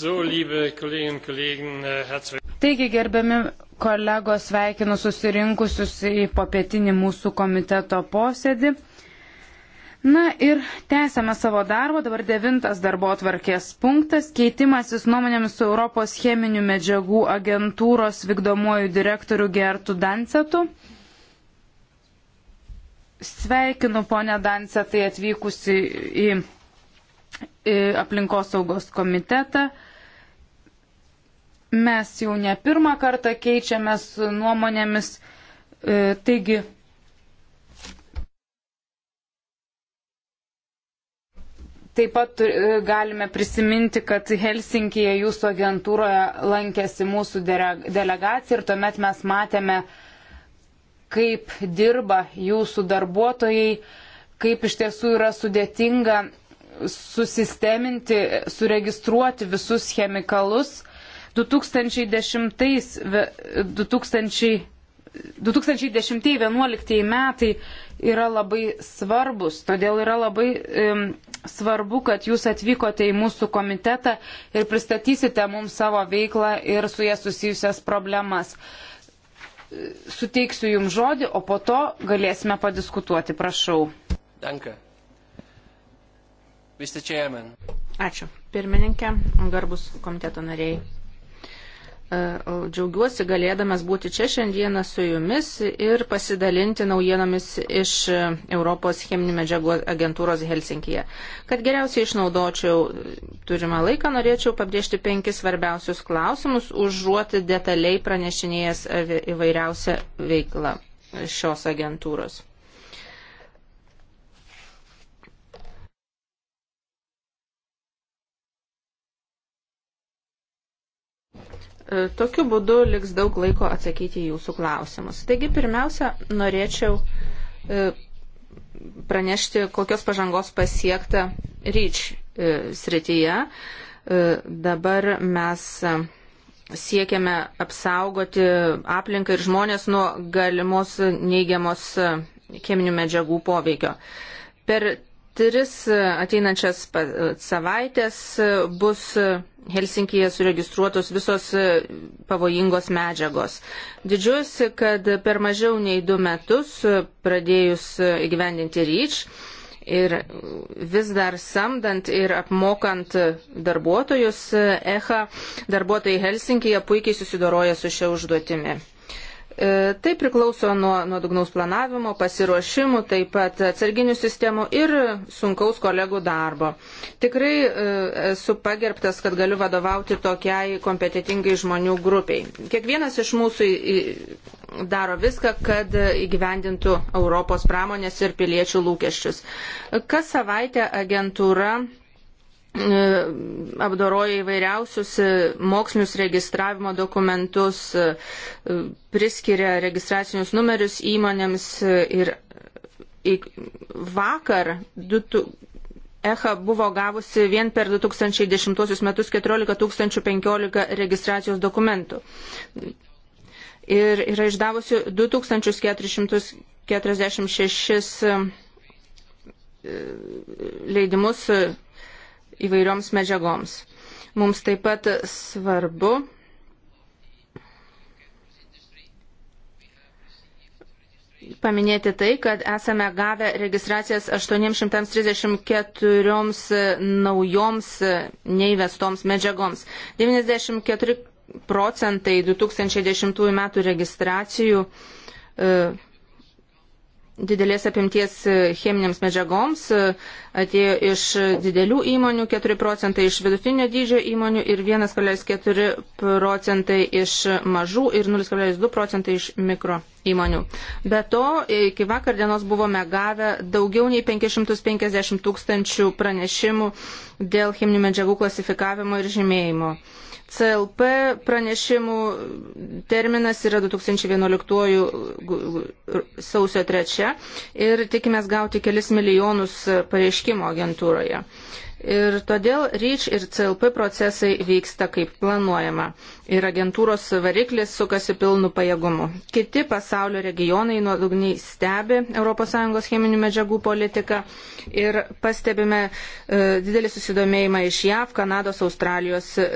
So, liebe Kolleginnen und Kollegen, äh, herzlich Taigi, gerbiami kolegos, sveikinu susirinkusius į popietinį mūsų komiteto posėdį. Na ir tęsiame savo darbą. Dabar devintas darbo atvarkės punktas - keitimasis nuomonėmis su Europos cheminių medžiagų agentūros vykdomuoju direktoriu Gertu Dancetu. Sveikinu ponę Dancetai atvykusi į, į aplinkosaugos komitetą. Mes jau ne pirmą kartą keičiamės nuomonėmis, e, taigi Taip pat e, galime prisiminti, kad Helsinkije jūsų agentūroje lankėsi mūsų delegacija ir tuomet mes matėme, kaip dirba jūsų darbuotojai, kaip iš tiesų yra sudėtinga susisteminti, suregistruoti visus chemikalus. 2010-2011 metai yra labai svarbus, todėl yra labai um, svarbu, kad jūs atvykote į mūsų komitetą ir pristatysite mums savo veiklą ir su jie susijusias problemas. Suteiksiu jums žodį, o po to galėsime padiskutuoti, prašau. Danka. Mr. Chairman. Ačiū. Pirmininkė, garbus komiteto nariai. E, džiaugiuosi galėdamas būti čia šiandieną su jumis ir pasidalinti naujienomis iš Europos cheminių medžiagų agentūros Helsinkije. Kad geriausiai išnaudočiau turimą laiką, norėčiau pabrėžti penkis svarbiausius klausimus, užuot detaliai pranešinėjęs įvairiausią veiklą šios agentūros. E, tokiu būdu liks daug laiko atsakyti į jūsų klausimus. Taigi, pirmiausia, norėčiau e, pranešti, kokios pažangos pasiekta REACH e, srityje. Dabar mes siekiame apsaugoti aplinką ir žmonės nuo galimos neigiamos cheminių medžiagų poveikio. Per tris ateinančias savaitės bus Helsinkije suregistruotos visos e, pavojingos medžiagos. Didžiuosi, kad per mažiau nei du metus e, pradėjus e, įgyvendinti ryč ir vis dar samdant ir apmokant darbuotojus EHA, darbuotojai Helsinkije puikiai susidoroja su šia užduotimi. E, tai priklauso nuo, nuo dugnaus planavimo, pasiruošimų, taip pat atsarginių sistemų ir sunkaus kolegų darbo. Tikrai e, esu pagerbtas, kad galiu vadovauti tokiai kompetitingai žmonių grupiai. Kiekvienas iš mūsų daro viską, kad įgyvendintų Europos pramonės ir piliečių lūkesčius. Kas savaitę agentūra E, apdoroja įvairiausius e, mokslinius registravimo dokumentus, e, priskiria registracinius numerius įmonėms ir vakar EHA buvo gavusi vien per 2010 metus 14 015 registracijos dokumentų. Ir yra išdavusi 2446 leidimus įvairioms medžiagoms. Mums taip pat svarbu paminėti tai, kad esame gavę registracijas 834 naujoms neįvestoms medžiagoms. 94 procentai 2010 metų registracijų uh, didelės apimties e, cheminėms medžiagoms e, atėjo iš didelių įmonių 4 procentai iš vidutinio dydžio įmonių ir 1,4 procentai iš mažų ir 0,2 procentai iš mikro įmonių. Be to, iki vakar dienos buvome gavę daugiau nei 550 tūkstančių pranešimų dėl cheminių medžiagų klasifikavimo ir žymėjimo. CLP pranešimų terminas yra 2011 sausio 3 ir tikimės gauti kelis milijonus pareiškimo agentūroje. Uh, Ir todėl REACH ir CLP procesai vyksta kaip planuojama. Ir agentūros variklis sukasi pilnu pajėgumu. Kiti pasaulio regionai nuodugniai stebi ES cheminių medžiagų politiką ir pastebime e, didelį susidomėjimą iš JAV, Kanados, Australijos e,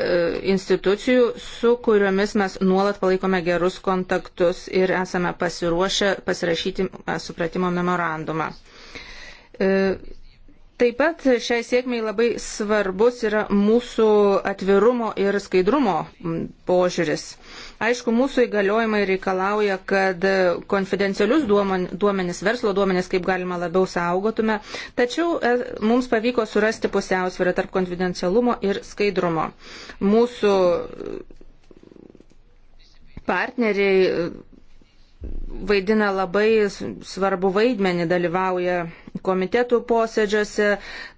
institucijų, su kuriomis mes nuolat palaikome gerus kontaktus ir esame pasiruošę pasirašyti e, supratimo memorandumą. E, Taip pat šiai sėkmiai labai svarbus yra mūsų atvirumo ir skaidrumo požiūris. Aišku, mūsų įgaliojimai reikalauja, kad konfidencialius duomenis, verslo duomenis kaip galima labiau saugotume, tačiau e, mums pavyko surasti pusiausvyrą tarp konfidencialumo ir skaidrumo. Mūsų partneriai vaidina labai svarbu vaidmenį, dalyvauja komitetų posėdžiuose,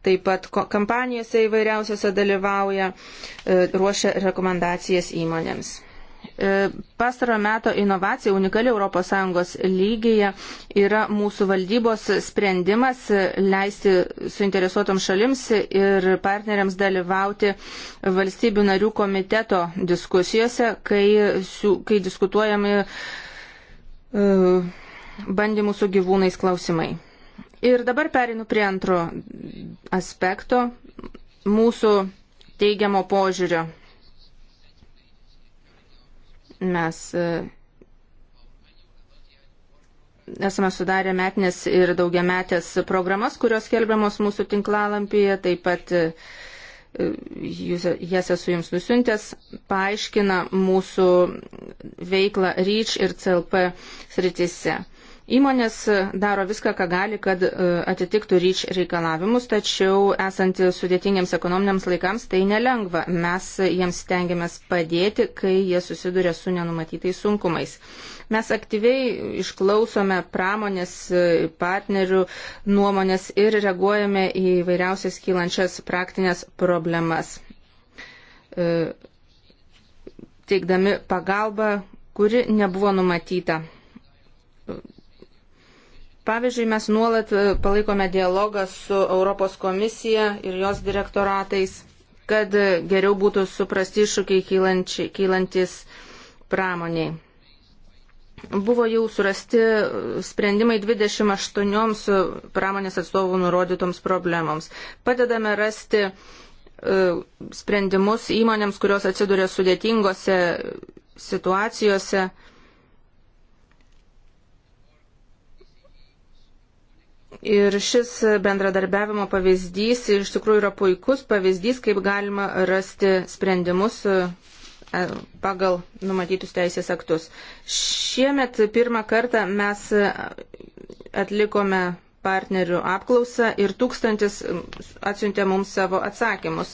taip pat kampanijose įvairiausiose dalyvauja, e, ruošia rekomendacijas įmonėms. E, pastarojo meto inovacija unikali ES lygyje yra mūsų valdybos sprendimas leisti suinteresuotom šalims ir partneriams dalyvauti valstybių narių komiteto diskusijose, kai, kai diskutuojami E, bandymų su gyvūnais klausimai. Ir dabar perinu prie antro aspekto mūsų teigiamo požiūrio. Mes e, esame sudarę metinės ir daugiametės programas, kurios kelbiamos mūsų tinklalampyje, taip pat e, jūs, jas esu jums nusintęs, paaiškina mūsų veiklą REACH ir CLP sritise. Įmonės daro viską, ką gali, kad e, atitiktų ryč reikalavimus, tačiau esant sudėtingiams ekonominiams laikams tai nelengva. Mes jiems stengiamės padėti, kai jie susiduria su nenumatytais sunkumais. Mes aktyviai išklausome pramonės e, partnerių nuomonės ir reaguojame į vairiausias kylančias praktinės problemas, e, teikdami pagalbą, kuri nebuvo numatyta. Pavyzdžiui, mes nuolat e, palaikome dialogą su Europos komisija ir jos direktoratais, kad geriau būtų suprasti iššūkiai kylantis pramoniai. Buvo jau surasti e, sprendimai 28 e, pramonės atstovų nurodytoms problemoms. Padedame rasti e, sprendimus įmonėms, kurios atsiduria sudėtingose situacijose. Ir šis bendradarbiavimo pavyzdys iš tikrųjų yra puikus pavyzdys, kaip galima rasti sprendimus pagal numatytus teisės aktus. Šiemet pirmą kartą mes atlikome partnerių apklausą ir tūkstantis atsiuntė mums savo atsakymus.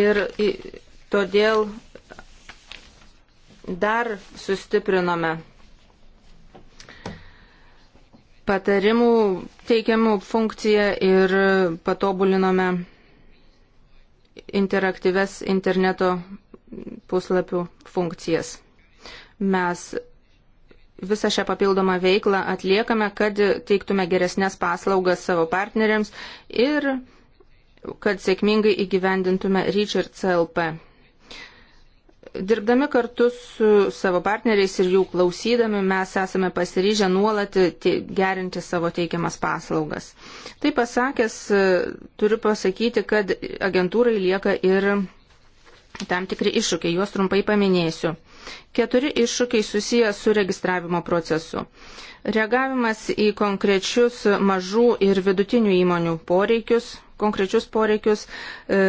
Ir todėl dar sustiprinome patarimų teikiamų funkciją ir patobulinome interaktyves interneto puslapių funkcijas. Mes visą šią papildomą veiklą atliekame, kad teiktume geresnės paslaugas savo partneriams ir kad sėkmingai įgyvendintume REACH ir CLP. Dirbdami kartu su savo partneriais ir jų klausydami, mes esame pasiryžę nuolat gerinti savo teikiamas paslaugas. Tai pasakęs, turiu pasakyti, kad agentūrai lieka ir tam tikri iššūkiai, juos trumpai paminėsiu. Keturi iššūkiai susiję su registravimo procesu. Reagavimas į konkrečius mažų ir vidutinių įmonių poreikius, konkrečius poreikius, e,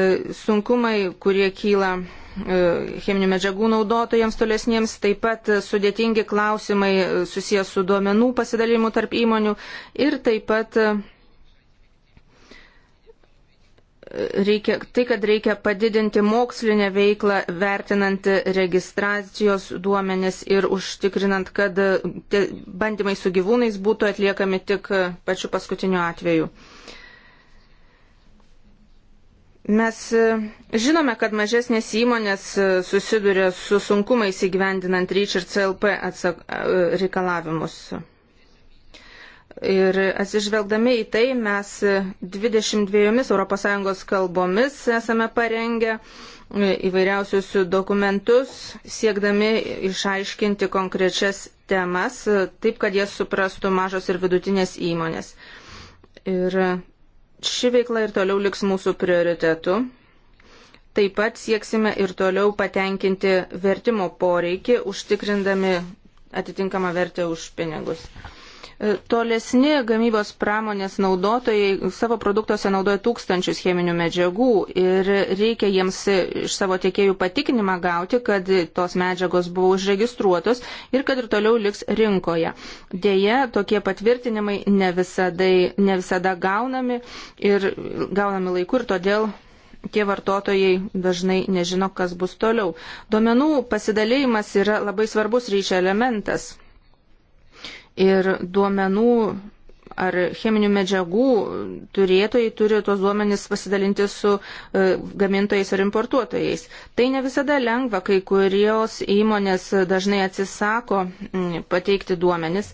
sunkumai, kurie kyla e, cheminių medžiagų naudotojams tolesniems, taip pat sudėtingi klausimai e, susijęs su duomenų pasidalimu tarp įmonių ir taip pat reikia, tai, kad reikia padidinti mokslinę veiklą, vertinant registracijos duomenis ir užtikrinant, kad bandymai su gyvūnais būtų atliekami tik pačiu paskutiniu atveju. Mes e, žinome, kad mažesnės įmonės e, susiduria su sunkumais įgyvendinant REACH ir CLP reikalavimus. Ir atsižvelgdami į tai mes 22 ES kalbomis esame parengę įvairiausius dokumentus, siekdami išaiškinti konkrečias temas, taip kad jas suprastų mažos ir vidutinės įmonės. Ir ši veikla ir toliau liks mūsų prioritetu. Taip pat sieksime ir toliau patenkinti vertimo poreikį, užtikrindami atitinkamą vertę už pinigus. Tolesni gamybos pramonės naudotojai savo produktuose naudoja tūkstančius cheminių medžiagų ir reikia jiems iš savo tiekėjų patikinimą gauti, kad tos medžiagos buvo užregistruotos ir kad ir toliau liks rinkoje. Deja, tokie patvirtinimai ne, visadai, ne visada gaunami ir gaunami laiku ir todėl tie vartotojai dažnai nežino, kas bus toliau. Duomenų pasidalėjimas yra labai svarbus ryšio elementas ir duomenų ar cheminių medžiagų turėtojai turi tos duomenys pasidalinti su e, gamintojais ar importuotojais. Tai ne visada lengva, kai kurios įmonės dažnai atsisako pateikti duomenys.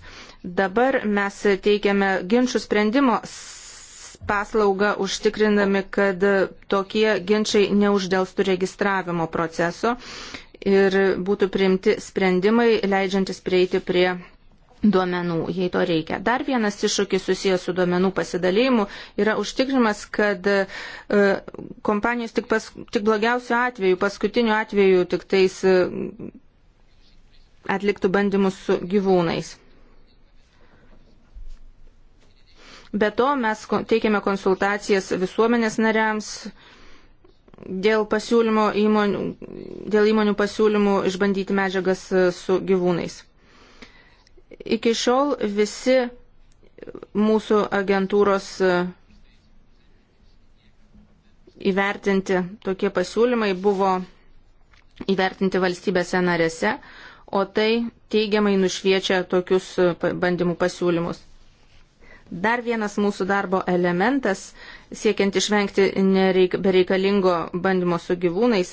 Dabar mes teikiame ginčių sprendimo paslaugą užtikrindami, kad tokie ginčiai neuždėlstų registravimo proceso ir būtų priimti sprendimai leidžiantis prieiti prie duomenų, jei to reikia. Dar vienas iššūkis susijęs su duomenų pasidalėjimu yra užtikrimas, kad e, kompanijos tik, pas, tik blogiausių atvejų, paskutinių atvejų tik tais e, atliktų bandymus su gyvūnais. Be to mes teikiame konsultacijas visuomenės nariams dėl, įmonių, dėl įmonių pasiūlymų išbandyti medžiagas e, su gyvūnais. Iki šiol visi mūsų agentūros e, įvertinti tokie pasiūlymai buvo įvertinti valstybėse narėse, o tai teigiamai nušviečia tokius e, bandymų pasiūlymus. Dar vienas mūsų darbo elementas siekiant išvengti nereik, bereikalingo bandymo su gyvūnais,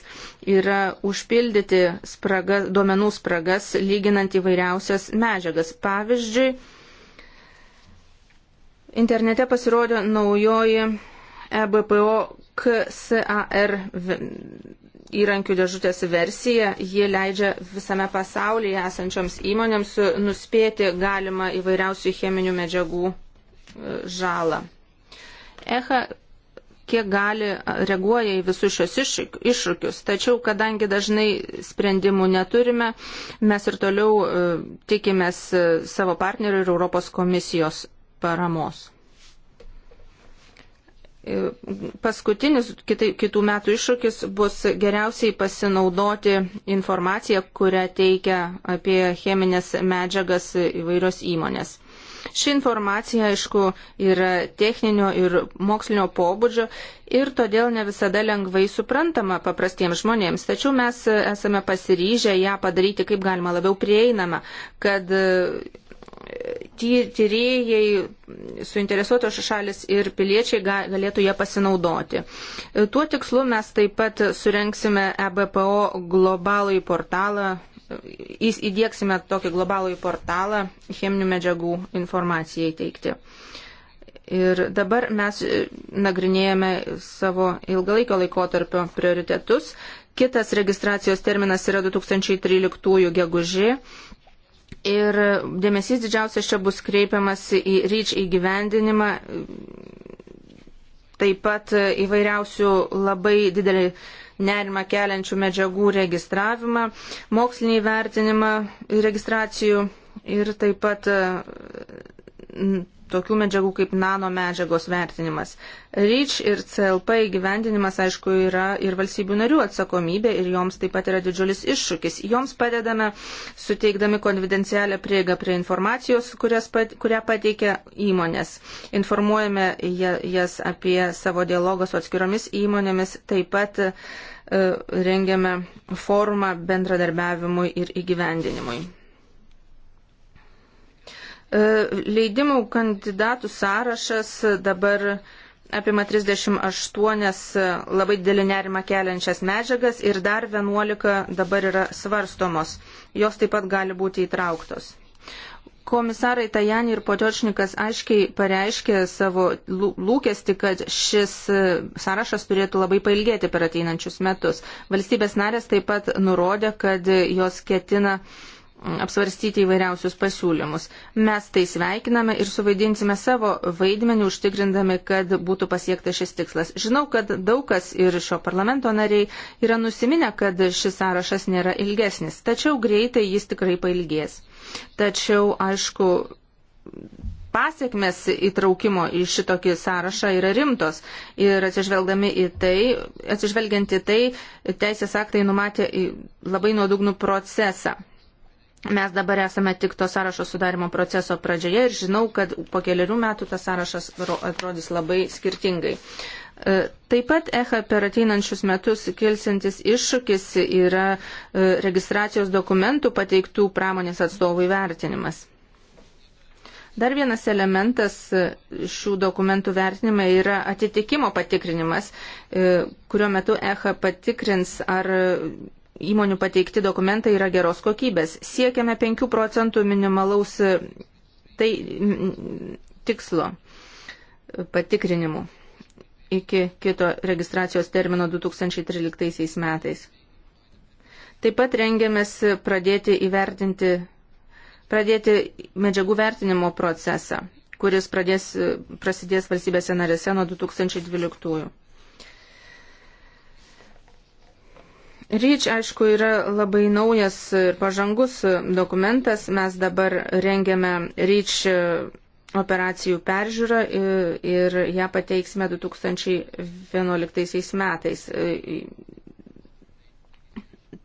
yra užpildyti spraga, duomenų spragas, lyginant įvairiausias medžiagas. Pavyzdžiui, internete pasirodė naujoji EBPO KSAR įrankių dėžutės versija, ji leidžia visame pasaulyje esančioms įmonėms nuspėti galimą įvairiausių cheminių medžiagų e, žalą. EHA kiek gali reaguoja į visus šios iššūkius. Tačiau, kadangi dažnai sprendimų neturime, mes ir toliau e, tikimės e, savo partnerių ir Europos komisijos paramos. E, paskutinis kitų metų iššūkis bus geriausiai pasinaudoti informaciją, kurią teikia apie cheminės medžiagas įvairios įmonės. Ši informacija, aišku, yra techninio ir mokslinio pobūdžio ir todėl ne visada lengvai suprantama paprastiems žmonėms, tačiau mes esame pasiryžę ją padaryti kaip galima labiau prieinama, kad e, tyrėjai, suinteresuotos šalis ir piliečiai galėtų ją pasinaudoti. E, tuo tikslu mes taip pat surenksime EBPO globalų į portalą įdėksime tokį globalų į portalą cheminių medžiagų informacijai teikti. Ir dabar mes e, nagrinėjame savo ilgalaikio laikotarpio prioritetus. Kitas registracijos terminas yra 2013 gegužė. Ir dėmesys didžiausias čia bus kreipiamas į ryč įgyvendinimą taip pat įvairiausių labai didelį nerimą keliančių medžiagų registravimą, mokslinį vertinimą registracijų ir taip pat e, tokių medžiagų kaip nano medžiagos vertinimas. REACH ir CLP įgyvendinimas, aišku, yra ir valstybių narių atsakomybė ir joms taip pat yra didžiulis iššūkis. Joms padedame suteikdami konfidencialią prieigą prie informacijos, pat, kurią pateikia įmonės. Informuojame jas apie savo dialogą su atskiromis įmonėmis, taip pat e, rengiame formą bendradarbiavimui ir įgyvendinimui. E, leidimų kandidatų sąrašas dabar apima 38 e, labai didelį nerimą keliančias medžiagas ir dar 11 dabar yra svarstomos. Jos taip pat gali būti įtrauktos. Komisarai Tajani ir Potiočnikas aiškiai pareiškė savo lūkesti, kad šis e, sąrašas turėtų labai pailgėti per ateinančius metus. Valstybės narės taip pat nurodė, kad jos ketina uh, apsvarstyti įvairiausius pasiūlymus. Mes tai sveikiname ir suvaidinsime savo vaidmenį, užtikrindami, kad būtų pasiektas šis tikslas. Žinau, kad daug kas ir šio parlamento nariai yra nusiminę, kad šis sąrašas nėra ilgesnis, tačiau greitai jis tikrai pailgės. Tačiau, aišku, pasiekmes įtraukimo į šitokį sąrašą yra rimtos. Ir atsižvelgdami į tai, atsižvelgiant į tai, teisės aktai numatė labai nuodugnų procesą. Mes dabar esame tik to sąrašo sudarimo proceso pradžioje ir žinau, kad po keliarių metų tas sąrašas atrodys labai skirtingai. E, taip pat EHA per ateinančius metus kilsintis iššūkis yra e, registracijos dokumentų pateiktų pramonės atstovų įvertinimas. Dar vienas elementas e, šių dokumentų vertinime yra atitikimo patikrinimas, kurio metu EHA patikrins, ar įmonių pateikti dokumentai yra geros kokybės. Siekiame 5 procentų minimalaus e, tai, tikslo e, patikrinimų iki kito registracijos termino 2013 metais. Taip pat rengiamės pradėti įvertinti, pradėti medžiagų vertinimo procesą, kuris pradės, prasidės valstybėse narėse nuo 2012. Ryč, aišku, yra labai naujas ir pažangus dokumentas. Mes dabar rengiame Ryč operacijų peržiūrą ir ją pateiksime 2011 metais.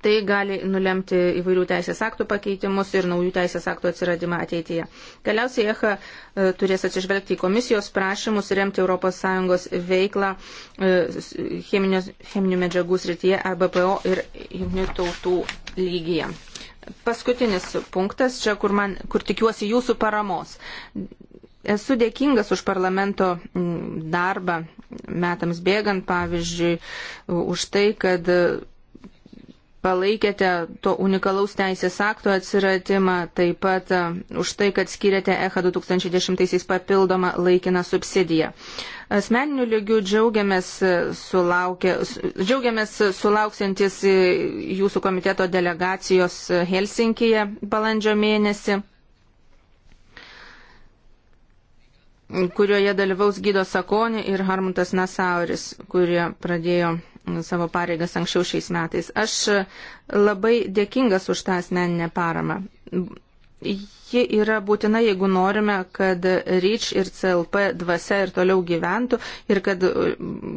Tai gali nulemti įvairių teisės aktų pakeitimus ir naujų teisės aktų atsiradimą ateityje. Galiausiai EHA e, turės atsižvelgti į komisijos prašymus remti ES veiklą e, cheminių, cheminių medžiagų srityje ABPO e ir jungtinių tautų lygyje. Paskutinis punktas, čia kur, man, kur tikiuosi jūsų paramos. Esu dėkingas už parlamento darbą metams bėgant, pavyzdžiui, už tai, kad palaikėte to unikalaus teisės akto atsiradimą, taip pat e, už tai, kad skiriate EHA 2010 papildomą laikiną subsidiją. Asmeniniu lygiu džiaugiamės, e, sulaukia, džiaugiamės e, sulauksintis jūsų komiteto delegacijos Helsinkije balandžio mėnesį kurioje dalyvaus Gydo Sakoni ir Harmutas Nasauris, kurie pradėjo savo pareigas anksčiau šiais metais. Aš labai dėkingas už tą asmeninę paramą. Ji yra būtina, jeigu norime, kad REACH ir CLP dvasia ir toliau gyventų ir kad e,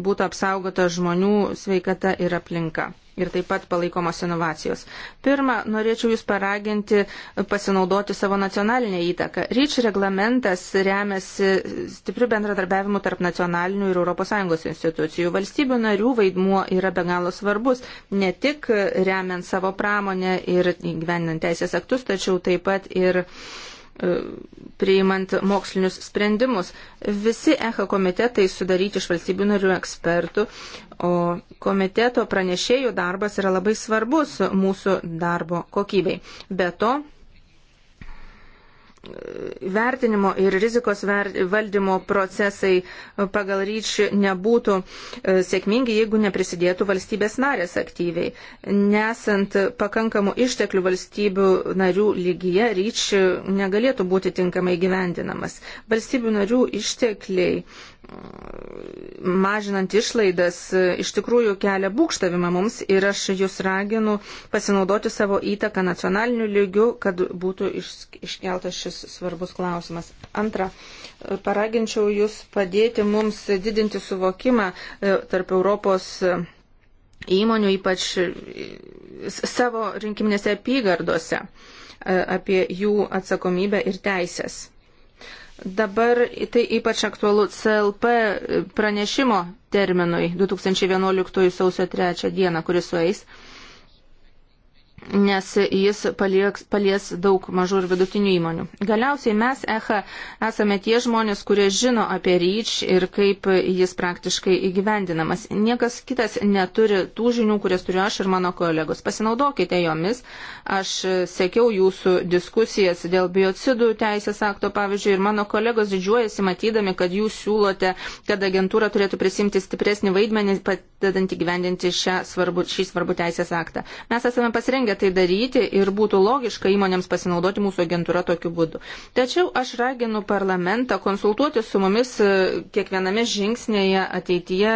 būtų apsaugota žmonių sveikata ir aplinka. Ir taip pat palaikomos inovacijos. Pirma, norėčiau Jūs paraginti pasinaudoti savo nacionalinę įtaką. REACH reglamentas remiasi stipriu bendradarbiavimu tarp nacionalinių ir ES institucijų. Valstybių narių vaidmuo yra be galo svarbus, ne tik remiant savo pramonę ir gyvenant teisės aktus, tačiau taip pat ir E, priimant mokslinius sprendimus. Visi EHA komitetai sudaryti iš valstybių narių ekspertų, o komiteto pranešėjų darbas yra labai svarbus mūsų darbo kokybei. Be to, vertinimo ir rizikos valdymo procesai pagal ryšį nebūtų e, sėkmingi, jeigu neprisidėtų valstybės narės aktyviai. Nesant pakankamų išteklių valstybių narių lygyje, ryšį negalėtų būti tinkamai gyvendinamas. Valstybių narių ištekliai mažinant išlaidas iš tikrųjų kelia būkštavimą mums ir aš jūs raginu pasinaudoti savo įtaką nacionaliniu lygiu, kad būtų iškeltas šis svarbus klausimas. Antra, paraginčiau jūs padėti mums didinti suvokimą e, tarp Europos e, įmonių, ypač e, savo rinkiminėse apygardose apie jų atsakomybę ir teisės. Dabar tai ypač aktualu CLP pranešimo terminui 2011 sausio 3 dieną, kuris sueis nes jis palieks, palies daug mažų ir vidutinių įmonių. Galiausiai mes, EHA, esame tie žmonės, kurie žino apie ryč ir kaip jis praktiškai įgyvendinamas. Niekas kitas neturi tų žinių, kurias turiu aš ir mano kolegos. Pasinaudokite jomis. Aš sekiau jūsų diskusijas dėl biocidų teisės akto, pavyzdžiui, ir mano kolegos didžiuojasi matydami, kad jūs siūlote, kad agentūra turėtų prisimti stipresnį vaidmenį, padedant įgyvendinti šią svarbu, šį svarbų teisės aktą. Mes esame pasirengę tai daryti ir būtų logiška įmonėms pasinaudoti mūsų agentūra tokiu būdu. Tačiau aš raginu parlamentą konsultuoti su mumis e, kiekviename žingsnėje ateityje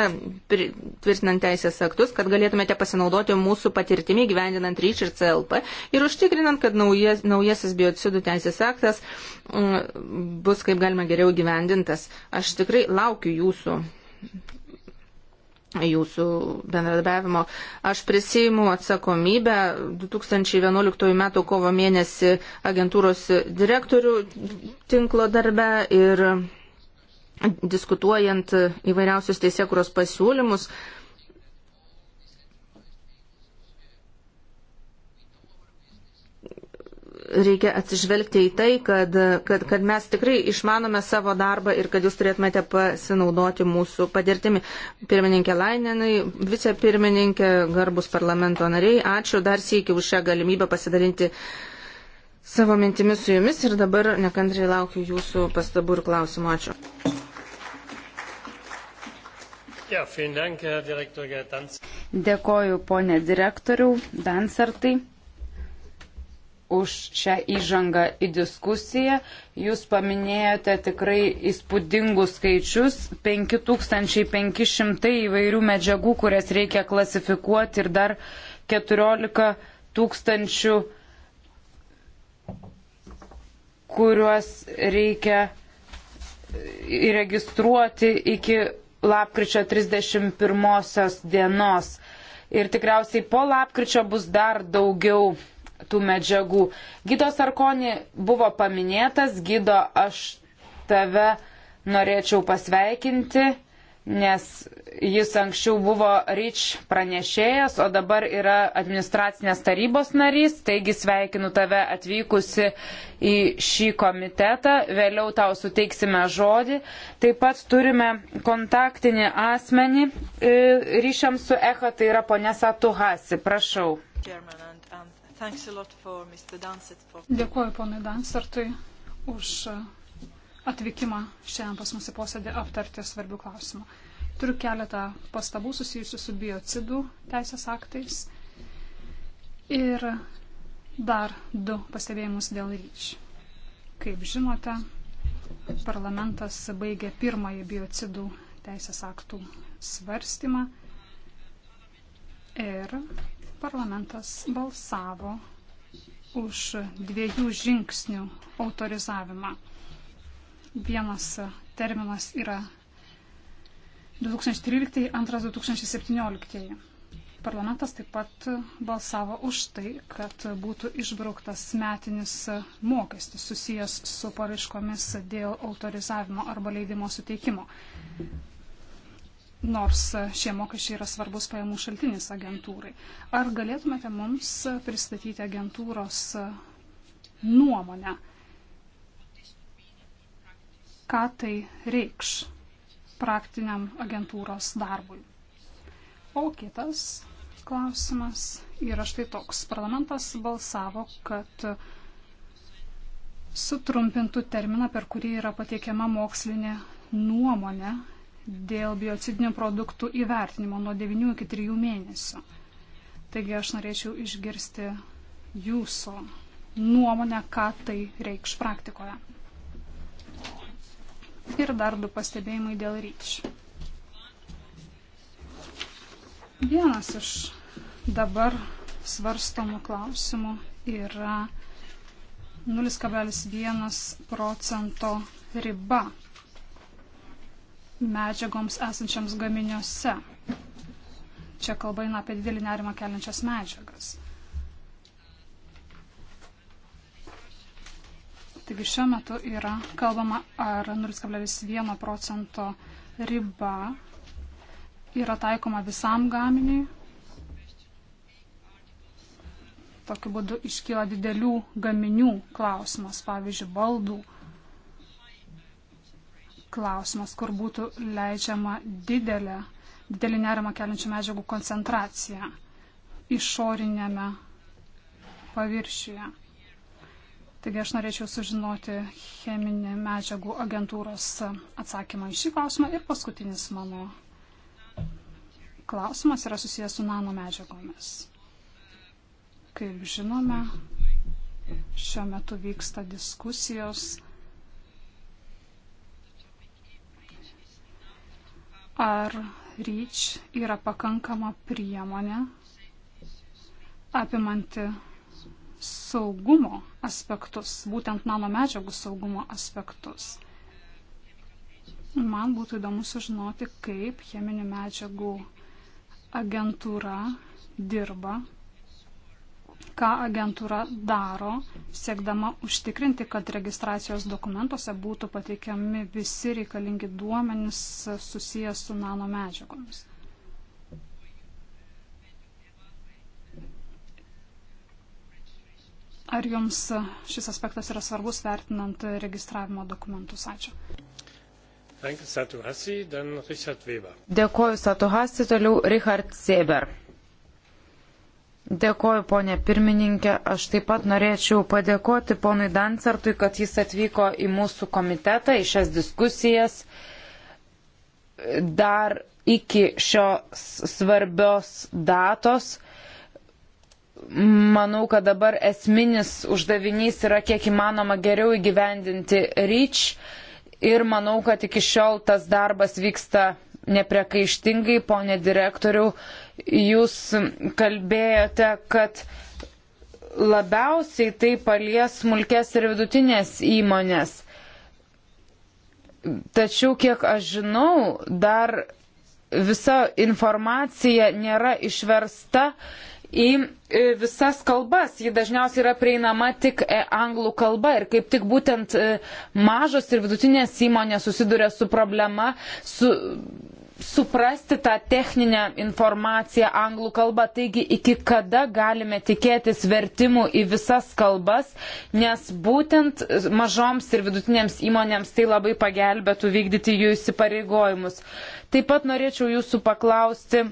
tvirtinant teisės aktus, kad galėtumėte pasinaudoti mūsų patirtimi gyvendinant ryšį ir CLP ir užtikrinant, kad naujas, naujasis biocidų teisės aktas mm, bus kaip galima geriau gyvendintas. Aš tikrai laukiu jūsų jūsų bendradarbiavimo. Aš prisijimu atsakomybę 2011 m. kovo mėnesį agentūros direktorių tinklo darbe ir diskutuojant įvairiausius teisėkuros pasiūlymus, reikia atsižvelgti į tai, kad, kad, kad mes tikrai išmanome savo darbą ir kad jūs turėtumėte pasinaudoti mūsų padirtimi. Pirmininkė Laininai, vicepirmininkė, garbus parlamento nariai, ačiū dar sėkiu už šią galimybę pasidalinti savo mintimis su jumis ir dabar nekantriai laukiu jūsų pastabų ir klausimų. Ačiū. Ja, dank, Dėkoju, ponė direktorių Dansartai už šią įžangą į diskusiją. Jūs paminėjote tikrai įspūdingus skaičius - 5500 įvairių medžiagų, kurias reikia klasifikuoti ir dar 14 tūkstančių, kuriuos reikia įregistruoti iki lapkričio 31 dienos. Ir tikriausiai po lapkričio bus dar daugiau tų medžiagų. Gido Sarkoni buvo paminėtas, Gido, aš tave norėčiau pasveikinti, nes jis anksčiau buvo REACH pranešėjas, o dabar yra administracinės tarybos narys, taigi sveikinu tave atvykusi į šį komitetą, vėliau tau suteiksime žodį. Taip pat turime kontaktinį asmenį e, ryšiams su ECHA, tai yra ponė Satuhasi, prašau. Germanas. Dėkuoju ponui Dansertui už uh, atvykimą šiandien pas mus į posėdį aptarti svarbių klausimų. Turiu keletą pastabų susijusių su biocidų teisės aktais ir dar du pastebėjimus dėl ryč. Kaip žinote, parlamentas baigė pirmąjį biocidų teisės aktų svarstymą. Ir parlamentas balsavo už dviejų žingsnių autorizavimą. Vienas terminas yra 2013, antras 2017. Parlamentas taip pat balsavo už tai, kad būtų išbrauktas metinis mokestis susijęs su paraiškomis dėl autorizavimo arba leidimo suteikimo nors šie mokesčiai yra svarbus pajamų šaltinis agentūrai. Ar galėtumėte mums pristatyti agentūros nuomonę, ką tai reikš praktiniam agentūros darbui? O kitas klausimas yra štai toks. Parlamentas balsavo, kad sutrumpintų terminą, per kurį yra pateikiama mokslinė nuomonė dėl biocidinių produktų įvertinimo nuo 9 iki 3 mėnesių. Taigi aš norėčiau išgirsti jūsų nuomonę, ką tai reikš praktikoje. Ir dar du pastebėjimai dėl ryčių. Vienas iš dabar svarstomų klausimų yra 0,1 procento riba medžiagoms esančiams gaminiuose. Čia kalba eina apie didelį nerimą keliančias medžiagas. Taigi šiuo metu yra kalbama, ar 0,1 procento riba yra taikoma visam gaminiui. Tokiu būdu iškyla didelių gaminių klausimas, pavyzdžiui, baldų klausimas, kur būtų leidžiama didelė, didelį nerimą keliančių medžiagų koncentracija išorinėme paviršiuje. Taigi aš norėčiau sužinoti cheminį medžiagų agentūros atsakymą į šį klausimą. Ir paskutinis mano klausimas yra susijęs su nano medžiagomis. Kaip žinome, šiuo metu vyksta diskusijos ar REACH yra pakankama priemonė apimanti saugumo aspektus, būtent nanomedžiagų saugumo aspektus. Man būtų įdomu sužinoti, kaip cheminių medžiagų agentūra dirba ką agentūra daro, siekdama užtikrinti, kad registracijos dokumentuose būtų pateikiami visi reikalingi duomenys susijęs su nanomedžiagomis. Ar jums šis aspektas yra svarbus vertinant registravimo dokumentus? Ačiū. Dėkoju Satuhasi, toliau Richard Seber. Dėkoju, ponė pirmininkė. Aš taip pat norėčiau padėkoti ponui Dancertui, kad jis atvyko į mūsų komitetą, į šias diskusijas. Dar iki šios svarbios datos manau, kad dabar esminis uždavinys yra kiek įmanoma geriau įgyvendinti REACH ir manau, kad iki šiol tas darbas vyksta nepriekaištingai, ponė direktoriau jūs kalbėjote, kad labiausiai tai palies smulkės ir vidutinės įmonės. Tačiau, kiek aš žinau, dar visa informacija nėra išversta į visas kalbas. Ji dažniausiai yra prieinama tik e anglų kalba ir kaip tik būtent e, mažos ir vidutinės įmonės susiduria su problema, su suprasti tą techninę informaciją anglų kalbą, taigi iki kada galime tikėtis vertimų į visas kalbas, nes būtent mažoms ir vidutinėms įmonėms tai labai pagelbėtų vykdyti jų įsipareigojimus. Taip pat norėčiau jūsų paklausti,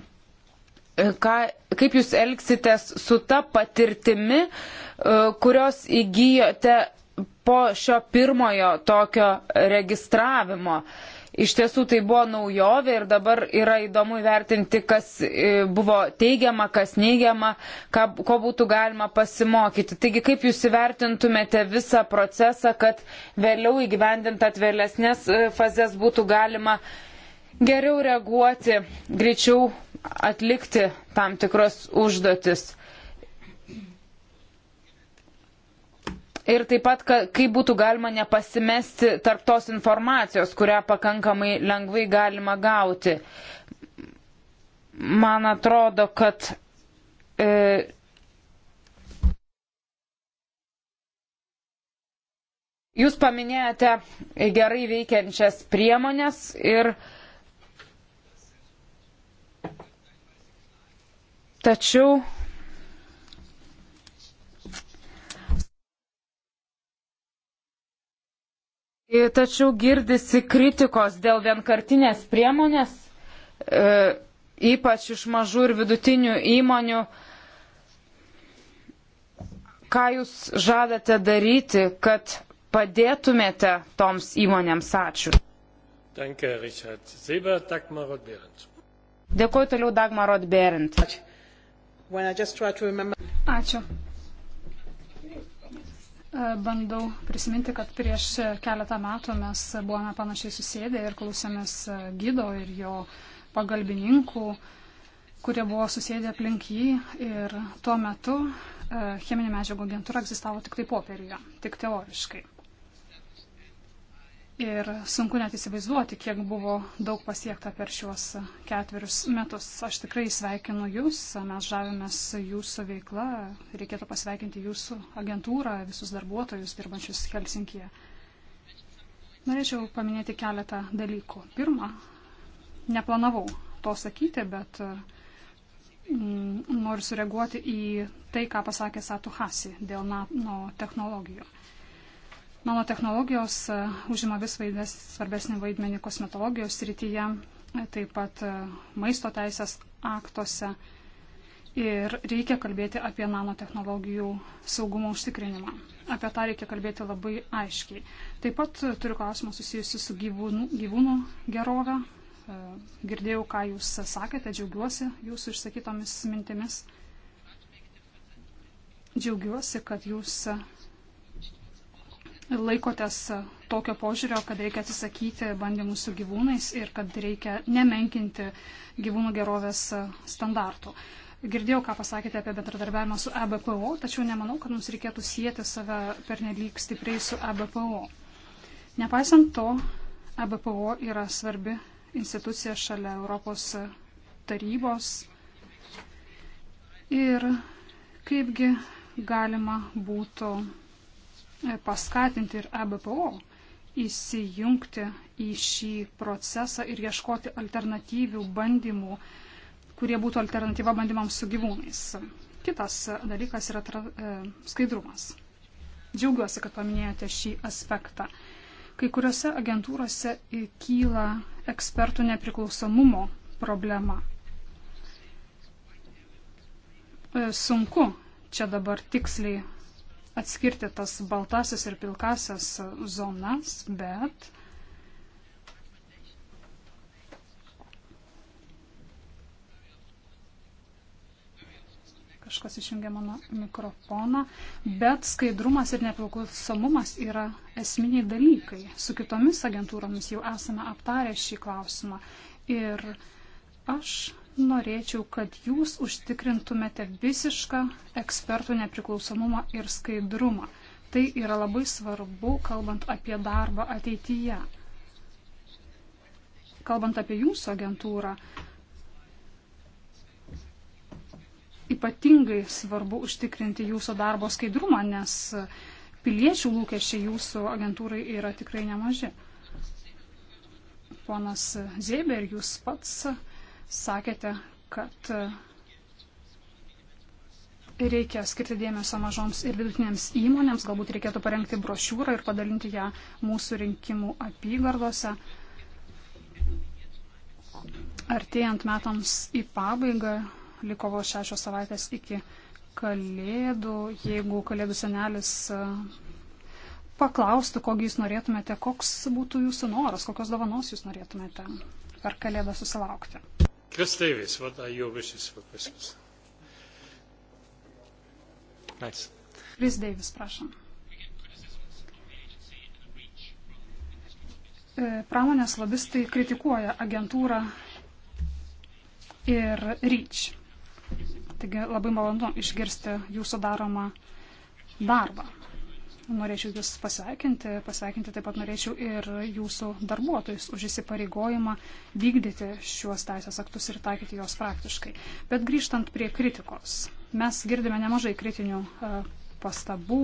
e, ką, kaip jūs elgsitės su ta patirtimi, e, kurios įgyjote po šio pirmojo tokio registravimo. Iš tiesų tai buvo naujovė ir dabar yra įdomu įvertinti, kas e, buvo teigiama, kas neigiama, ką, ko būtų galima pasimokyti. Taigi kaip jūs įvertintumėte visą procesą, kad vėliau įgyvendint atvėlesnės e, fazės būtų galima geriau reaguoti, greičiau atlikti tam tikros užduotis. Ir taip pat, kaip būtų galima nepasimesti tarp tos informacijos, kurią pakankamai lengvai galima gauti. Man atrodo, kad e, jūs paminėjote gerai veikiančias priemonės ir tačiau E, tačiau girdisi kritikos dėl vienkartinės priemonės, e, ypač iš mažų ir vidutinių įmonių. Ką jūs žadate daryti, kad padėtumėte toms įmonėms? Ačiū. Danke, Richard. Seba Dagmarot Berend. Dėkuoju toliau Dagmarot Berend. Ačiū. Ačiū. E, bandau prisiminti, kad prieš keletą metų mes buvome panašiai susėdę ir klausėmės e, gydo ir jo pagalbininkų, kurie buvo susėdę aplink jį. Ir tuo metu e, cheminė medžiagų agentūra egzistavo tik tai popieriuje, tik teoriškai. Ir sunku net įsivaizduoti, kiek buvo daug pasiekta per šiuos ketverius metus. Aš tikrai sveikinu Jūs, mes žavimės Jūsų veikla, reikėtų pasveikinti Jūsų agentūrą, visus darbuotojus dirbančius Helsinkije. Norėčiau paminėti keletą dalykų. Pirma, neplanavau to sakyti, bet mm, noriu sureaguoti į tai, ką pasakė Satu Hasi dėl nano technologijų. Nanotehnologijos e, užima vis vaidės, svarbesnį vaidmenį kosmetologijos srityje, taip pat e, maisto teisės aktuose. Ir reikia kalbėti apie nanotehnologijų saugumo užtikrinimą. Apie tą reikia kalbėti labai aiškiai. Taip pat e, turiu klausimą susijusiu su gyvūnų, gyvūnų gerove. Girdėjau, ką jūs sakėte, džiaugiuosi jūsų išsakytomis mintimis. Džiaugiuosi, kad jūs laikotės tokio požiūrio, kad reikia atsisakyti bandymų su gyvūnais ir kad reikia nemenkinti gyvūnų gerovės standartų. Girdėjau, ką pasakėte apie bendradarbiavimą su EBPO, tačiau nemanau, kad mums reikėtų sieti save pernelyg stipriai su EBPO. Nepaisant to, EBPO yra svarbi institucija šalia Europos tarybos. Ir kaipgi galima būtų paskatinti ir EBPO įsijungti į šį procesą ir ieškoti alternatyvių bandymų, kurie būtų alternatyva bandymams su gyvūnais. Kitas dalykas yra tra, e, skaidrumas. Džiaugiuosi, kad paminėjote šį aspektą. Kai kuriuose agentūrose kyla ekspertų nepriklausomumo problema. E, sunku čia dabar tiksliai atskirti tas baltasis ir pilkasias zonas, bet kažkas išjungia mano mikrofoną, bet skaidrumas ir nepriklausomumas yra esminiai dalykai. Su kitomis agentūromis jau esame aptarę šį klausimą ir aš norėčiau, kad jūs užtikrintumėte visišką ekspertų nepriklausomumą ir skaidrumą. Tai yra labai svarbu, kalbant apie darbą ateityje. Kalbant apie jūsų agentūrą, ypatingai svarbu užtikrinti jūsų darbo skaidrumą, nes piliečių lūkesčiai jūsų agentūrai yra tikrai nemaži. Ponas Zėber, jūs pats sakėte, kad e, reikia skirti dėmesio mažoms ir vidutinėms įmonėms, galbūt reikėtų parengti brošiūrą ir padalinti ją mūsų rinkimų apygardose. Artėjant metams į pabaigą, liko vos šešios savaitės iki kalėdų, jeigu kalėdų senelis e, paklaustų, kogi jūs norėtumėte, koks būtų jūsų noras, kokios dovanos jūs norėtumėte per kalėdą susilaukti. Chris Davis, what are your wishes for Christmas? Nice. Chris Davis, prašom. E, pramonės lobistai kritikuoja agentūrą ir ryč. Taigi labai malonu išgirsti jūsų daromą darbą. Norėčiau Jūs pasveikinti, pasveikinti taip pat norėčiau ir Jūsų darbuotojus už įsipareigojimą vykdyti šiuos teisės aktus ir taikyti juos praktiškai. Bet grįžtant prie kritikos, mes girdime nemažai kritinių e, pastabų,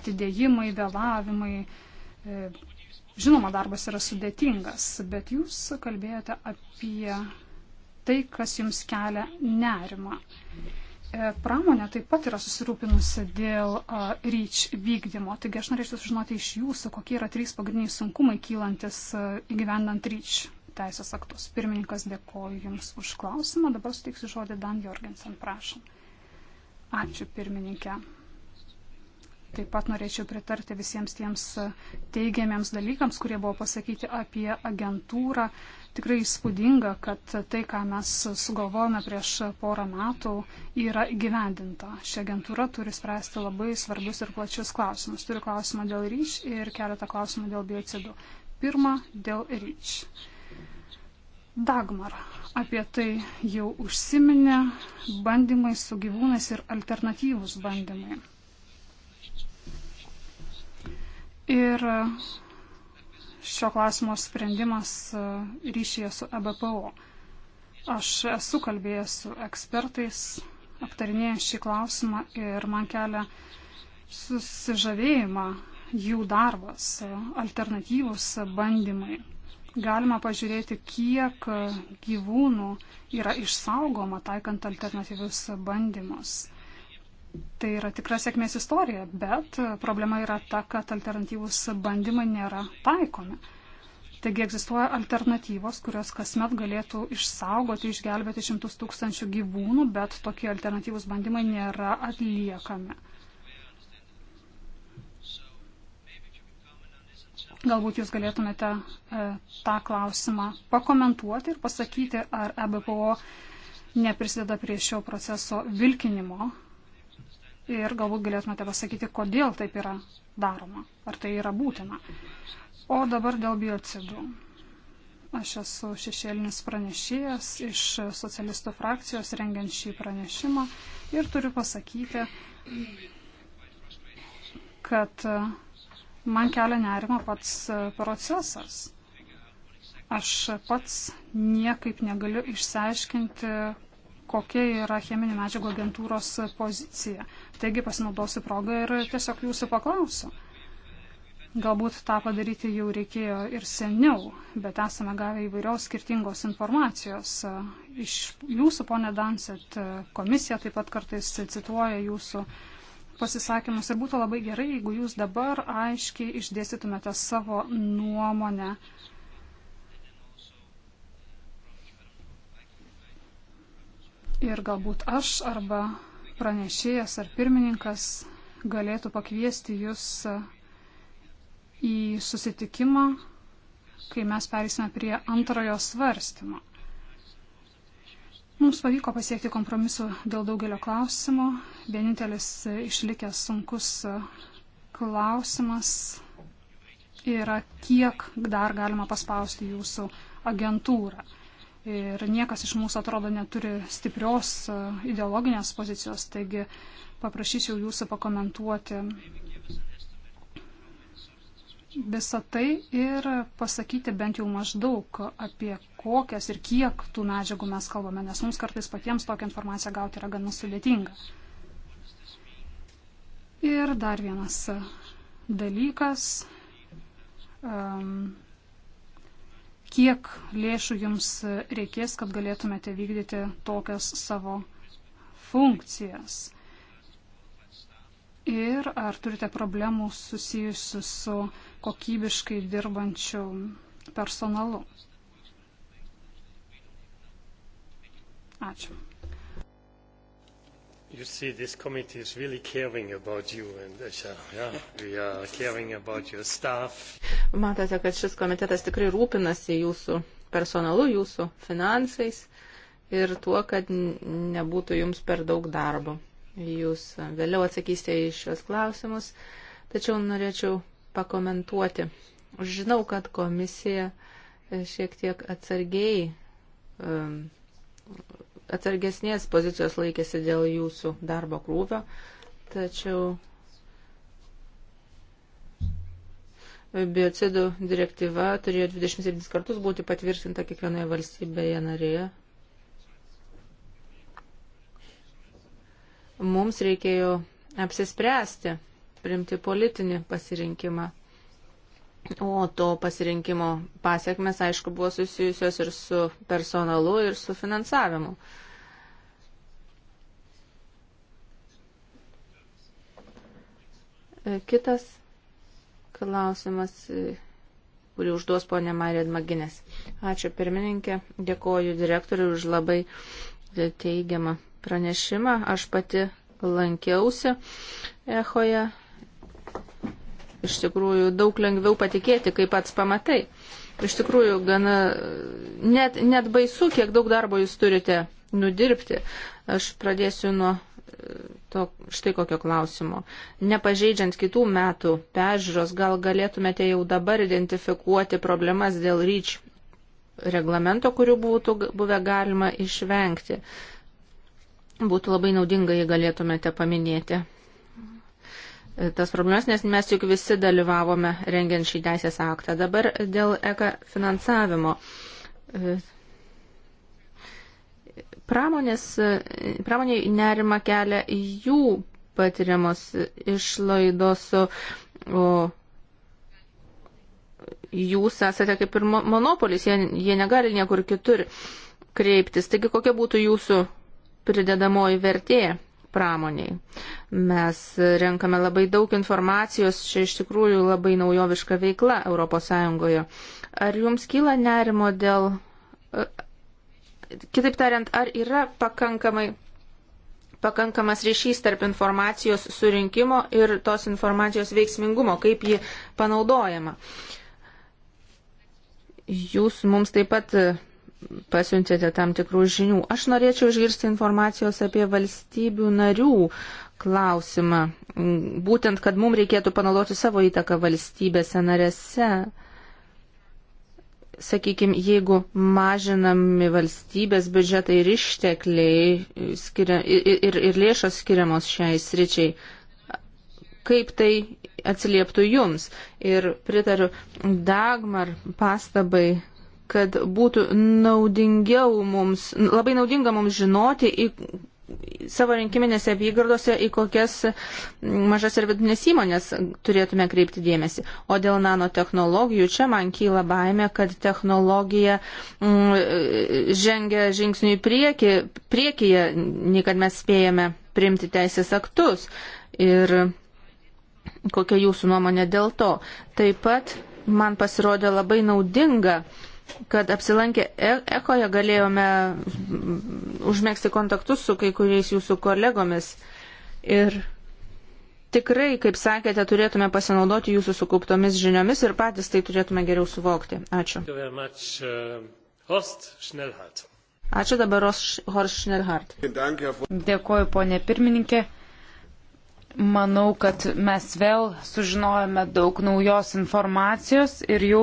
atidėjimai, vėlavimai. E, žinoma, darbas yra sudėtingas, bet Jūs kalbėjote apie tai, kas Jums kelia nerimą. E, pramonė taip pat yra susirūpinusi dėl REACH vykdymo. Taigi aš norėčiau sužinoti iš jūsų, kokie yra trys pagrindiniai sunkumai kylantis įgyvendant REACH teisės aktus. Pirmininkas dėkoju Jums už klausimą. Dabar suteiksiu žodį Dan Jorgensen, prašom. Ačiū, pirmininkė. Taip pat norėčiau pritarti visiems tiems teigiamiems dalykams, kurie buvo pasakyti apie agentūrą. Uh, tikrai įspūdinga, kad tai, ką mes sugalvojome prieš porą metų, yra įgyvendinta. Ši agentūra turi spręsti labai svarbius ir plačius klausimus. Turiu klausimą dėl ryč ir keletą klausimų dėl biocidų. Pirma, dėl ryč. Dagmar apie tai jau užsiminė bandymai su gyvūnais ir alternatyvus bandymai. Ir šio klausimo sprendimas e, ryšyje su EBPO. Aš esu kalbėjęs su ekspertais, aptarinėję šį klausimą ir man kelia susižavėjimą jų darbas, e, alternatyvus bandymai. Galima pažiūrėti, kiek gyvūnų yra išsaugoma taikant alternatyvius bandymus. Tai yra tikra sėkmės istorija, bet problema yra ta, kad alternatyvus bandymai nėra taikomi. Taigi egzistuoja alternatyvos, kurios kasmet galėtų išsaugoti, išgelbėti šimtus tūkstančių gyvūnų, bet tokie alternatyvus bandymai nėra atliekami. Galbūt jūs galėtumėte e, tą klausimą pakomentuoti ir pasakyti, ar EBPO neprisideda prie šio proceso vilkinimo, ir galbūt galėtumėte pasakyti, kodėl taip yra daroma, ar tai yra būtina. O dabar dėl biocidų. Aš esu šešėlinis pranešėjas iš socialistų frakcijos rengiant šį pranešimą ir turiu pasakyti, kad man kelia nerima pats procesas. Aš pats niekaip negaliu išsiaiškinti, kokia yra cheminių medžiagų agentūros pozicija. Taigi pasinaudosiu progą ir tiesiog jūsų paklausiu. Galbūt tą padaryti jau reikėjo ir seniau, bet esame gavę įvairios skirtingos informacijos. Iš jūsų, ponė Dansit, komisija taip pat kartais cituoja jūsų pasisakymus ir būtų labai gerai, jeigu jūs dabar aiškiai išdėstytumėte savo nuomonę Ir galbūt aš arba pranešėjas ar pirmininkas galėtų pakviesti jūs e, į susitikimą, kai mes perėsime prie antrojo svarstymo. Mums pavyko pasiekti kompromisu dėl daugelio klausimų. Vienintelis e, išlikęs sunkus e, klausimas yra, kiek dar galima paspausti jūsų agentūrą ir niekas iš mūsų atrodo neturi stiprios e, ideologinės pozicijos, taigi paprašyčiau jūsų pakomentuoti visą tai ir pasakyti bent jau maždaug apie kokias ir kiek tų medžiagų mes kalbame, nes mums kartais patiems tokią informaciją gauti yra gana sudėtinga. Ir dar vienas dalykas. Um, kiek lėšų jums reikės, kad galėtumėte vykdyti tokias savo funkcijas. Ir ar turite problemų susijusių su kokybiškai dirbančiu personalu? Ačiū. You see, this committee is really caring about you and uh, Asha. Yeah, we are caring about your staff. Matote, kad šis komitetas tikrai rūpinasi jūsų personalu, jūsų finansais ir tuo, kad nebūtų jums per daug darbo. Jūs vėliau atsakysite į šios klausimus, tačiau norėčiau pakomentuoti. Žinau, kad komisija e, šiek tiek atsargiai um, atsargesnės pozicijos laikėsi dėl jūsų darbo krūvio, tačiau biocidų direktyva turėjo 27 kartus būti patvirtinta kiekvienoje valstybėje narėje. Mums reikėjo apsispręsti, primti politinį pasirinkimą. O to pasirinkimo pasiekmes, aišku, buvo susijusios ir su personalu, ir su finansavimu. Uh, E, kitas klausimas, e, kurį užduos ponė Marija Maginės. Ačiū pirmininkė, dėkoju direktoriui už labai e, teigiamą pranešimą. Aš pati lankiausi Echoje. Iš tikrųjų, daug lengviau patikėti, kaip pats pamatai. Iš tikrųjų, gana net, net baisu, kiek daug darbo jūs turite nudirbti. Aš pradėsiu nuo to, štai kokio klausimo. Nepažeidžiant kitų metų pežiūros, gal galėtumėte jau dabar identifikuoti problemas dėl ryč reglamento, kurių būtų buvę galima išvengti. Būtų labai naudinga, jei galėtumėte paminėti tas problemas, nes mes juk visi dalyvavome rengiant šį teisės aktą. Dabar dėl ECA finansavimo Pramonės, pramoniai nerima kelia jų patiriamos išlaidos, o jūs esate kaip ir monopolis, jie, jie negali niekur kitur kreiptis. Taigi kokia būtų jūsų pridedamoji vertė pramoniai? Mes renkame labai daug informacijos, čia iš tikrųjų labai naujoviška veikla ES. Ar jums kyla nerimo dėl kitaip tariant, ar yra pakankamai, pakankamas ryšys tarp informacijos surinkimo ir tos informacijos veiksmingumo, kaip ji panaudojama. Jūs mums taip pat pasiuntėte tam tikrų žinių. Aš norėčiau išgirsti informacijos apie valstybių narių klausimą. Būtent, kad mums reikėtų panaudoti savo įtaką valstybėse narėse sakykime, jeigu mažinami valstybės biudžetai ir ištekliai e, skiria, ir, ir, ir lėšos skiriamos šiai sričiai, kaip tai atsilieptų jums? Ir pritariu Dagmar pastabai kad būtų naudingiau mums, labai naudinga mums žinoti, į savo rinkiminėse apygardose į kokias mažas ir vidinės įmonės turėtume kreipti dėmesį. O dėl nanotehnologijų čia man kyla baime, kad technologija m, mm, žengia žingsnių į priekį, priekyje, nei kad mes spėjame priimti teisės aktus. Ir kokia jūsų nuomonė dėl to? Taip pat man pasirodė labai naudinga kad apsilankę e- Ekoje galėjome užmėgsti kontaktus su kai kuriais jūsų kolegomis. Ir tikrai, kaip sakėte, turėtume pasinaudoti jūsų sukauptomis žiniomis ir patys tai turėtume geriau suvokti. Ačiū. Uh, Ačiū dabar Horst Schnellhardt. Dėkuoju, ponė pirmininkė. Manau, kad mes vėl sužinojome daug naujos informacijos ir jau. Jų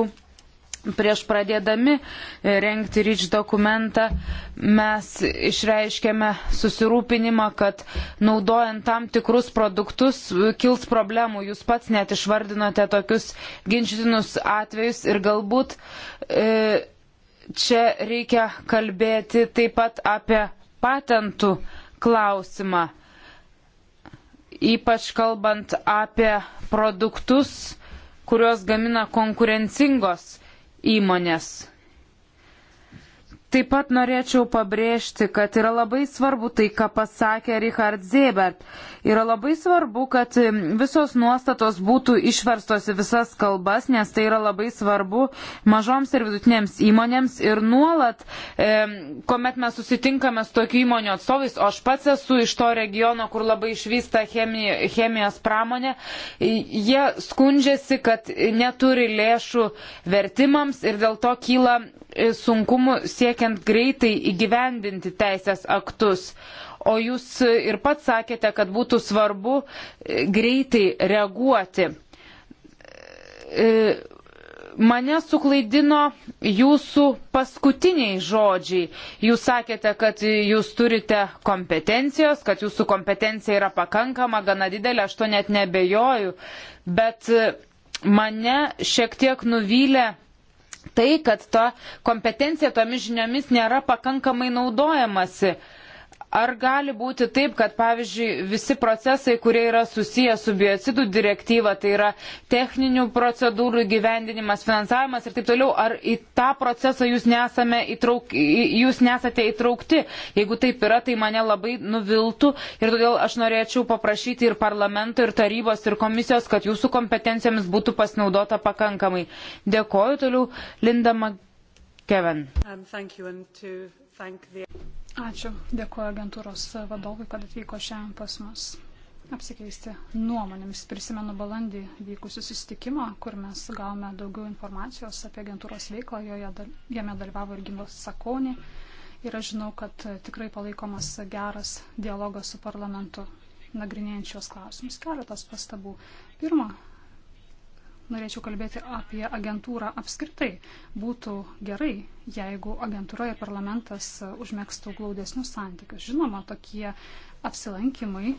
Prieš pradėdami e, renkti ryč dokumentą mes išreiškėme susirūpinimą, kad naudojant tam tikrus produktus e, kils problemų. Jūs pats net išvardinote tokius ginčytinus atvejus ir galbūt e, čia reikia kalbėti taip pat apie patentų klausimą. Ypač kalbant apie produktus, kuriuos gamina konkurencingos įmonės Taip pat norėčiau pabrėžti, kad yra labai svarbu tai, ką pasakė Richard Zebert. Yra labai svarbu, kad visos nuostatos būtų išverstos į visas kalbas, nes tai yra labai svarbu mažoms ir vidutinėms įmonėms. Ir nuolat, e, kuomet mes susitinkame su tokių įmonių atstovais, o aš pats esu iš to regiono, kur labai išvysta chemijos pramonė, jie skundžiasi, kad neturi lėšų vertimams ir dėl to kyla E, sunkumų siekiant greitai įgyvendinti teisės aktus. O jūs ir pats sakėte, kad būtų svarbu e, greitai reaguoti. E, mane suklaidino jūsų paskutiniai žodžiai. Jūs sakėte, kad jūs turite kompetencijos, kad jūsų kompetencija yra pakankama, gana didelė, aš to net nebejoju. Bet mane šiek tiek nuvylė tai, kad ta kompetencija tomis žiniomis nėra pakankamai naudojamasi. Uh, Ar gali būti taip, kad pavyzdžiui visi procesai, kurie yra susiję su biocidų direktyva, tai yra techninių procedūrų gyvendinimas, finansavimas ir taip toliau, ar į tą procesą jūs, įtrauk, jūs nesate įtraukti? Jeigu taip yra, tai mane labai nuviltų ir todėl aš norėčiau paprašyti ir parlamento, ir tarybos, ir komisijos, kad jūsų kompetencijomis būtų pasinaudota pakankamai. Dėkoju toliau, Linda McKeven. Um, Ačiū, dėkuoju agentūros vadovui, kad atvyko šiandien pas mus apsikeisti nuomonėmis. Prisimenu balandį vykusių susitikimą, kur mes gavome daugiau informacijos apie agentūros veiklą, joje, jame dalyvavo ir Gimbos Sakonė. Ir aš žinau, kad tikrai palaikomas geras dialogas su parlamentu, nagrinėjant šios klausimus. Keletas pastabų. Pirma, norėčiau kalbėti apie agentūrą apskritai. Būtų gerai, jeigu agentūra ir parlamentas užmėgstų glaudesnius santykius. Žinoma, tokie apsilankimai,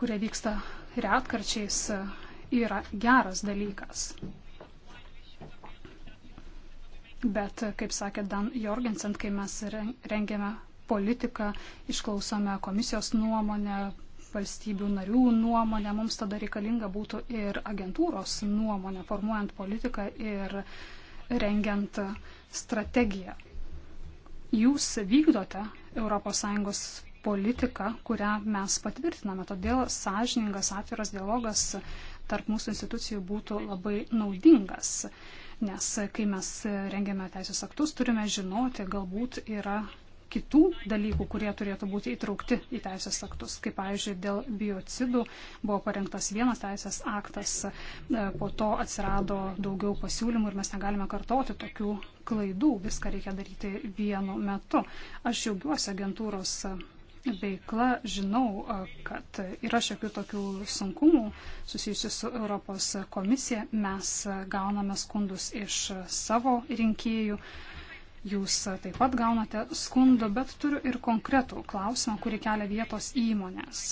kurie vyksta retkarčiais, yra geras dalykas. Bet, kaip sakė Dan Jorgensen, kai mes rengėme politiką, išklausome komisijos nuomonę, valstybių narių nuomonę, mums tada reikalinga būtų ir agentūros nuomonė, formuojant politiką ir rengiant strategiją. Jūs vykdote ES politiką, kurią mes patvirtiname, todėl sąžiningas atviras dialogas tarp mūsų institucijų būtų labai naudingas. Nes kai mes rengiame teisės aktus, turime žinoti, galbūt yra kitų dalykų, kurie turėtų būti įtraukti į teisės aktus. Kaip, pavyzdžiui, dėl biocidų buvo parengtas vienas teisės aktas, e, po to atsirado daugiau pasiūlymų ir mes negalime kartoti tokių klaidų. Viską reikia daryti vienu metu. Aš džiaugiuosi agentūros veikla, žinau, e, kad yra šiokių tokių sunkumų susijusių su Europos komisija. Mes gauname skundus iš savo rinkėjų Jūs e, taip pat gaunate skundų, bet turiu ir konkretų klausimą, kurį kelia vietos įmonės.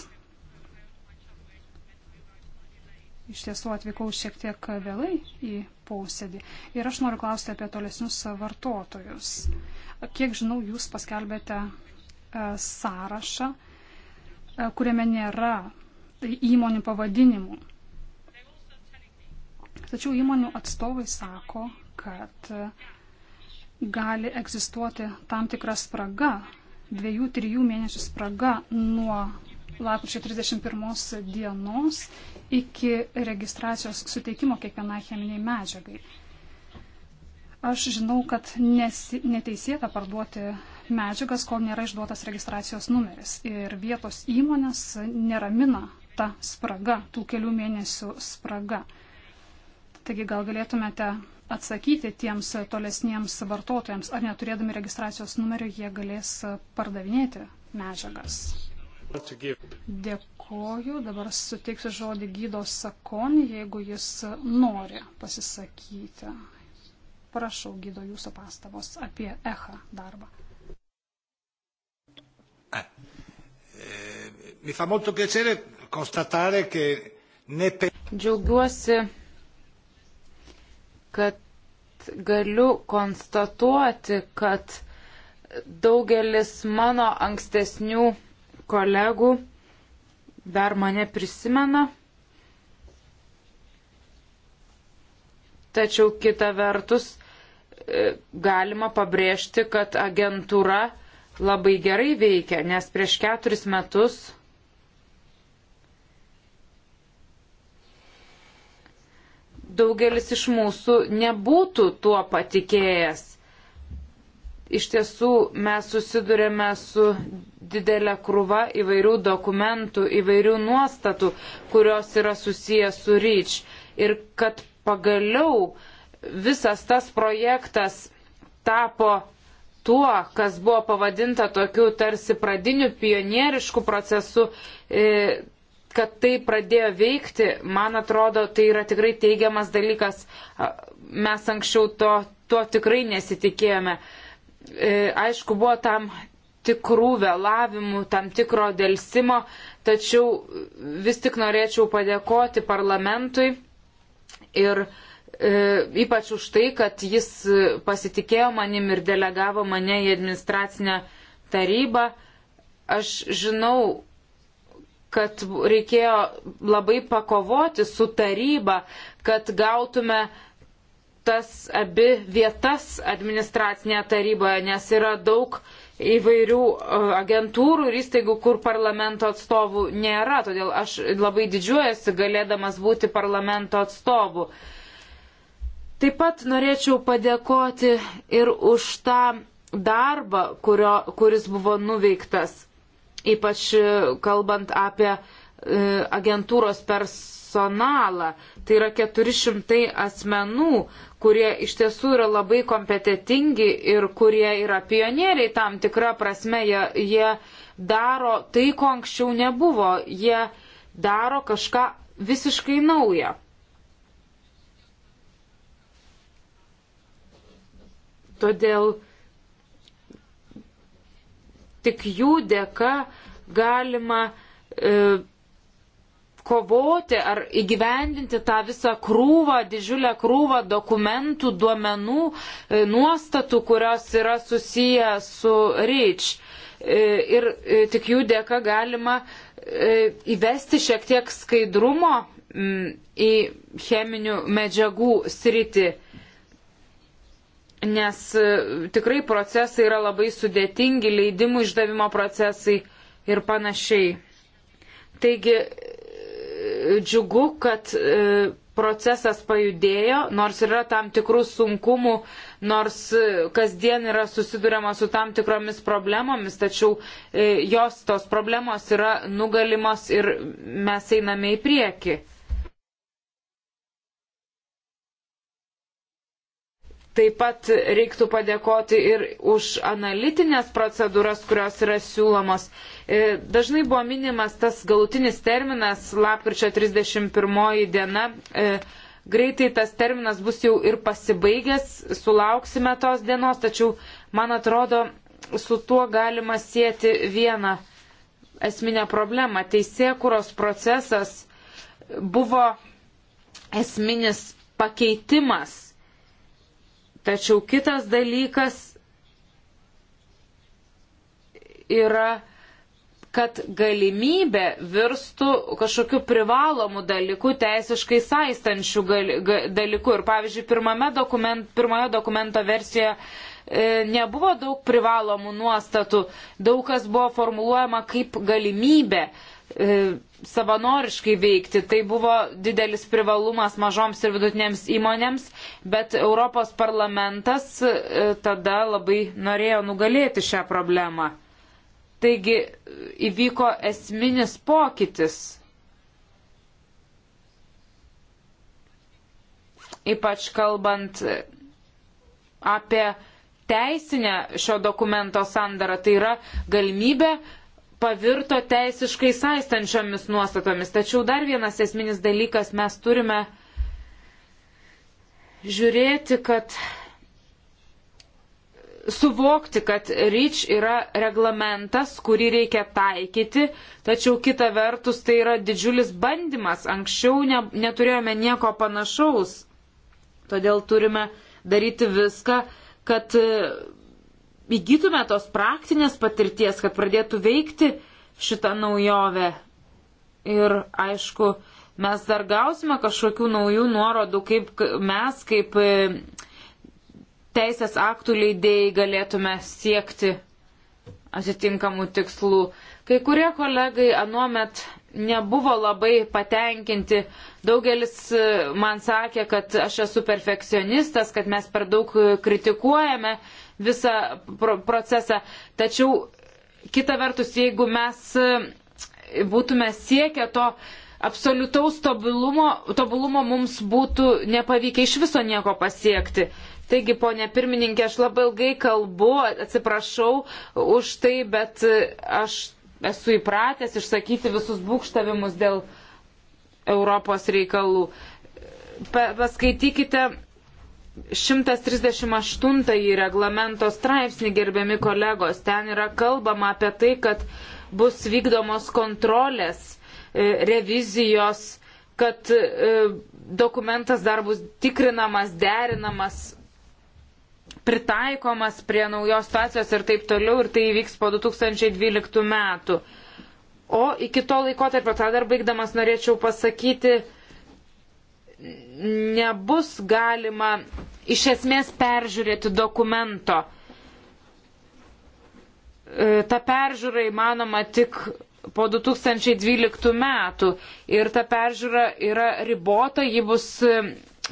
Iš tiesų atvykau šiek tiek vėlai į posėdį ir aš noriu klausti apie tolesnius vartotojus. Kiek žinau, jūs paskelbėte e, sąrašą, e, kuriame nėra įmonių pavadinimų. Tačiau įmonių atstovai sako, kad uh, gali egzistuoti tam tikra spraga, dviejų, trijų mėnesių spraga nuo lapkričio 31 dienos iki registracijos suteikimo kiekvienai cheminiai medžiagai. Aš žinau, kad nesi, neteisėta parduoti medžiagas, kol nėra išduotas registracijos numeris. Ir vietos įmonės neramina ta spraga, tų kelių mėnesių spraga. Taigi gal galėtumėte atsakyti tiems tolesniems vartotojams, ar neturėdami registracijos numerio jie galės pardavinėti medžiagas. Dėkoju, dabar suteiksiu žodį gydo sakonį, jeigu jis nori pasisakyti. Prašau, gydo jūsų pastabos apie EHA darbą. Ah, eh, mi fa molto piacere constatare che ne Džiaugiuosi, kad galiu konstatuoti, kad daugelis mano ankstesnių kolegų dar mane prisimena. Tačiau kita vertus e, galima pabrėžti, kad agentūra labai gerai veikia, nes prieš keturis metus daugelis iš mūsų nebūtų tuo patikėjęs. Iš tiesų mes susidurėme su didelė krūva įvairių dokumentų, įvairių nuostatų, kurios yra susijęs su ryč. Ir kad pagaliau visas tas projektas tapo tuo, kas buvo pavadinta tokiu tarsi pradiniu pionierišku procesu, e, kad tai pradėjo veikti, man atrodo, tai yra tikrai teigiamas dalykas. Mes anksčiau to, to tikrai nesitikėjome. E, aišku, buvo tam tikrų vėlavimų, tam tikro dėlsimo, tačiau vis tik norėčiau padėkoti parlamentui ir e, ypač už tai, kad jis pasitikėjo manim ir delegavo mane į administracinę tarybą. Aš žinau, kad reikėjo labai pakovoti su taryba, kad gautume tas abi vietas administracinėje taryboje, nes yra daug įvairių e, agentūrų ir įstaigų, kur parlamento atstovų nėra. Todėl aš labai didžiuojasi galėdamas būti parlamento atstovu. Taip pat norėčiau padėkoti ir už tą darbą, kurio, kuris buvo nuveiktas ypač e, kalbant apie e, agentūros personalą. Tai yra 400 asmenų, kurie iš tiesų yra labai kompetitingi ir kurie yra pionieriai tam tikrą prasme. Jie, jie daro tai, ko anksčiau nebuvo. Jie daro kažką visiškai naują. Todėl Tik jų dėka galima e, kovoti ar įgyvendinti tą visą krūvą, didžiulę krūvą dokumentų, duomenų, e, nuostatų, kurios yra susiję su REACH. E, ir e, tik jų dėka galima e, įvesti šiek tiek skaidrumo m, į cheminių medžiagų sritį. E, nes e, tikrai procesai yra labai sudėtingi, leidimų išdavimo procesai ir panašiai. Taigi e, džiugu, kad e, procesas pajudėjo, nors yra tam tikrų sunkumų, nors kasdien yra susidurima su tam tikromis problemomis, tačiau jos tos problemos yra nugalimos ir mes einame į priekį. Taip pat reiktų padėkoti ir už analitinės procedūras, kurios yra siūlomos. E, dažnai buvo minimas tas galutinis terminas, lapkričio 31 diena. E, greitai tas terminas bus jau ir pasibaigęs, sulauksime tos dienos, tačiau, man atrodo, su tuo galima sėti vieną esminę problemą. Teisėkuros procesas buvo esminis pakeitimas Tačiau kitas dalykas yra, kad galimybė virstų kažkokiu privalomu dalyku, teisiškai saistančiu gal, ga, dalyku. Ir pavyzdžiui, dokument, pirmoje dokumento versijoje e, nebuvo daug privalomų nuostatų, daug kas buvo formuluojama kaip galimybė. E, savanoriškai veikti. Tai buvo didelis privalumas mažoms ir vidutinėms įmonėms, bet Europos parlamentas e, tada labai norėjo nugalėti šią problemą. Taigi e, įvyko esminis pokytis. Ypač kalbant e, apie teisinę šio dokumento sandarą, tai yra galimybė pavirto teisiškai saistančiomis nuostatomis. Tačiau dar vienas esminis dalykas mes turime žiūrėti, kad suvokti, kad REACH yra reglamentas, kurį reikia taikyti, tačiau kita vertus tai yra didžiulis bandymas. Anksčiau ne, neturėjome nieko panašaus. Todėl turime daryti viską, kad įgytume tos praktinės patirties, kad pradėtų veikti šitą naujovę. Ir aišku, mes dar gausime kažkokių naujų nuorodų, kaip mes, kaip e, teisės aktų leidėjai galėtume siekti atitinkamų tikslų. Kai kurie kolegai anuomet nebuvo labai patenkinti. Daugelis e, man sakė, kad aš esu perfekcionistas, kad mes per daug kritikuojame visą procesą. Tačiau kita vertus, jeigu mes e, būtume siekę to absoliutaus tobulumo, tobulumo mums būtų nepavykę iš viso nieko pasiekti. Taigi, ponė pirmininkė, aš labai ilgai kalbu, atsiprašau už tai, bet e, aš esu įpratęs išsakyti visus būkštavimus dėl Europos reikalų. Pa paskaitykite 138 reglamento straipsnį, gerbiami kolegos, ten yra kalbama apie tai, kad bus vykdomos kontrolės, e, revizijos, kad e, dokumentas dar bus tikrinamas, derinamas, pritaikomas prie naujos situacijos ir taip toliau, ir tai įvyks po 2012 metų. O iki to laiko, tarp to dar baigdamas, norėčiau pasakyti, nebus galima iš esmės peržiūrėti dokumento. E, ta peržiūra įmanoma tik po 2012 metų ir ta peržiūra yra ribota, ji bus e,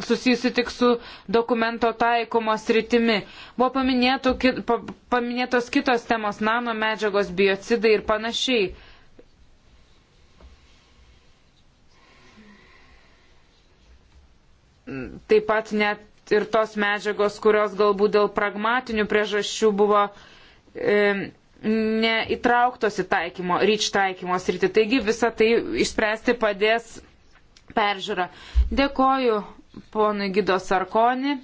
susijusi tik su dokumento taikomos rytimi. Buvo paminėtų, paminėtos kitos temos - nano medžiagos, biocidai ir panašiai. taip pat net ir tos medžiagos, kurios galbūt dėl pragmatinių priežasčių buvo e, neįtrauktos į taikymo, ryč taikymo sritį. Taigi visą tai išspręsti padės peržiūra. Dėkoju ponui Gido Sarkoni.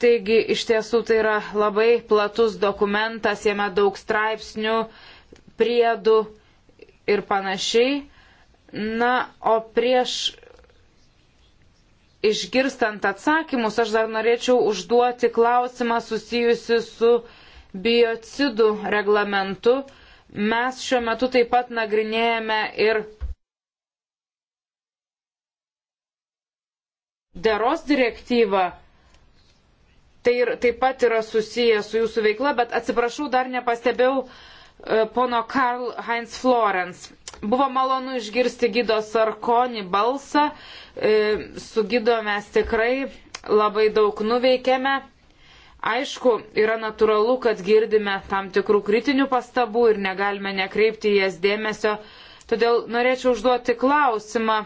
Taigi iš tiesų tai yra labai platus dokumentas, jame daug straipsnių, priedų ir panašiai. Na, o prieš išgirstant atsakymus, aš dar norėčiau užduoti klausimą susijusi su biocidų reglamentu. Mes šiuo metu taip pat nagrinėjame ir deros direktyvą. Tai ir, taip pat yra susiję su jūsų veikla, bet atsiprašau, dar nepastebėjau E, pono Karl Heinz Florence. Buvo malonu išgirsti Gido Sarkonį balsą. E, su Gido mes tikrai labai daug nuveikėme. Aišku, yra natūralu, kad girdime tam tikrų kritinių pastabų ir negalime nekreipti jas dėmesio. Todėl norėčiau užduoti klausimą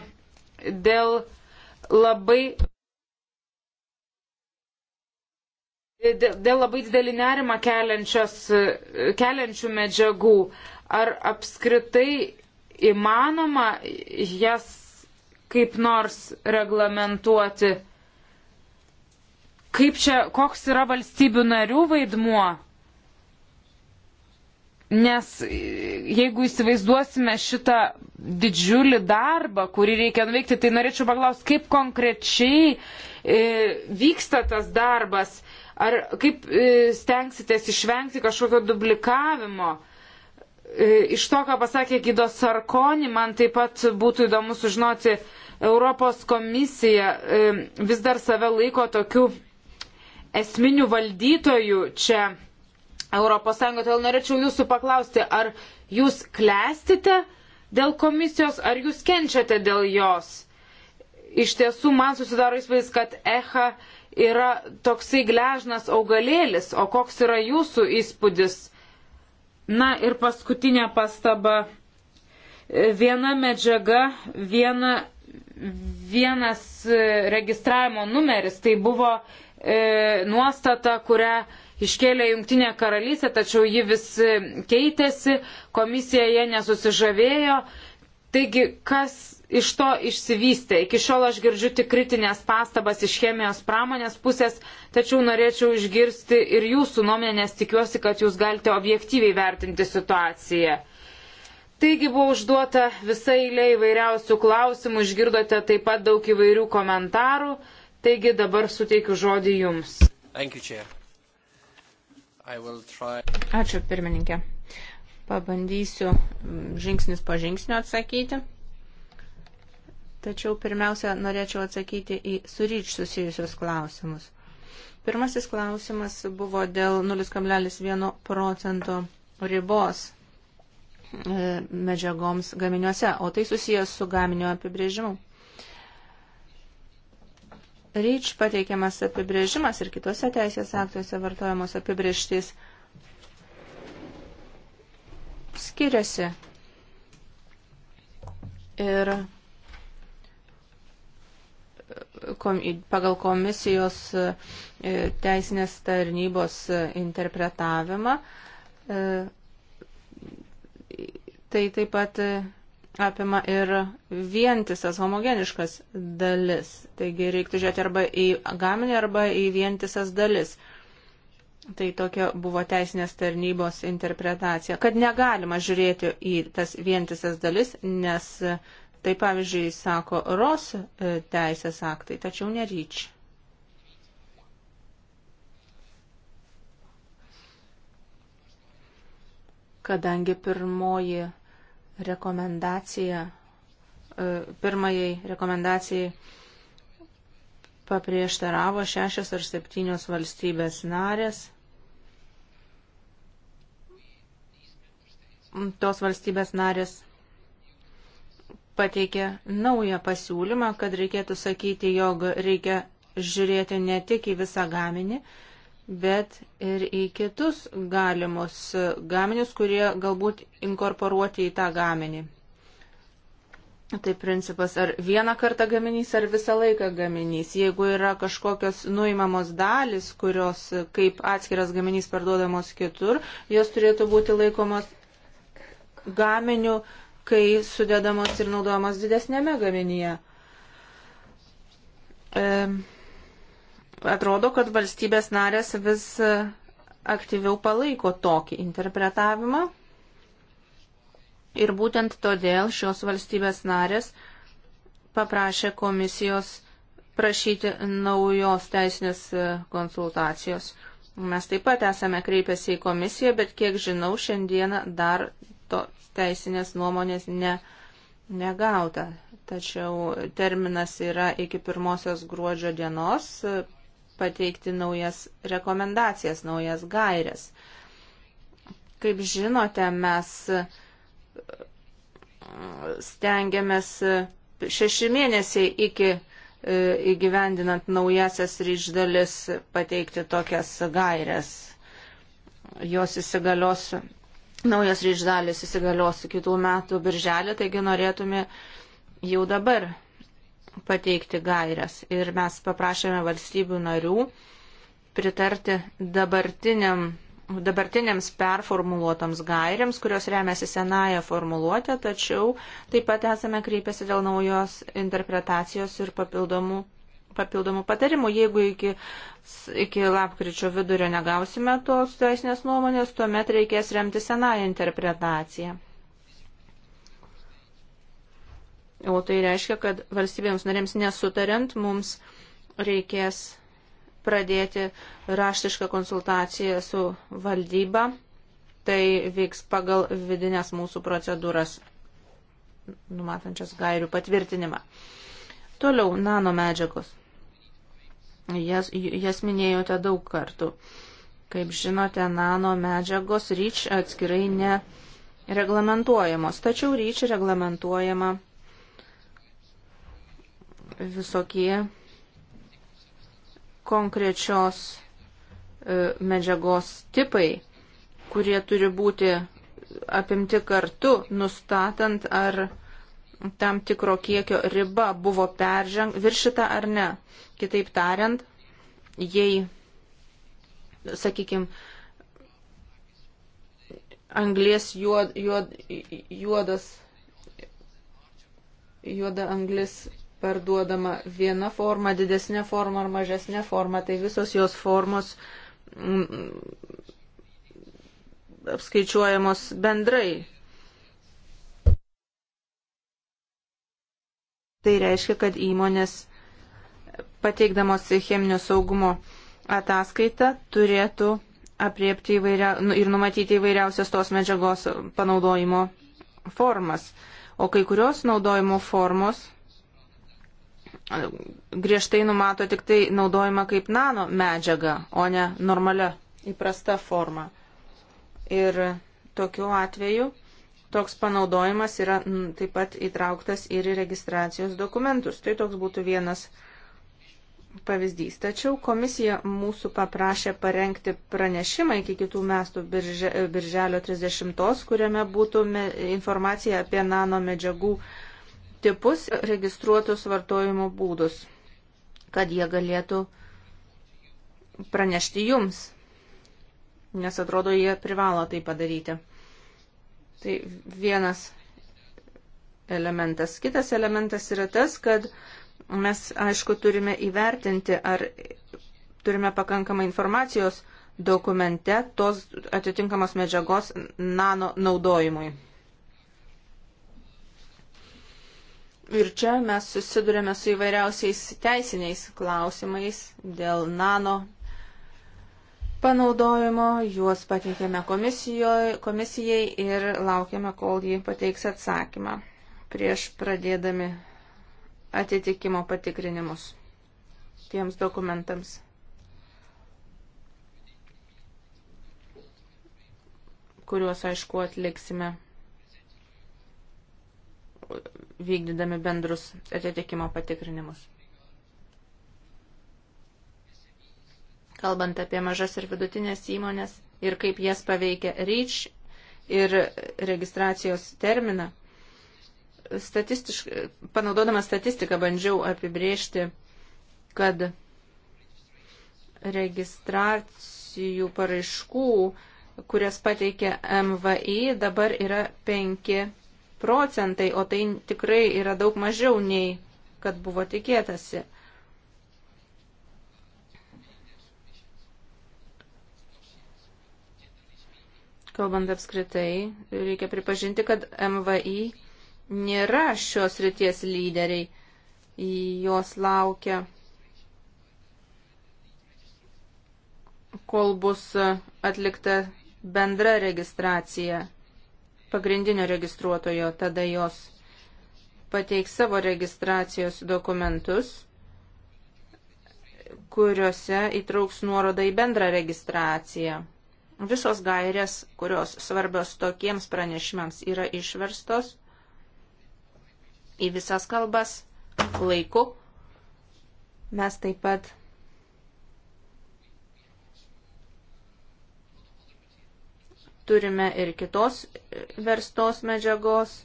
dėl labai Dėl labai didelį nerimą keliančių medžiagų, ar apskritai įmanoma jas kaip nors reglamentuoti? Kaip čia, koks yra valstybių narių vaidmuo? Nes jeigu įsivaizduosime šitą didžiulį darbą, kurį reikia nuveikti, tai norėčiau paklausti, kaip konkrečiai e, vyksta tas darbas. E, Ar kaip e, stengsitės išvengti kažkokio duplikavimo? E, iš to, ką pasakė Gido Sarkoni, man taip pat būtų įdomu sužinoti, Europos komisija e, vis dar save laiko tokių esminių valdytojų čia Europos Sąjungoje. Todėl norėčiau jūsų paklausti, ar jūs klestite dėl komisijos, ar jūs kenčiate dėl jos? Iš tiesų man susidaro įspūdis, kad EHA yra toksai gležnas augalėlis, o koks yra jūsų įspūdis? Na ir paskutinė pastaba. Viena medžiaga, viena, vienas e, registravimo numeris, tai buvo e, nuostata, kurią iškėlė Junktinė karalystė, tačiau ji vis e, keitėsi, komisija jie nesusižavėjo. Taigi, kas iš to išsivystė. Iki šiol aš girdžiu tik kritinės pastabas iš chemijos pramonės pusės, tačiau norėčiau išgirsti ir jūsų nuomonę, nes tikiuosi, kad jūs galite objektyviai vertinti situaciją. Taigi buvo užduota visai eilė įvairiausių klausimų, išgirdote taip pat daug įvairių komentarų, taigi dabar suteikiu žodį jums. You, try... Ačiū pirmininkė. Pabandysiu mm, žingsnis po žingsnio atsakyti. Tačiau pirmiausia, norėčiau atsakyti į suryč susijusius klausimus. Pirmasis klausimas buvo dėl 0,1 procento ribos e, medžiagoms gaminiuose, o tai susijęs su gaminio apibrėžimu. Ryč pateikiamas apibrėžimas ir kitose teisės aktuose vartojamos apibrėžtys skiriasi. Ir pagal komisijos e, teisinės tarnybos e, interpretavimą. E, tai taip pat apima ir vientisas homogeniškas dalis. Taigi reiktų žiūrėti arba į gaminį, arba į vientisas dalis. Tai tokia buvo teisinės tarnybos interpretacija, kad negalima žiūrėti į tas vientisas dalis, nes Tai pavyzdžiui, sako ROS e, teisės aktai, tačiau neryč. Kadangi pirmoji rekomendacija, e, pirmajai rekomendacijai paprieštaravo šešios ar septynios valstybės narės, tos valstybės narės pateikė naują pasiūlymą, kad reikėtų sakyti, jog reikia žiūrėti ne tik į visą gaminį, bet ir į kitus galimus gaminius, kurie galbūt inkorporuoti į tą gaminį. Tai principas, ar vieną kartą gaminys, ar visą laiką gaminys. Jeigu yra kažkokios nuimamos dalis, kurios kaip atskiras gaminys parduodamos kitur, jos turėtų būti laikomos gaminių uh, kai sudedamos ir naudojamos didesnėme gaminyje. E, atrodo, kad valstybės narės vis aktyviau palaiko tokį interpretavimą. Ir būtent todėl šios valstybės narės paprašė komisijos prašyti naujos teisinės konsultacijos. Mes taip pat esame kreipęsi į komisiją, bet kiek žinau, šiandieną dar to teisinės nuomonės ne, negauta. Tačiau terminas yra iki pirmosios gruodžio dienos pateikti naujas rekomendacijas, naujas gairias. Kaip žinote, mes e, stengiamės šeši mėnesiai iki e, įgyvendinant naujasias ryšdalis pateikti tokias gairias. Jos įsigalios Naujas ryždalis įsigalios kitų metų birželį, taigi norėtume jau dabar pateikti gairias. Ir mes paprašėme valstybių narių pritarti dabartiniam, dabartiniams performuluotams gairiams, kurios remiasi senąją formuluotę, tačiau taip pat esame kreipęsi dėl naujos interpretacijos ir papildomų papildomų patarimų. Jeigu iki, iki lapkričio vidurio negausime tos teisinės nuomonės, tuomet reikės remti senąją interpretaciją. O tai reiškia, kad valstybėms narėms nesutariant mums reikės pradėti raštišką konsultaciją su valdyba. Tai vyks pagal vidinės mūsų procedūras, numatančias gairių patvirtinimą. Toliau nanomedžiagos. Jas, jas minėjote daug kartų. Kaip žinote, nano medžiagos ryč atskirai nereglamentuojamos, tačiau ryč reglamentuojama visokie konkrečios e, medžiagos tipai, kurie turi būti apimti kartu, nustatant ar tam tikro kiekio riba buvo perženg, viršita ar ne. Kitaip tariant, jei, sakykime, anglės juod, juod, juodas, juoda anglis parduodama viena forma, didesnė forma ar mažesnė forma, tai visos jos formos mm, apskaičiuojamos bendrai Tai reiškia, kad įmonės pateikdamos cheminio saugumo ataskaitą turėtų apriepti įvairia, nu, ir numatyti įvairiausias tos medžiagos panaudojimo formas. O kai kurios naudojimo formos e, griežtai numato tik tai naudojimą kaip nano medžiaga, o ne normalia įprasta forma. Ir tokiu atveju Toks panaudojimas yra mm, taip pat įtrauktas ir į registracijos dokumentus. Tai toks būtų vienas pavyzdys. Tačiau komisija mūsų paprašė parengti pranešimą iki kitų metų birže, birželio 30, kuriame būtų me, informacija apie nano medžiagų tipus registruotus vartojimo būdus, kad jie galėtų pranešti jums, nes atrodo, jie privalo tai padaryti. Tai vienas elementas. Kitas elementas yra tas, kad mes, aišku, turime įvertinti, ar turime pakankamai informacijos dokumente tos atitinkamos medžiagos nano naudojimui. Ir čia mes susidurėme su įvairiausiais teisiniais klausimais dėl nano panaudojimo, juos pateikėme komisijai ir laukiame, kol jį pateiks atsakymą prieš pradėdami atitikimo patikrinimus tiems dokumentams. kuriuos, aišku, atliksime vykdydami bendrus atitikimo patikrinimus. kalbant apie mažas ir vidutinės įmonės ir kaip jas paveikia REACH ir registracijos terminą. Statistišk, panaudodama statistiką bandžiau apibriežti, kad registracijų paraiškų, kurias pateikia MVI, dabar yra 5 procentai, o tai tikrai yra daug mažiau nei kad buvo tikėtasi. kalbant apskritai, reikia pripažinti, kad MVI nėra šios ryties lyderiai. Jos laukia, kol bus atlikta bendra registracija pagrindinio registruotojo, tada jos pateiks savo registracijos dokumentus, kuriuose įtrauks nuorodą į bendrą registraciją. Visos gairės, kurios svarbios tokiems pranešimams, yra išverstos į visas kalbas laiku. Mes taip pat turime ir kitos verstos medžiagos.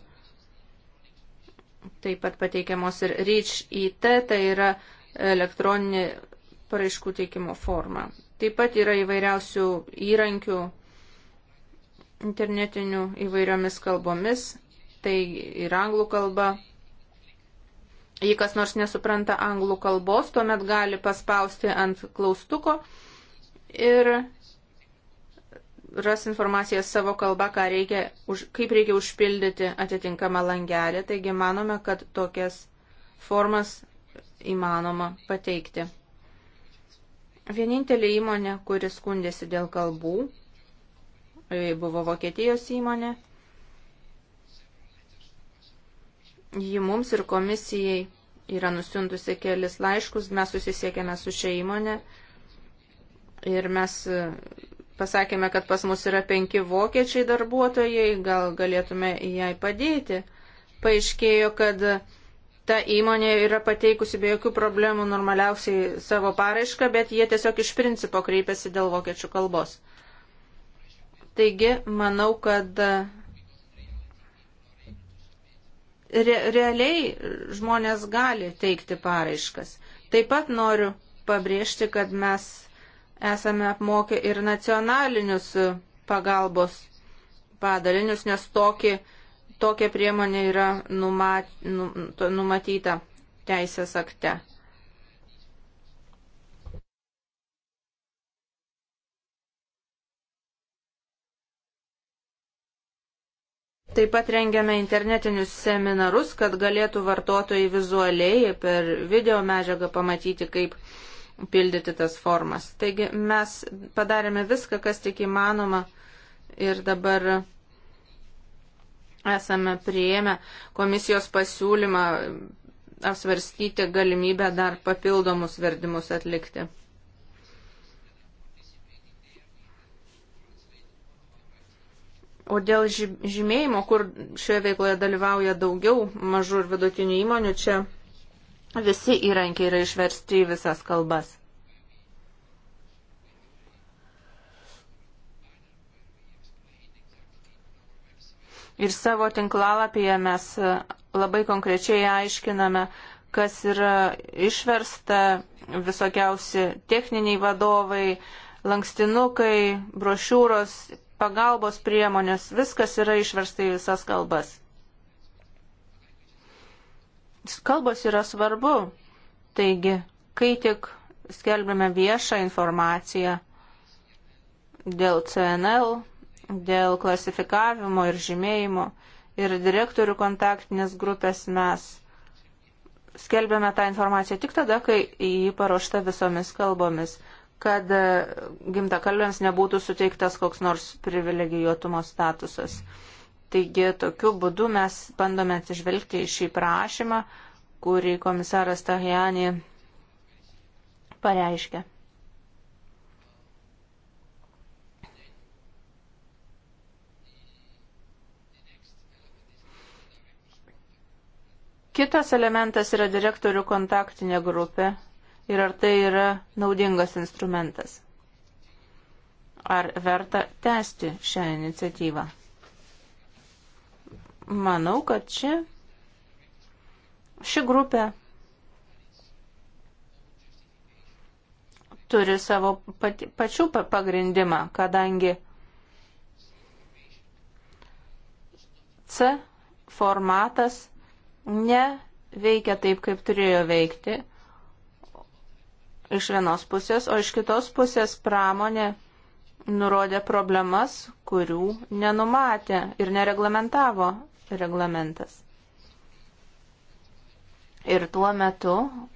Taip pat pateikiamos ir REACH IT, tai yra elektroninė paraiškų teikimo forma. Taip pat yra įvairiausių įrankių internetinių įvairiomis kalbomis, tai ir anglų kalba. Jei kas nors nesupranta anglų kalbos, tuomet gali paspausti ant klaustuko ir ras informaciją savo kalbą, reikia, kaip reikia užpildyti atitinkamą langelį. Taigi manome, kad tokias formas įmanoma pateikti. Vienintelė įmonė, kuri skundėsi dėl kalbų, e, buvo Vokietijos įmonė. Ji mums ir komisijai yra nusiuntusi kelis laiškus, mes susisiekėme su šia įmonė ir mes e, pasakėme, kad pas mus yra penki vokiečiai darbuotojai, gal galėtume jai padėti. Paaiškėjo, kad ta įmonė yra pateikusi be jokių problemų normaliausiai savo paraišką, bet jie tiesiog iš principo kreipiasi dėl vokiečių kalbos. Taigi, manau, kad e, re, realiai žmonės gali teikti paraiškas. Taip pat noriu pabrėžti, kad mes esame apmokę ir nacionalinius pagalbos padalinius, nes tokį uh, tokia priemonė yra numat, nu, numatyta teisės akte. Taip pat rengiame internetinius seminarus, kad galėtų vartotojai vizualiai per video medžiagą pamatyti, kaip pildyti tas formas. Taigi mes padarėme viską, kas tik įmanoma ir dabar esame prieėmę komisijos pasiūlymą apsvarstyti galimybę dar papildomus verdimus atlikti. O dėl žymėjimo, kur šioje veikloje dalyvauja daugiau mažų ir vidutinių įmonių, čia visi įrankiai yra išversti į visas kalbas. Ir savo tinklalapyje mes e, labai konkrečiai aiškiname, kas yra išversta, visokiausi techniniai vadovai, lankstinukai, brošiūros, pagalbos priemonės, viskas yra išversta į visas kalbas. Kalbos yra svarbu, taigi, kai tik skelbėme viešą informaciją dėl CNL, dėl klasifikavimo ir žymėjimo ir direktorių kontaktinės grupės mes skelbėme tą informaciją tik tada, kai jį paruošta visomis kalbomis, kad e, gimtakalbėms nebūtų suteiktas koks nors privilegijuotumo statusas. Taigi tokiu būdu mes bandome atsižvelgti į šį prašymą, kurį komisaras Tahjani pareiškė. Kitas elementas yra direktorių kontaktinė grupė ir ar tai yra naudingas instrumentas. Ar verta tęsti šią iniciatyvą? Manau, kad ši, ši grupė turi savo pati, pačių pagrindimą, kadangi C formatas neveikia taip, kaip turėjo veikti iš vienos pusės, o iš kitos pusės pramonė nurodė problemas, kurių nenumatė ir nereglamentavo reglamentas. Ir tuo metu,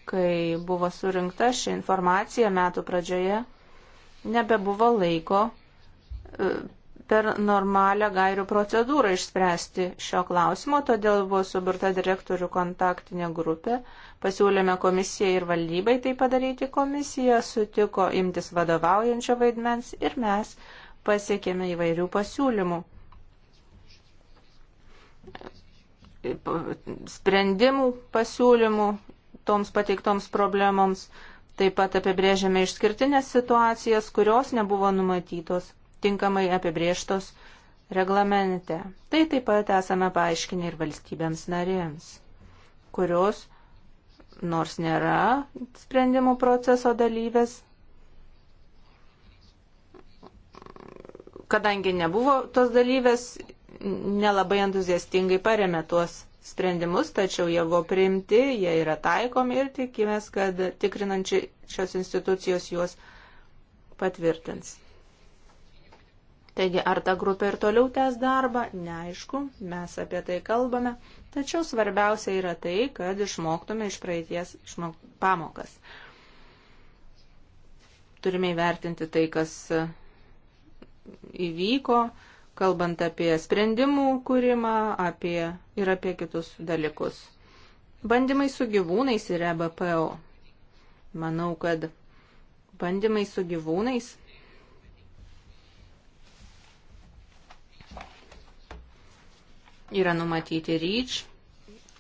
kai buvo surinkta ši informacija metų pradžioje, nebebuvo laiko e, per normalią gairių procedūrą išspręsti šio klausimo, todėl buvo suburta direktorių kontaktinė grupė, pasiūlėme komisijai ir valdybai tai padaryti, komisija sutiko imtis vadovaujančio vaidmens ir mes pasiekėme įvairių pasiūlymų. Sprendimų pasiūlymų toms pateiktoms problemoms, taip pat apibrėžėme išskirtinės situacijas, kurios nebuvo numatytos tinkamai apibrieštos reglamente. Tai taip pat esame paaiškinę ir valstybėms narėms, kurios, nors nėra sprendimų proceso dalyvės, kadangi nebuvo tos dalyvės, nelabai entuziastingai paremė tuos sprendimus, tačiau jie buvo priimti, jie yra taikomi ir tikimės, kad tikrinančios institucijos juos patvirtins. Taigi, ar ta grupė ir toliau tęs darbą, neaišku, mes apie tai kalbame, tačiau svarbiausia yra tai, kad išmoktume iš praeities išmok... pamokas. Turime įvertinti tai, kas e, įvyko, kalbant apie sprendimų kūrimą apie... ir apie kitus dalykus. Bandymai su gyvūnais yra e BPO. Manau, kad bandymai su gyvūnais yra numatyti ryč,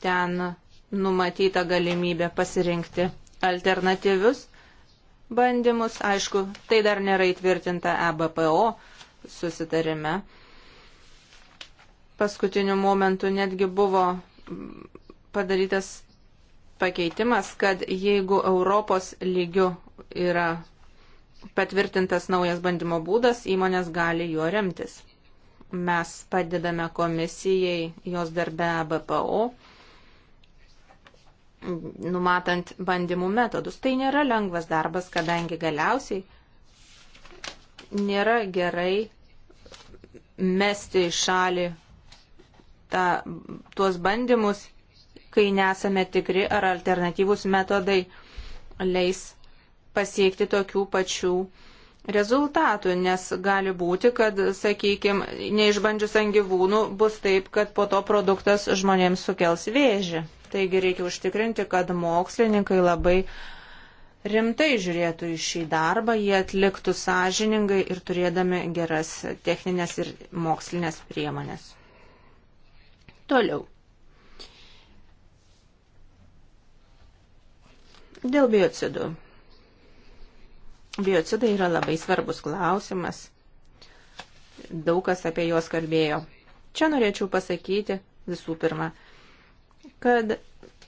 ten numatyta galimybė pasirinkti alternatyvius bandymus. Aišku, tai dar nėra įtvirtinta EBPO susitarime. Paskutiniu momentu netgi buvo padarytas pakeitimas, kad jeigu Europos lygiu yra patvirtintas naujas bandymo būdas, įmonės gali juo remtis. Mes padedame komisijai jos darbe BPO, numatant bandymų metodus. Tai nėra lengvas darbas, kadangi galiausiai nėra gerai mesti į šalį ta, tuos bandymus, kai nesame tikri, ar alternatyvus metodai leis pasiekti tokių pačių uh, rezultatų, nes gali būti, kad, sakykime, neišbandžius ant gyvūnų bus taip, kad po to produktas žmonėms sukels vėžį. Taigi reikia užtikrinti, kad mokslininkai labai rimtai žiūrėtų į šį darbą, jie atliktų sąžiningai ir turėdami geras techninės ir mokslinės priemonės. Toliau. Dėl biocidų. Biocidai yra labai svarbus klausimas. Daug kas apie juos kalbėjo. Čia norėčiau pasakyti visų pirma, kad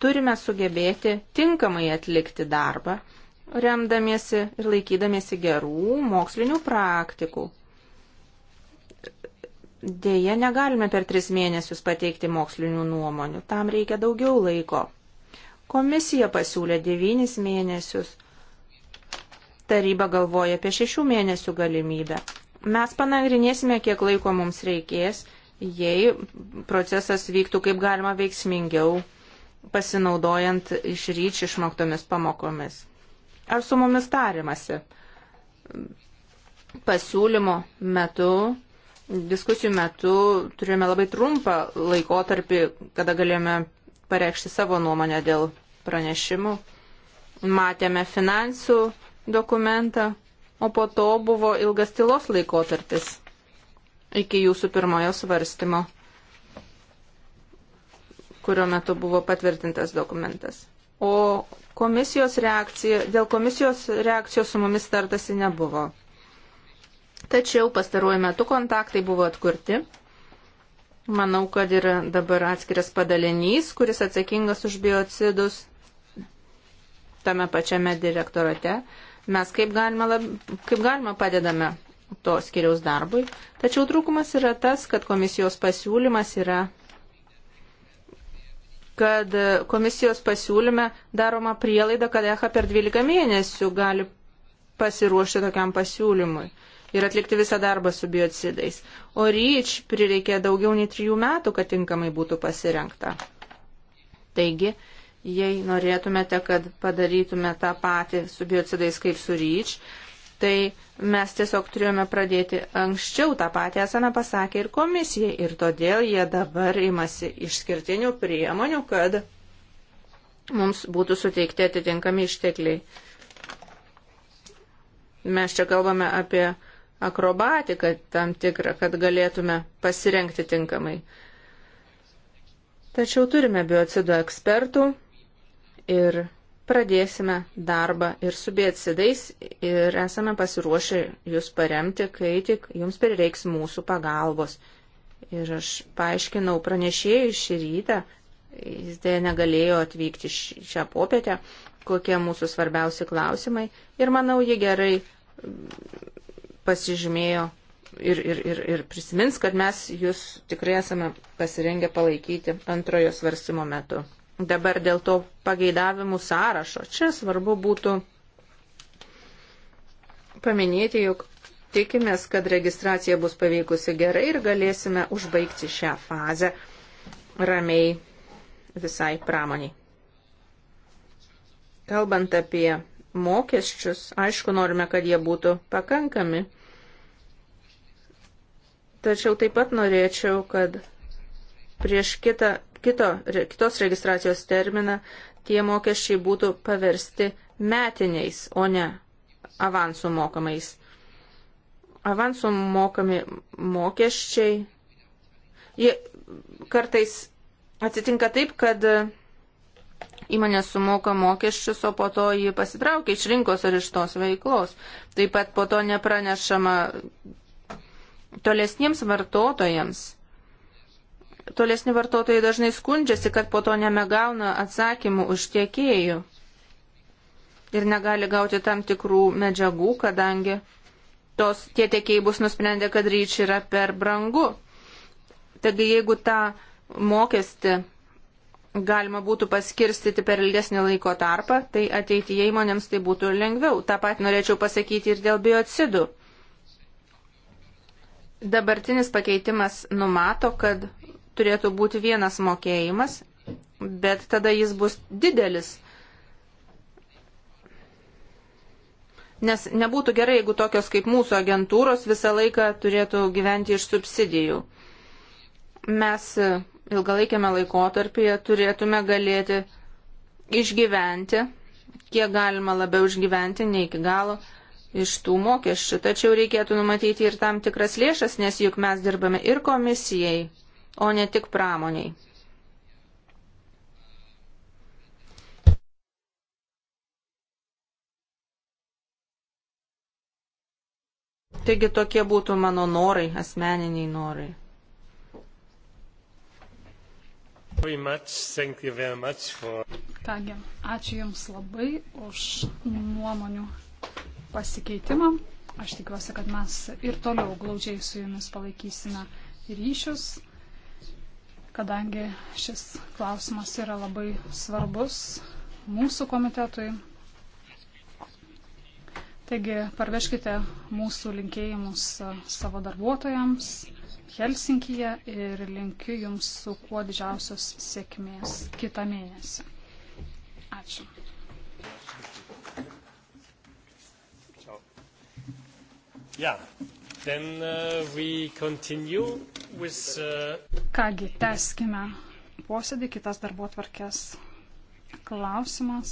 turime sugebėti tinkamai atlikti darbą, remdamiesi ir laikydamiesi gerų mokslinių praktikų. Deja, negalime per tris mėnesius pateikti mokslinių nuomonių, tam reikia daugiau laiko. Komisija pasiūlė devynis mėnesius taryba galvoja apie šešių mėnesių galimybę. Mes panagrinėsime, kiek laiko mums reikės, jei procesas vyktų kaip galima veiksmingiau, pasinaudojant iš ryč išmoktomis pamokomis. Ar su mumis tarimasi? Pasiūlymo metu diskusijų metu turėjome labai trumpą laikotarpį, kada galėjome pareikšti savo nuomonę dėl pranešimų. Matėme finansų dokumentą, o po to buvo ilgas tylos laikotarpis iki jūsų pirmojo svarstymo, kurio metu buvo patvirtintas dokumentas. O komisijos reakcija, dėl komisijos reakcijos su mumis tartasi nebuvo. Tačiau pastaruoju metu kontaktai buvo atkurti. Manau, kad yra dabar atskiras padalinys, kuris atsakingas už biocidus tame pačiame direktorate. Mes kaip galime, lab, kaip galime padedame to skiriaus darbui. Tačiau trūkumas yra tas, kad komisijos pasiūlymas yra kad komisijos pasiūlyme daroma prielaida, kad EHA per 12 mėnesių gali pasiruošti tokiam pasiūlymui ir atlikti visą darbą su biocidais. O ryč prireikė daugiau nei trijų metų, kad tinkamai būtų pasirenkta. Taigi, Jei norėtumėte, kad padarytume tą patį su biocidais kaip su ryč, tai mes tiesiog turėjome pradėti anksčiau tą patį esame pasakę ir komisijai ir todėl jie dabar imasi išskirtinių priemonių, kad mums būtų suteikti atitinkami ištekliai. Mes čia kalbame apie akrobatiką tam tikrą, kad galėtume pasirenkti tinkamai. Tačiau turime biocidų ekspertų, ir pradėsime darbą ir su bėtsidais ir esame pasiruošę jūs paremti, kai tik jums prireiks mūsų pagalbos. Ir aš paaiškinau pranešėjui šį rytą, jis dėja negalėjo atvykti šią popietę, kokie mūsų svarbiausi klausimai ir manau, jie gerai mm, pasižymėjo ir, ir, ir, ir prisimins, kad mes jūs tikrai esame pasirengę palaikyti antrojo svarstymo metu. Dabar dėl to pageidavimų sąrašo. Čia svarbu būtų paminėti, jog tikimės, kad registracija bus paveikusi gerai ir galėsime užbaigti šią fazę ramiai visai pramoniai. Kalbant apie mokesčius, aišku, norime, kad jie būtų pakankami. Tačiau taip pat norėčiau, kad prieš kitą kito, kitos registracijos terminą, tie mokesčiai būtų paversti metiniais, o ne avansų mokamais. Avansų mokami mokesčiai. Jie kartais atsitinka taip, kad Įmonė sumoka mokesčius, o po to jį pasitraukia iš rinkos ar iš tos veiklos. Taip pat po to nepranešama tolesniems vartotojams. Tolesni vartotojai dažnai skundžiasi, kad po to nemegauna atsakymų už tiekėjų ir negali gauti tam tikrų medžiagų, kadangi tos, tie tiekėjai bus nusprendę, kad ryč yra per brangu. Taigi jeigu tą mokestį galima būtų paskirstyti per ilgesnį laiko tarpą, tai ateityje įmonėms tai būtų lengviau. Ta pat norėčiau pasakyti ir dėl biocidų. Dabartinis pakeitimas numato, kad turėtų būti vienas mokėjimas, bet tada jis bus didelis. Nes nebūtų gerai, jeigu tokios kaip mūsų agentūros visą laiką turėtų gyventi iš subsidijų. Mes ilgalaikiame laikotarpyje turėtume galėti išgyventi, kiek galima labiau išgyventi, ne iki galo, iš tų mokesčių. Tačiau reikėtų numatyti ir tam tikras lėšas, nes juk mes dirbame ir komisijai, o ne tik pramoniai. Taigi tokie būtų mano norai, asmeniniai norai. Kągi, ačiū Jums labai už nuomonių pasikeitimą. Aš tikiuosi, kad mes ir toliau glaudžiai su Jumis palaikysime ryšius kadangi šis klausimas yra labai svarbus mūsų komitetui. Taigi parveškite mūsų linkėjimus e, savo darbuotojams Helsinkyje ir linkiu Jums su kuo didžiausios sėkmės kitą mėnesį. Ačiū. Ja, Then, uh, with, uh... Kągi, teskime posėdį, kitas darbo tvarkės klausimas.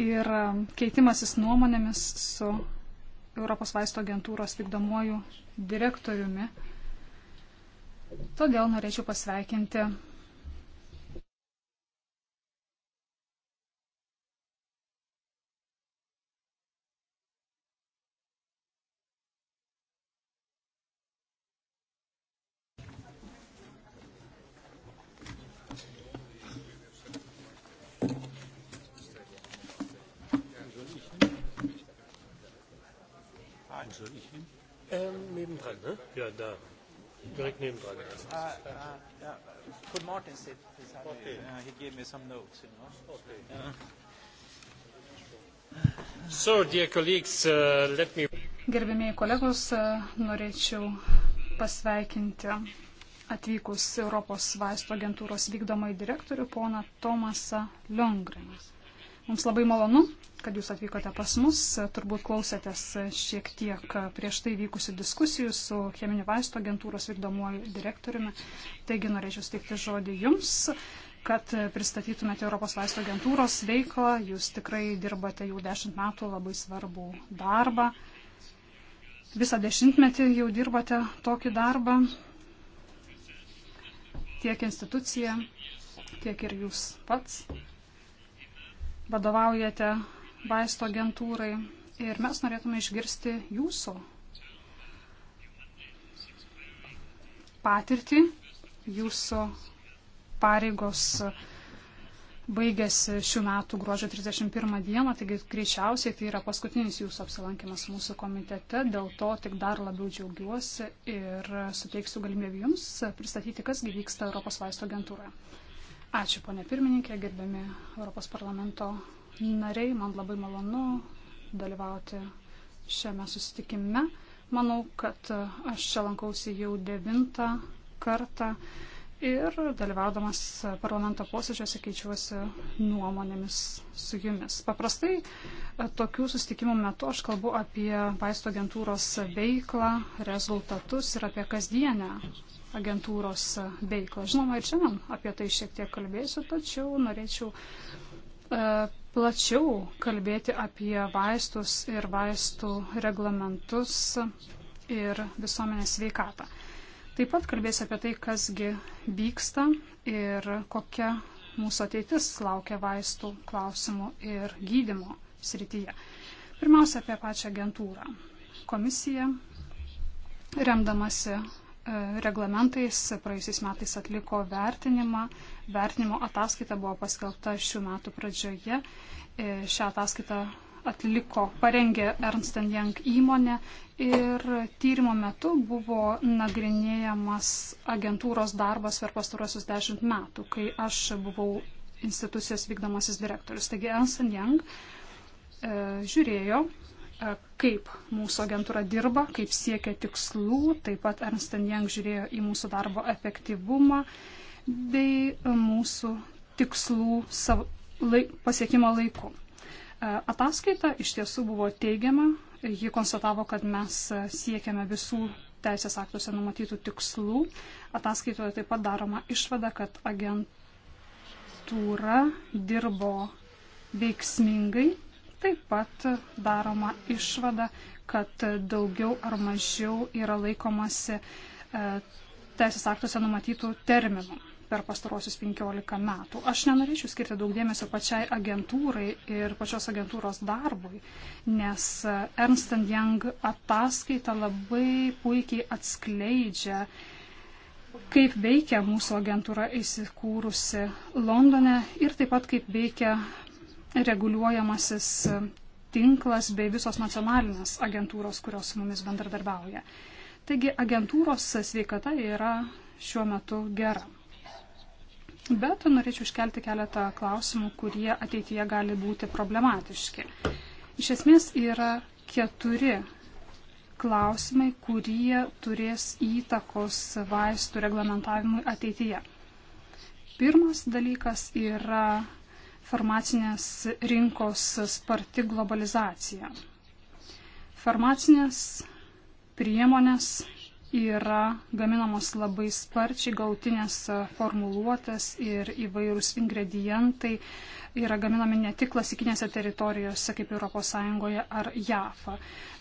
Ir um, keitimasis nuomonėmis su Europos vaisto agentūros vykdomuoju direktoriumi. Todėl norėčiau pasveikinti Martin said this. Okay. Uh, he gave me some notes, you know. Okay. Uh. So, dear colleagues, uh, let me. Gerbėmiai kolegos, uh, norėčiau pasveikinti atvykus Europos vaisto agentūros vykdomai direktorių poną Tomasą Liongrenas. Mums labai malonu, kad jūs atvykote pas mus. Turbūt klausėtės šiek tiek prieš tai vykusių diskusijų su cheminių vaistų agentūros vykdomuoju direktoriumi. Taigi norėčiau steikti žodį jums, kad pristatytumėte Europos vaistų agentūros veiklą. Jūs tikrai dirbate jau dešimt metų labai svarbų darbą. Visą dešimtmetį jau dirbate tokį darbą tiek institucija, tiek ir jūs pats vadovaujate vaisto agentūrai ir mes norėtume išgirsti jūsų patirtį, jūsų pareigos baigėsi šių metų gruodžio 31 dieną, taigi greičiausiai tai yra paskutinis jūsų apsilankimas mūsų komitete, dėl to tik dar labiau džiaugiuosi ir suteiksiu galimybę jums pristatyti, kas vyksta Europos vaisto agentūroje. Ačiū, ponė pirmininkė, gerbiami Europos parlamento nariai. Man labai malonu dalyvauti šiame susitikime. Manau, kad aš čia lankausi jau devintą kartą ir dalyvaudamas parlamento posėdžiuose keičiuosi nuomonėmis su jumis. Paprastai e, tokių susitikimų metu aš kalbu apie vaisto agentūros veiklą, rezultatus ir apie kasdienę agentūros veiklą. Žinoma, ir šiandien apie tai šiek tiek kalbėsiu, tačiau norėčiau e, plačiau kalbėti apie vaistus ir vaistų reglamentus ir visuomenės sveikatą. Taip pat kalbėsiu apie tai, kasgi vyksta ir kokia mūsų ateitis laukia vaistų klausimų ir gydimo srityje. Pirmiausia, apie pačią agentūrą. Komisija, remdamasi reglamentais praėjusiais metais atliko vertinimą. Vertinimo ataskaita buvo paskelbta šių metų pradžioje. E, šią ataskaitą atliko, parengė Ernst Young įmonė ir tyrimo metu buvo nagrinėjamas agentūros darbas per pastarosius dešimt metų, kai aš buvau institucijos vykdomasis direktorius. Taigi Ernst Young e, žiūrėjo E, kaip mūsų agentūra dirba, kaip siekia tikslų, taip pat Ernst Young žiūrėjo į mūsų darbo efektyvumą bei mūsų tikslų savo, laik, pasiekimo laiku. E, ataskaita iš tiesų buvo teigiama, ji konstatavo, kad mes siekiame visų teisės aktuose numatytų tikslų. Ataskaitoje taip pat daroma išvada, kad agentūra dirbo veiksmingai Taip pat daroma išvada, kad daugiau ar mažiau yra laikomasi e, teisės aktuose numatytų terminų per pastarosius 15 metų. Aš nenorėčiau skirti daug dėmesio pačiai agentūrai ir pačios agentūros darbui, nes Ernst Young ataskaita labai puikiai atskleidžia, kaip veikia mūsų agentūra įsikūrusi Londone ir taip pat kaip veikia reguliuojamasis tinklas bei visos nacionalinės agentūros, kurios su mumis bendradarbiauja. Taigi agentūros sveikata yra šiuo metu gera. Bet norėčiau iškelti keletą klausimų, kurie ateityje gali būti problematiški. Iš esmės yra keturi klausimai, kurie turės įtakos vaistų reglamentavimui ateityje. Pirmas dalykas yra farmacinės rinkos sparti globalizacija. Farmacinės priemonės yra gaminamos labai sparčiai, gautinės formuluotės ir įvairūs ingredientai yra gaminami ne tik klasikinėse teritorijose kaip ES ar JAF.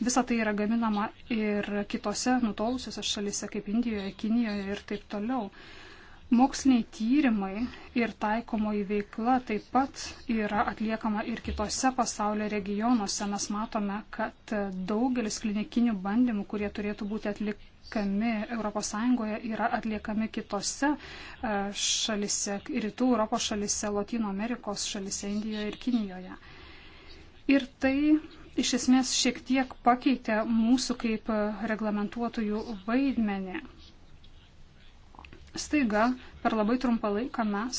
Visa tai yra gaminama ir kitose nutolusiose šalise kaip Indijoje, Kinijoje ir taip toliau. Moksliniai tyrimai ir taikomoji veikla taip pat yra atliekama ir kitose pasaulio regionuose. Mes matome, kad daugelis klinikinių bandymų, kurie turėtų būti atliekami ES, yra atliekami kitose e, šalise, rytų Europos šalise, Latino Amerikos šalise, Indijoje ir Kinijoje. Ir tai iš esmės šiek tiek pakeitė mūsų kaip reglamentuotojų vaidmenį Staiga per labai trumpą laiką mes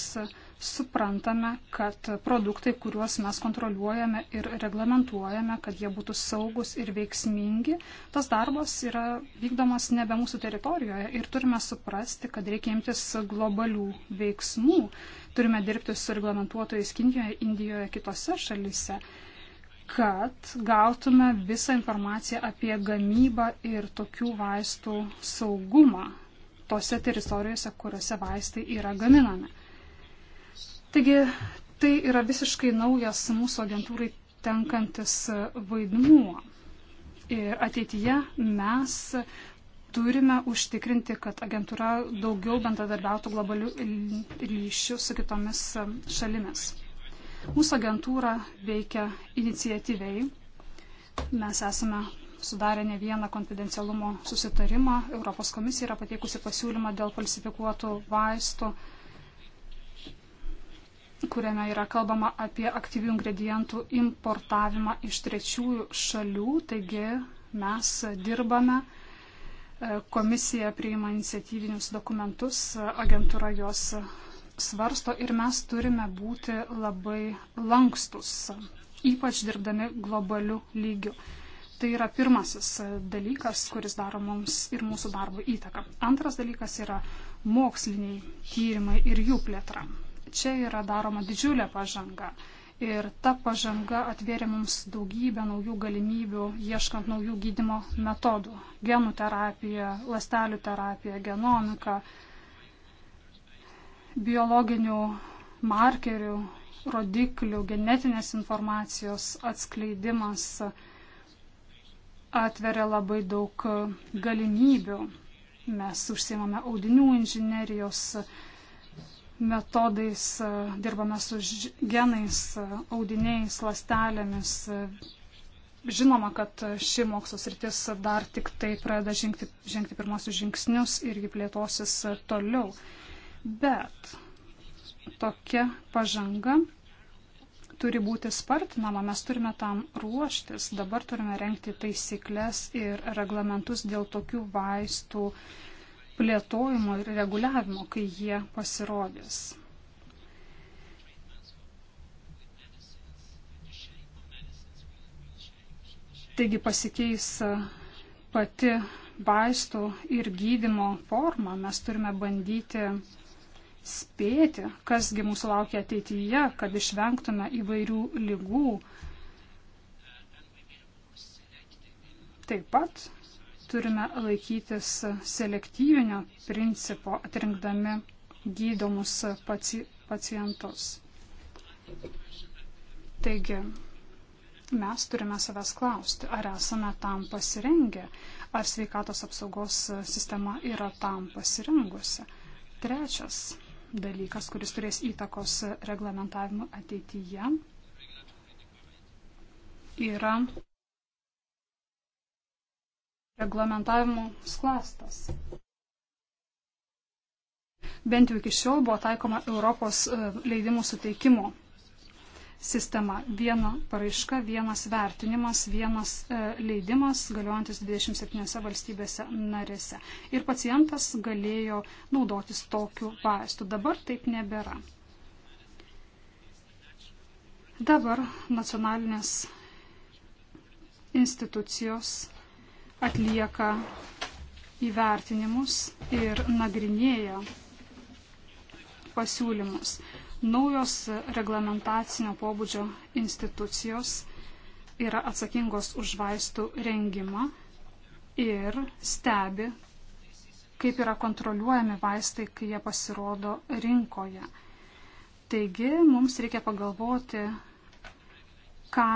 suprantame, kad produktai, kuriuos mes kontroliuojame ir reglamentuojame, kad jie būtų saugus ir veiksmingi, tas darbas yra vykdomas nebe mūsų teritorijoje ir turime suprasti, kad reikia imtis globalių veiksmų. Turime dirbti su reglamentuotojais Kinijoje, Indijoje, kitose šalyse kad gautume visą informaciją apie gamybą ir tokių vaistų saugumą tose teritorijose, kuriuose vaistai yra gaminami. Taigi tai yra visiškai naujas mūsų agentūrai tenkantis vaidmuo. Ir ateityje mes turime užtikrinti, kad agentūra daugiau bendradarbiautų globalių ryšių su kitomis šalimis. Mūsų agentūra veikia iniciatyviai. Mes esame sudarė ne vieną konfidencialumo susitarimą. Europos komisija yra pateikusi pasiūlymą dėl falsifikuotų vaistų, kuriame yra kalbama apie aktyvių ingredientų importavimą iš trečiųjų šalių. Taigi mes dirbame, komisija priima iniciatyvinius dokumentus, agentūra juos svarsto ir mes turime būti labai lankstus, ypač dirbdami globaliu lygiu. Tai yra pirmasis dalykas, kuris daro mums ir mūsų darbo įtaką. Antras dalykas yra moksliniai tyrimai ir jų plėtra. Čia yra daroma didžiulė pažanga. Ir ta pažanga atvėrė mums daugybę naujų galimybių, ieškant naujų gydimo metodų. Genų terapija, lastelių terapija, genomika, biologinių markerių, rodiklių, genetinės informacijos atskleidimas atveria labai daug e, galimybių. Mes užsiemame audinių inžinerijos e, metodais, e, dirbame su genais, audiniais, lastelėmis. Žinoma, kad ši mokslo sritis dar tik tai pradeda žengti, žengti pirmosius žingsnius ir ji plėtosis toliau. Bet tokia pažanga turi būti spartinama, mes turime tam ruoštis. Dabar turime renkti taisyklės ir reglamentus dėl tokių vaistų plėtojimo ir reguliavimo, kai jie pasirodys. Taigi pasikeis e, pati vaistų ir gydimo forma. Mes turime bandyti spėti, kasgi mūsų laukia ateityje, kad išvengtume įvairių lygų. Taip pat turime laikytis selektyvinio principo atrinkdami gydomus paci pacientus. Taigi, mes turime savęs klausti, ar esame tam pasirengę, ar sveikatos apsaugos sistema yra tam pasirengusi. Trečias dalykas, kuris turės įtakos reglamentavimu ateityje, yra reglamentavimo sklastas. Bent jau iki šiol buvo taikoma Europos e, leidimų suteikimo sistema. Viena paraiška, vienas vertinimas, vienas e, leidimas galiojantis 27 valstybėse narėse. Ir pacientas galėjo naudotis tokiu vaistu. Dabar taip nebėra. Dabar nacionalinės institucijos atlieka įvertinimus ir nagrinėja pasiūlymus. Naujos reglamentacinio pobūdžio institucijos yra atsakingos už vaistų rengimą ir stebi, kaip yra kontroliuojami vaistai, kai jie pasirodo rinkoje. Taigi mums reikia pagalvoti, ką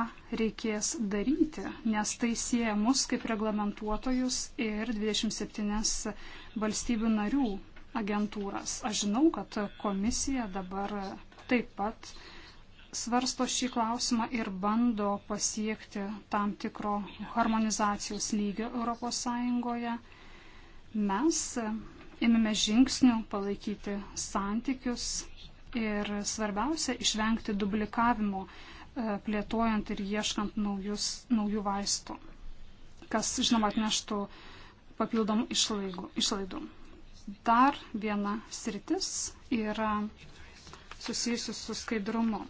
reikės daryti, nes tai sieja mus kaip reglamentuotojus ir 27 valstybių narių agentūras. Aš žinau, kad komisija dabar taip pat svarsto šį klausimą ir bando pasiekti tam tikro harmonizacijos lygio ES. Mes imame žingsnių palaikyti santykius ir svarbiausia išvengti dublikavimo e, plėtojant ir ieškant naujus, naujų vaistų, kas, žinoma, atneštų papildomų išlaidų. Dar viena sritis yra susijusi su skaidrumu.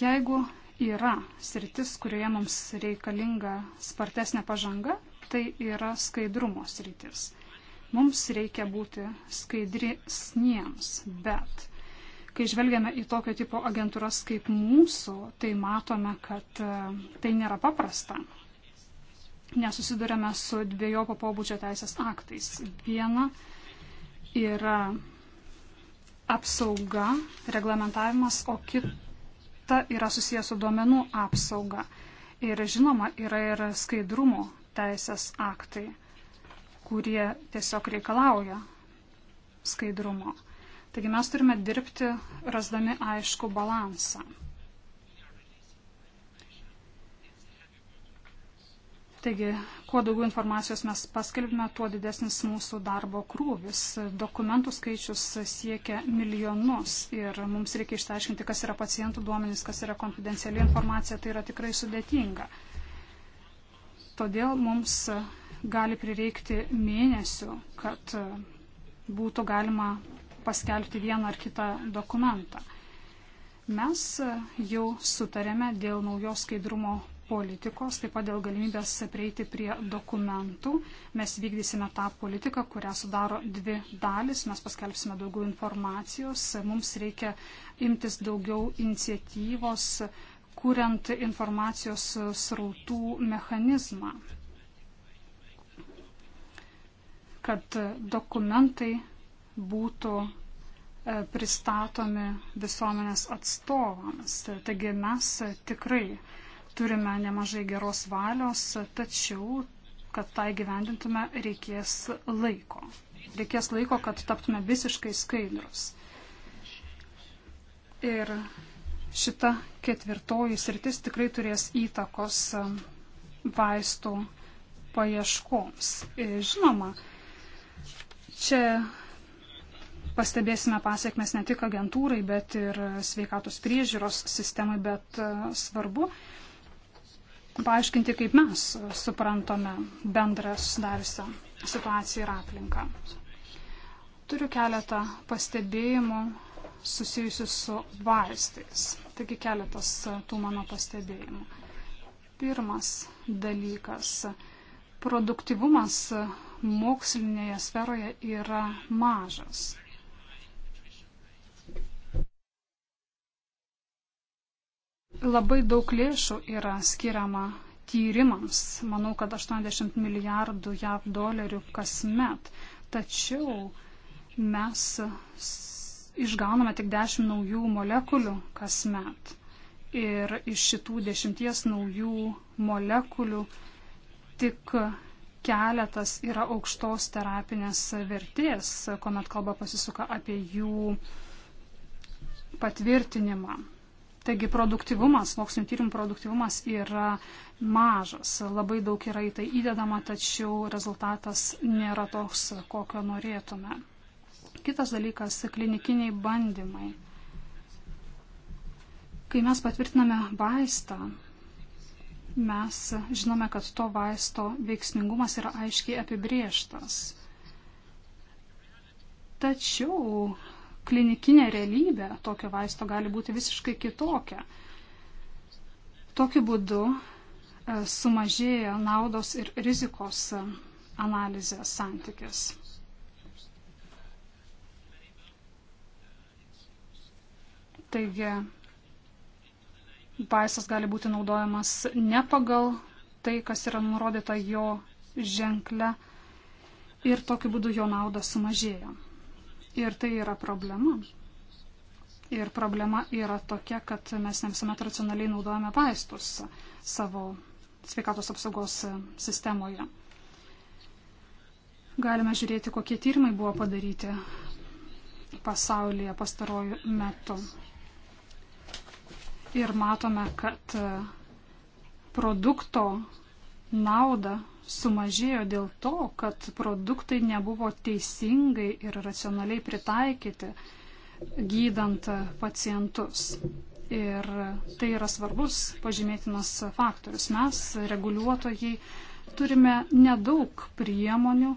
Jeigu yra sritis, kurioje mums reikalinga spartesnė pažanga, tai yra skaidrumo sritis. Mums reikia būti skaidrisniems, bet kai žvelgiame į tokio tipo agentūras kaip mūsų, tai matome, kad e, tai nėra paprasta nesusidurėme su dviejopo pobūdžio teisės aktais. Viena yra apsauga, reglamentavimas, o kita yra susijęs su duomenų apsauga. Ir žinoma, yra ir skaidrumo teisės aktai, kurie tiesiog reikalauja skaidrumo. Taigi mes turime dirbti, rasdami aišku balansą. Taigi, kuo daugiau informacijos mes paskelbime, tuo didesnis mūsų darbo krūvis. Dokumentų skaičius siekia milijonus ir mums reikia išteiškinti, kas yra pacientų duomenys, kas yra konfidenciali informacija. Tai yra tikrai sudėtinga. Todėl mums gali prireikti mėnesių, kad būtų galima paskelbti vieną ar kitą dokumentą. Mes jau sutarėme dėl naujos skaidrumo politikos, taip pat dėl galimybės prieiti prie dokumentų. Mes vykdysime tą politiką, kurią sudaro dvi dalis, mes paskelbsime daugiau informacijos, mums reikia imtis daugiau iniciatyvos, kuriant informacijos srautų mechanizmą, kad dokumentai būtų e, pristatomi visuomenės atstovams. Taigi mes tikrai turime nemažai geros valios, tačiau, kad tą įgyvendintume, reikės laiko. Reikės laiko, kad taptume visiškai skaidrus. Ir šita ketvirtoji sritis tikrai turės įtakos e, vaistų paieškoms. Ir e, žinoma, čia pastebėsime pasiekmes ne tik agentūrai, bet ir e, sveikatos priežiūros sistemai, bet svarbu, paaiškinti, kaip mes suprantame bendrą susidariusią situaciją ir aplinką. Turiu keletą pastebėjimų susijusių su vaistais. Taigi keletas tų mano pastebėjimų. Pirmas dalykas produktivumas mokslinėje sferoje yra mažas. Labai daug lėšų yra skiriama tyrimams. Manau, kad 80 milijardų JAV dolerių kasmet. Tačiau mes išgauname tik 10 naujų molekulių kasmet. Ir iš šitų 10 naujų molekulių tik keletas yra aukštos terapinės vertės, kuomet kalba pasisuka apie jų patvirtinimą. Taigi produktivumas, mokslinio tyrimų produktivumas yra mažas, labai daug yra į tai įdedama, tačiau rezultatas nėra toks, kokio norėtume. Kitas dalykas - klinikiniai bandymai. Kai mes patvirtiname vaistą, mes žinome, kad to vaisto veiksmingumas yra aiškiai apibrieštas. Tačiau klinikinė realybė tokio vaisto gali būti visiškai kitokia. Tokiu būdu e, sumažėja naudos ir rizikos e, analizės santykis. Taigi, vaistas gali būti naudojamas ne pagal tai, kas yra nurodyta jo ženkle ir tokiu būdu jo nauda sumažėjo. Ir tai yra problema. Ir problema yra tokia, kad mes ne visuomet racionaliai naudojame vaistus savo sveikatos apsaugos sistemoje. Galime žiūrėti, kokie tyrimai buvo padaryti pasaulyje pastarojų metų. Ir matome, kad produkto naudą sumažėjo dėl to, kad produktai nebuvo teisingai ir racionaliai pritaikyti gydant pacientus. Ir tai yra svarbus pažymėtinas faktorius. Mes, reguliuotojai, turime nedaug priemonių,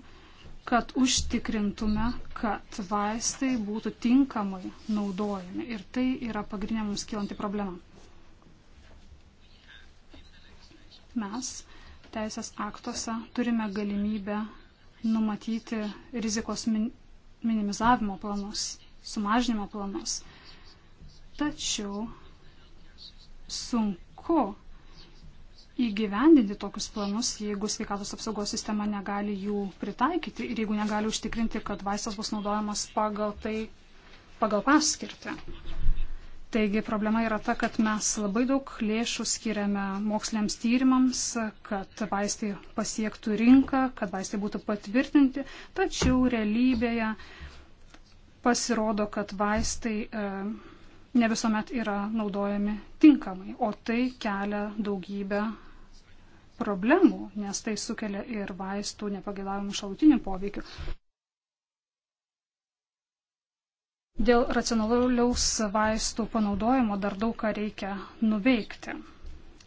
kad užtikrintume, kad vaistai būtų tinkamai naudojami. Ir tai yra pagrindinė mums kilanti problema. Mes teisės aktuose turime galimybę numatyti rizikos minimizavimo planus, sumažinimo planus. Tačiau sunku įgyvendinti tokius planus, jeigu sveikatos apsaugos sistema negali jų pritaikyti ir jeigu negali užtikrinti, kad vaistas bus naudojamas pagal tai, pagal paskirtį. Taigi problema yra ta, kad mes labai daug lėšų skiriame moksliniams tyrimams, kad vaistai pasiektų rinką, kad vaistai būtų patvirtinti, tačiau realybėje pasirodo, kad vaistai e, ne visuomet yra naudojami tinkamai, o tai kelia daugybę problemų, nes tai sukelia ir vaistų nepagėdavimų šalutinių poveikių. Dėl racionaliaus vaistų panaudojimo dar daug ką reikia nuveikti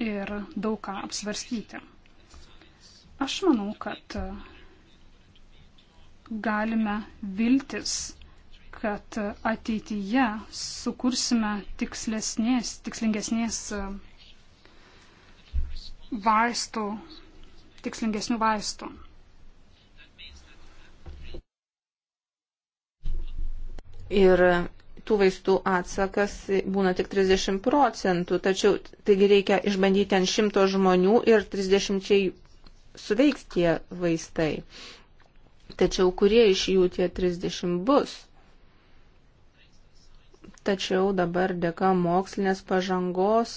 ir daug ką apsvarstyti. Aš manau, kad galime viltis, kad ateityje sukursime tikslesnės, tikslingesnės vaistų, tikslingesnių vaistų. Ir tų vaistų atsakas būna tik 30 procentų, tačiau taigi reikia išbandyti ant šimto žmonių ir 30 suveiks tie vaistai. Tačiau kurie iš jų tie 30 bus? Tačiau dabar dėka mokslinės pažangos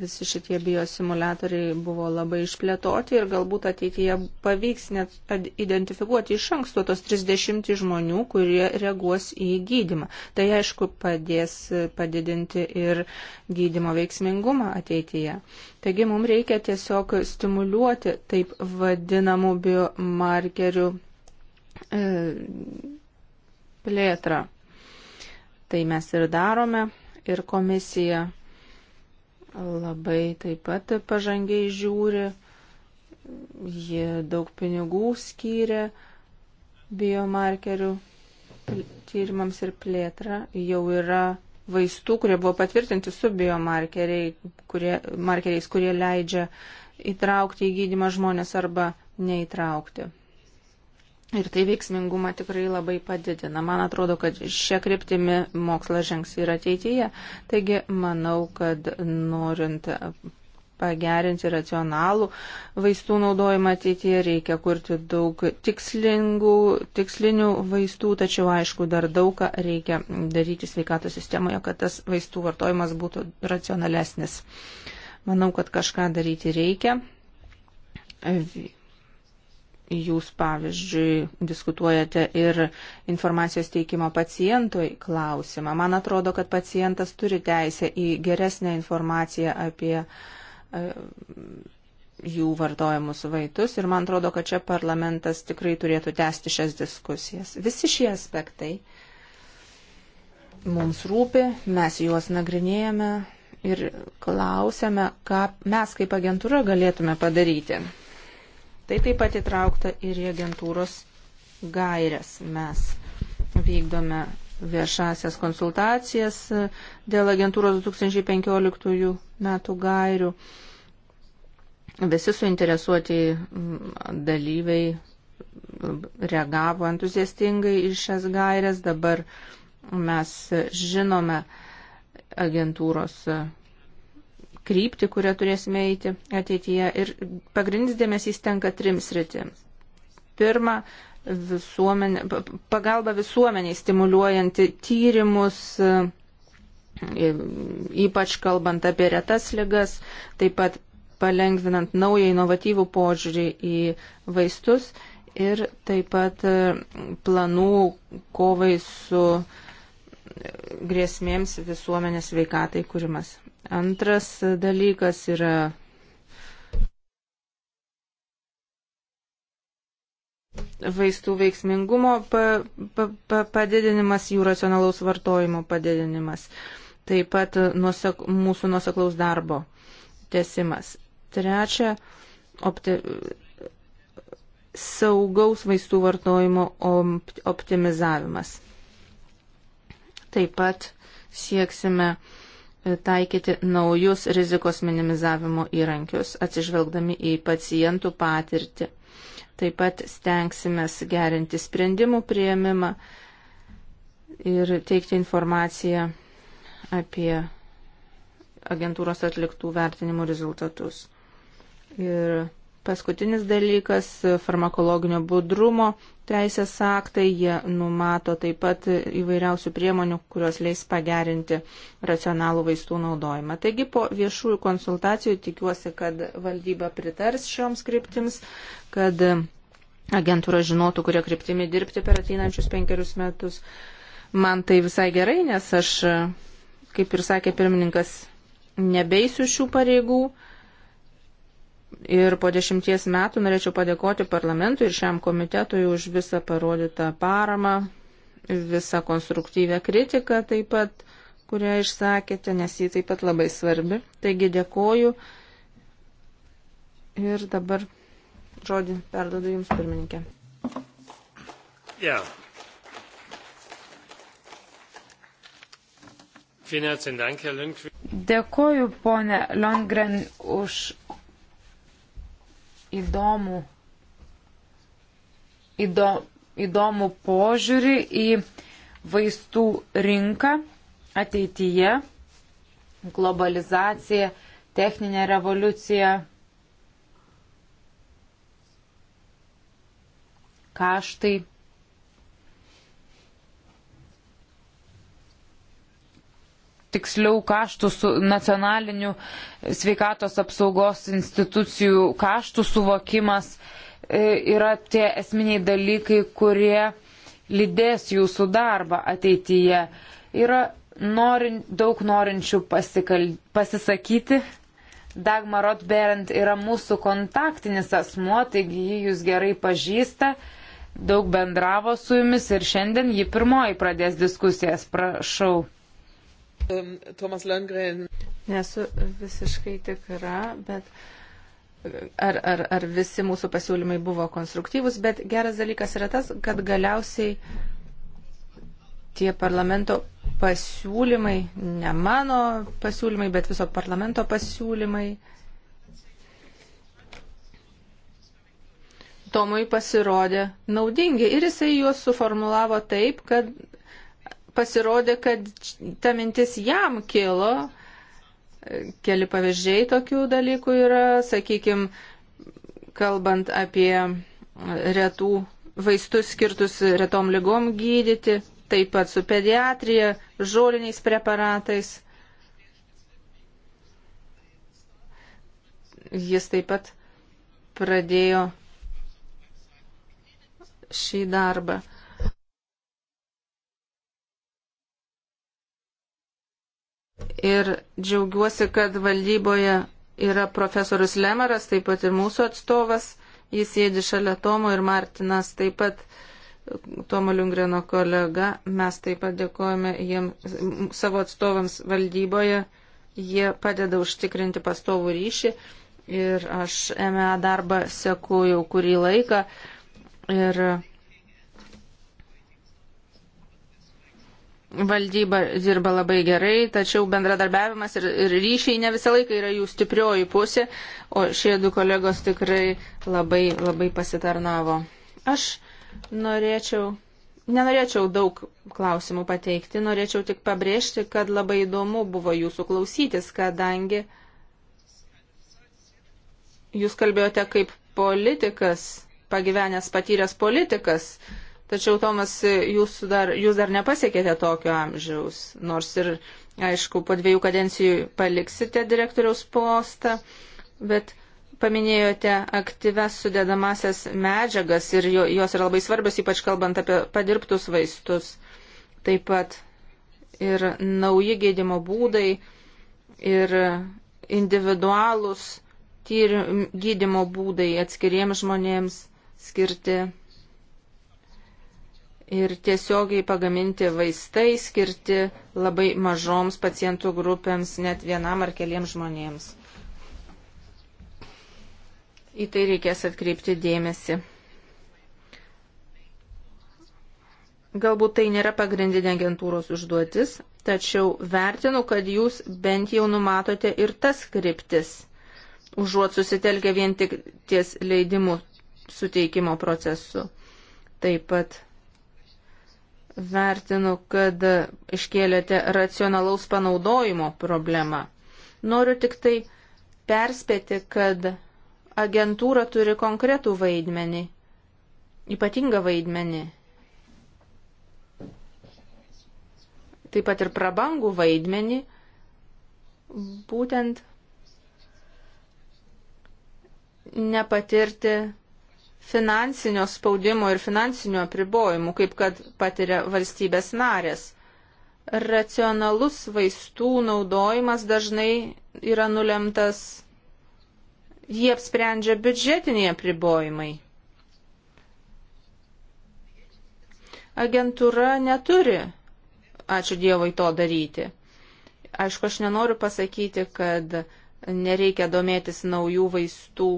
Visi šitie biosimuliatoriai buvo labai išplėtoti ir galbūt ateityje pavyks net identifikuoti iš anksto tos 30 žmonių, kurie reaguos į gydimą. Tai aišku padės padidinti ir gydimo veiksmingumą ateityje. Taigi mums reikia tiesiog stimuliuoti taip vadinamų biomarkerių e, plėtrą. Tai mes ir darome ir komisija labai taip pat pažangiai žiūri, ji daug pinigų skyrė biomarkerių tyrimams ir plėtra, jau yra vaistų, kurie buvo patvirtinti su biomarkeriais, kurie, markeriais, kurie leidžia įtraukti į gydimą žmonės arba neįtraukti. Ir tai veiksmingumą tikrai labai padidina. Man atrodo, kad šią kryptimį mokslas žengs ir ateityje. Taigi, manau, kad norint pagerinti racionalų vaistų naudojimą ateityje, reikia kurti daug tikslingų, tikslinių vaistų, tačiau aišku, dar daug ką reikia daryti sveikatos sistemoje, kad tas vaistų vartojimas būtų racionalesnis. Manau, kad kažką daryti reikia. Jūs, pavyzdžiui, diskutuojate ir informacijos teikimo pacientui klausimą. Man atrodo, kad pacientas turi teisę į geresnę informaciją apie e, jų vartojimus vaitus ir man atrodo, kad čia parlamentas tikrai turėtų tęsti šias diskusijas. Visi šie aspektai mums rūpi, mes juos nagrinėjame ir klausėme, ką mes kaip agentūra galėtume padaryti. Tai taip pat įtraukta ir į agentūros gairias. Mes vykdome viešasias konsultacijas dėl agentūros 2015 metų gairių. Visi suinteresuoti mm, dalyviai reagavo entuziastingai iš šias gairias. Dabar mes žinome agentūros kryptį, kurią turėsime eiti ateityje. Ir pagrindinis dėmesys tenka trims rytims. Pirma, visuomenė, pagalba visuomeniai stimuliuojanti tyrimus, ypač kalbant apie retas ligas, taip pat palengvinant naują inovatyvų požiūrį į vaistus ir taip pat planų kovai su grėsmėms visuomenės veikatai kūrimas. Antras dalykas yra vaistų veiksmingumo pa, pa, pa, padidinimas, jų racionalaus vartojimo padidinimas, taip pat nusak, mūsų nuoseklaus darbo tesimas. Trečia, opti, saugaus vaistų vartojimo optimizavimas. Taip pat sieksime uh, taikyti naujus rizikos minimizavimo įrankius, atsižvelgdami į pacientų patirtį. Taip pat stengsime gerinti sprendimų prieimimą ir teikti informaciją apie agentūros atliktų vertinimų rezultatus. Ir Paskutinis dalykas - farmakologinio budrumo teisės aktai. Jie numato taip pat įvairiausių priemonių, kurios leis pagerinti racionalų vaistų naudojimą. Taigi po viešųjų konsultacijų tikiuosi, kad valdyba pritars šioms kryptims, kad agentūra žinotų, kurio kryptimi dirbti per ateinančius penkerius metus. Man tai visai gerai, nes aš, kaip ir sakė pirmininkas, nebeisiu šių pareigų Ir po dešimties metų norėčiau padėkoti parlamentui ir šiam komitetui už visą parodytą paramą, visą konstruktyvę kritiką taip pat, kurią išsakėte, nes ji taip pat labai svarbi. Taigi dėkoju ir dabar žodį perdodu Jums, pirmininkė. Ja. Dėkoju, ponė Longren, už įdomų, įdo, įdomų požiūrį į vaistų rinką ateityje, globalizaciją, techninę revoliuciją, kaštai tiksliau kaštų su nacionaliniu sveikatos apsaugos institucijų kaštų suvokimas e, yra tie esminiai dalykai, kurie lydės jūsų darbą ateityje. Yra norin, daug norinčių pasikal, pasisakyti. Dagmar Rotberend yra mūsų kontaktinis asmuo, taigi jį jūs gerai pažįsta, daug bendravo su jumis ir šiandien ji pirmoji pradės diskusijas. Prašau. Um, Tomas Lengren. Nesu visiškai tikra, bet ar, ar, ar visi mūsų pasiūlymai buvo konstruktyvus, bet geras dalykas yra tas, kad galiausiai tie parlamento pasiūlymai, ne mano pasiūlymai, bet viso parlamento pasiūlymai, Tomui pasirodė naudingi ir jisai juos suformulavo taip, kad pasirodė, kad ta mintis jam kilo. Keli pavyzdžiai tokių dalykų yra, sakykime, kalbant apie retų vaistus skirtus retom lygom gydyti, taip pat su pediatrija, žoliniais preparatais. Jis taip pat pradėjo šį darbą. ir džiaugiuosi, kad valdyboje yra profesorius Lemeras, taip pat ir mūsų atstovas, jis sėdi šalia Tomo ir Martinas, taip pat Tomo Liungreno kolega, mes taip pat dėkojame jiems, savo atstovams valdyboje, jie padeda užtikrinti pastovų ryšį ir aš MA e darbą seku jau kurį laiką ir Valdyba dirba labai gerai, tačiau bendradarbiavimas ir, ir ryšiai ne visą laiką yra jų stiprioji pusė, o šie du kolegos tikrai labai, labai pasitarnavo. Aš norėčiau, nenorėčiau daug klausimų pateikti, norėčiau tik pabrėžti, kad labai įdomu buvo jūsų klausytis, kadangi jūs kalbėjote kaip politikas, pagyvenęs patyręs politikas. Tačiau, Tomas, jūs dar, jūs dar nepasiekėte tokio amžiaus, nors ir, aišku, po dviejų kadencijų paliksite direktoriaus postą, bet paminėjote aktyves sudėdamasias medžiagas ir jos yra labai svarbios, ypač kalbant apie padirbtus vaistus. Taip pat ir nauji gėdimo būdai ir individualūs tyrim, gydimo būdai atskiriems žmonėms skirti ir tiesiogiai pagaminti vaistai skirti labai mažoms pacientų grupėms, net vienam ar keliems žmonėms. Į tai reikės atkreipti dėmesį. Galbūt tai nėra pagrindinė agentūros užduotis, tačiau vertinu, kad jūs bent jau numatote ir tas kryptis, užuot susitelkę vien tik ties leidimų suteikimo procesu. Taip pat vertinu, kad iškėlėte racionalaus panaudojimo problemą. Noriu tik tai perspėti, kad agentūra turi konkretų vaidmenį, ypatingą vaidmenį. Taip pat ir prabangų vaidmenį, būtent nepatirti finansinio spaudimo ir finansinio apribojimų, kaip kad patiria valstybės narės. Racionalus vaistų naudojimas dažnai yra nulemtas, jie apsprendžia biudžetiniai apribojimai. Agentūra neturi, ačiū Dievui, to daryti. Aišku, aš nenoriu pasakyti, kad nereikia domėtis naujų vaistų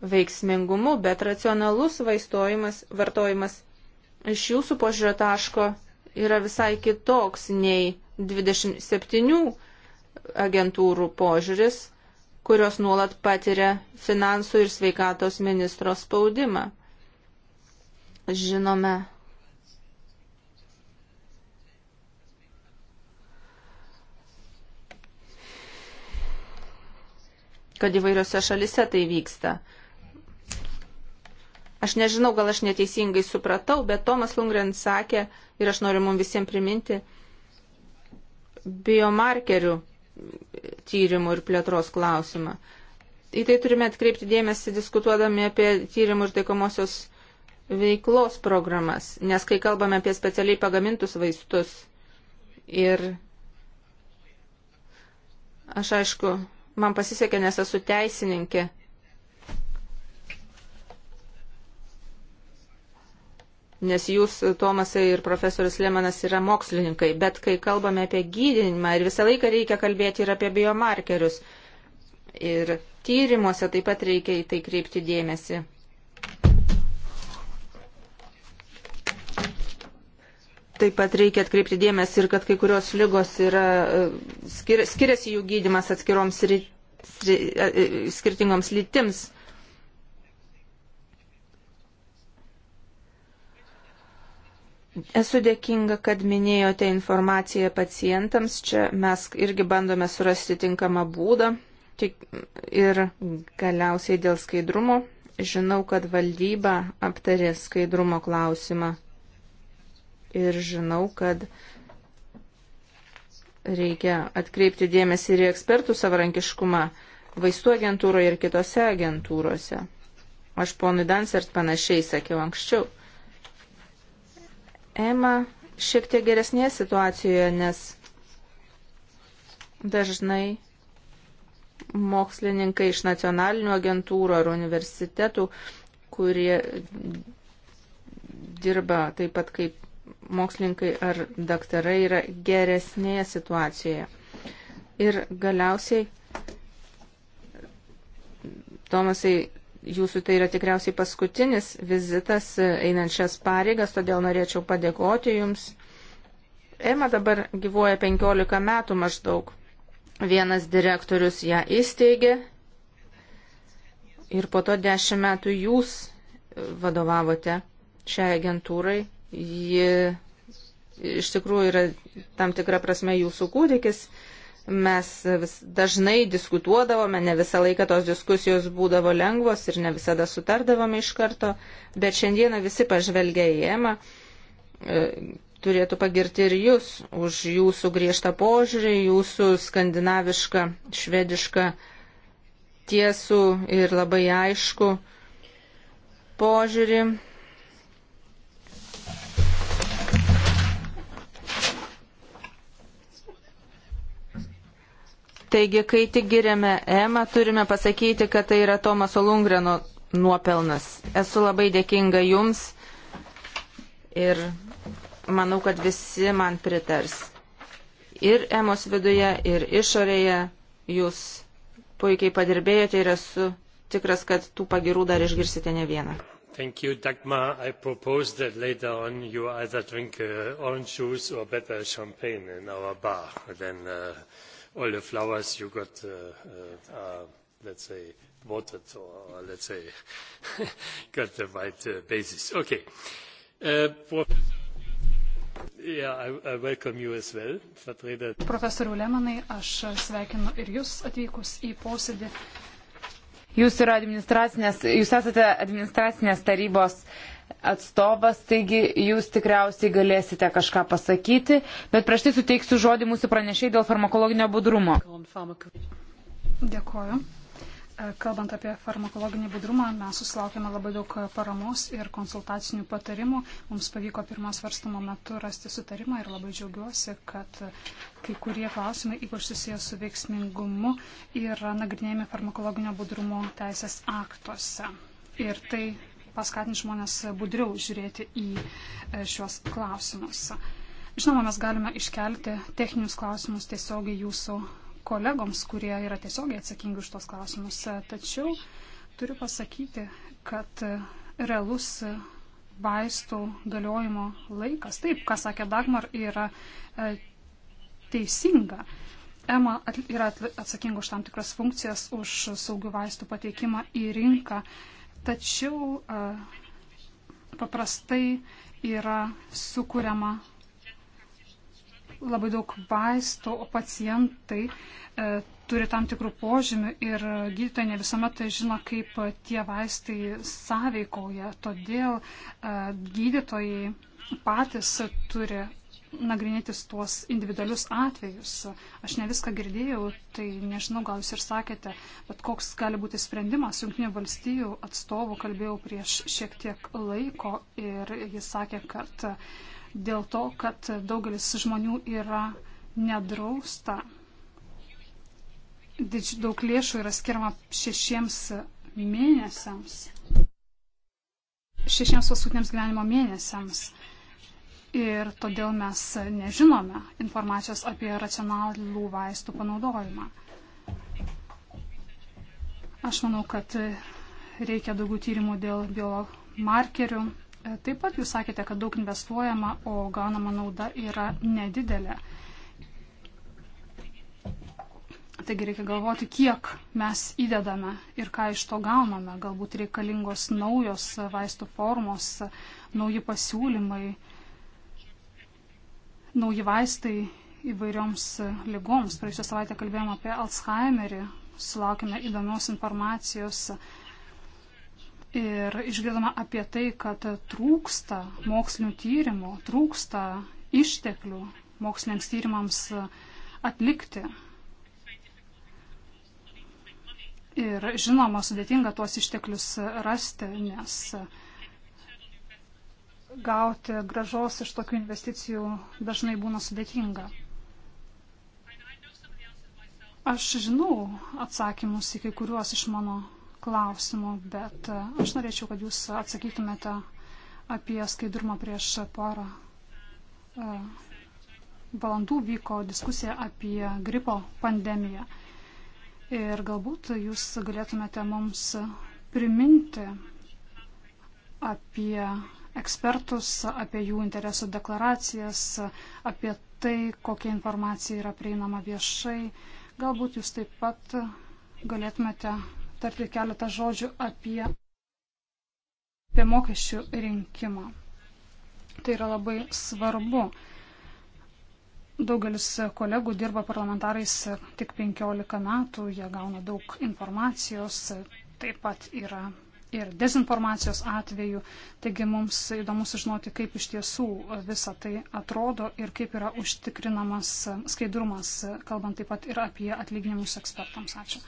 veiksmingumu, bet racionalus vaistojimas, vartojimas iš jūsų požiūrio taško yra visai kitoks nei 27 agentūrų požiūris, kurios nuolat patiria finansų ir sveikatos ministro spaudimą. Žinome, kad įvairiose šalise tai vyksta. Aš nežinau, gal aš neteisingai supratau, bet Tomas Lungren sakė, ir aš noriu mums visiems priminti, biomarkerių tyrimų ir plėtros klausimą. Į tai turime atkreipti dėmesį diskutuodami apie tyrimų ir taikomosios veiklos programas, nes kai kalbame apie specialiai pagamintus vaistus ir aš aišku, man pasisekė, nes esu teisininkė nes jūs, Tomasai ir profesorius Lemanas, yra mokslininkai, bet kai kalbame apie gydinimą ir visą laiką reikia kalbėti ir apie biomarkerius. Ir tyrimuose taip pat reikia į tai kreipti dėmesį. Taip pat reikia atkreipti dėmesį ir kad kai kurios lygos yra, e, skir, skiriasi jų gydimas atskiroms sri, sri, e, e, skirtingoms lytims. Esu dėkinga, kad minėjote informaciją pacientams. Čia mes irgi bandome surasti tinkamą būdą. Tik ir galiausiai dėl skaidrumo. Žinau, kad valdyba aptarė skaidrumo klausimą. Ir žinau, kad reikia atkreipti dėmesį ir į ekspertų savarankiškumą vaistų agentūroje ir kitose agentūrose. Aš ponui Dansert panašiai sakiau anksčiau. EMA šiek tiek geresnėje situacijoje, nes dažnai mokslininkai iš nacionalinių agentūrų ar universitetų, kurie dirba taip pat kaip mokslininkai ar daktarai, yra geresnėje situacijoje. Ir galiausiai, Tomasai, Jūsų tai yra tikriausiai paskutinis vizitas e, einant šias pareigas, todėl norėčiau padėkoti Jums. EMA dabar gyvuoja 15 metų maždaug. Vienas direktorius ją įsteigė ir po to 10 metų Jūs e, vadovavote šiai agentūrai. Ji iš tikrųjų yra tam tikra prasme Jūsų kūdikis. Mes vis, dažnai diskutuodavome, ne visą laiką tos diskusijos būdavo lengvos ir ne visada sutardavome iš karto, bet šiandieną visi pažvelgia į EMA, e, turėtų pagirti ir jūs už jūsų griežtą požiūrį, jūsų skandinavišką, švedišką tiesų ir labai aišku požiūrį Taigi, kai tik giriame Emą, turime pasakyti, kad tai yra Tomaso Lungreno nuopelnas. Esu labai dėkinga Jums ir manau, kad visi man pritars. Ir Emos viduje, ir išorėje Jūs puikiai padirbėjote ir esu tikras, kad tų pagirų dar išgirsite ne vieną. Thank you, Dagmar. I propose that later on you either drink uh, orange juice or better champagne in our bar. Then, uh, all the flowers you got, uh, uh, uh let's say, watered or let's say, got the right uh, basis. Okay. Uh, Yeah, I, I well, Fatreda. Profesoriu Lemanai, aš sveikinu ir jūs atvykus į posėdį. Jūs, jūs esate administracinės tarybos uh, atstovas, taigi jūs tikriausiai galėsite kažką pasakyti, bet prieš tai suteiksiu žodį mūsų pranešiai dėl farmakologinio budrumo. Dėkuoju. Kalbant apie farmakologinį budrumą, mes susilaukėme labai daug paramos ir konsultacinių patarimų. Mums pavyko pirmos svarstumo metu rasti sutarimą ir labai džiaugiuosi, kad kai kurie klausimai, ypač susijęs su veiksmingumu, yra nagrinėjami farmakologinio budrumo teisės aktuose. Ir tai paskatinti žmonės budriau žiūrėti į e, šios klausimus. Žinoma, mes galime iškelti techninius klausimus tiesiogiai jūsų kolegoms, kurie yra tiesiogiai atsakingi už tos klausimus. Tačiau turiu pasakyti, kad e, realus vaistų galiojimo laikas, taip, ką sakė Dagmar, yra e, teisinga. EMA yra atsakinga už tam tikras funkcijas, už saugių vaistų pateikimą į rinką Tačiau paprastai yra sukūriama labai daug vaistų, o pacientai e, turi tam tikrų požymių ir gydytojai ne visuomet tai žino, kaip tie vaistai sąveikauja. Todėl e, gydytojai patys turi nagrinėtis tuos individualius atvejus. Aš ne viską girdėjau, tai nežinau, gal jūs ir sakėte, bet koks gali būti sprendimas. Junktinių valstybių atstovų kalbėjau prieš šiek tiek laiko ir jis sakė, kad dėl to, kad daugelis žmonių yra nedrausta, daug lėšų yra skirma šešiems mėnesiams. Šešiems paskutiniams gyvenimo mėnesiams ir todėl mes nežinome informacijos apie racionalų vaistų panaudojimą. Aš manau, kad reikia daugiau tyrimų dėl biomarkerių. Taip pat jūs sakėte, kad daug investuojama, o gaunama nauda yra nedidelė. Taigi reikia galvoti, kiek mes įdedame ir ką iš to gauname. Galbūt reikalingos naujos vaistų formos, nauji pasiūlymai nauji vaistai įvairioms lygoms. Praėjusią savaitę kalbėjome apie Alzheimerį, sulaukime įdomios informacijos ir išgirdome apie tai, kad trūksta mokslinių tyrimų, trūksta išteklių moksliniams tyrimams atlikti. Ir žinoma, sudėtinga tuos išteklius rasti, nes gauti gražos iš tokių investicijų dažnai būna sudėtinga. Aš žinau atsakymus į kai kuriuos iš mano klausimų, bet e, aš norėčiau, kad jūs atsakytumėte apie skaidrumą prieš porą e, valandų vyko diskusija apie gripo pandemiją. Ir galbūt jūs galėtumėte mums priminti apie ekspertus, apie jų interesų deklaracijas, apie tai, kokia informacija yra prieinama viešai. Galbūt jūs taip pat galėtumėte tarti keletą žodžių apie, apie mokesčių rinkimą. Tai yra labai svarbu. Daugelis kolegų dirba parlamentarais tik 15 metų, jie gauna daug informacijos, taip pat yra ir dezinformacijos atveju. Taigi mums įdomu sužinoti, kaip iš tiesų visa tai atrodo ir kaip yra užtikrinamas skaidrumas, kalbant taip pat ir apie atlyginimus ekspertams. Ačiū.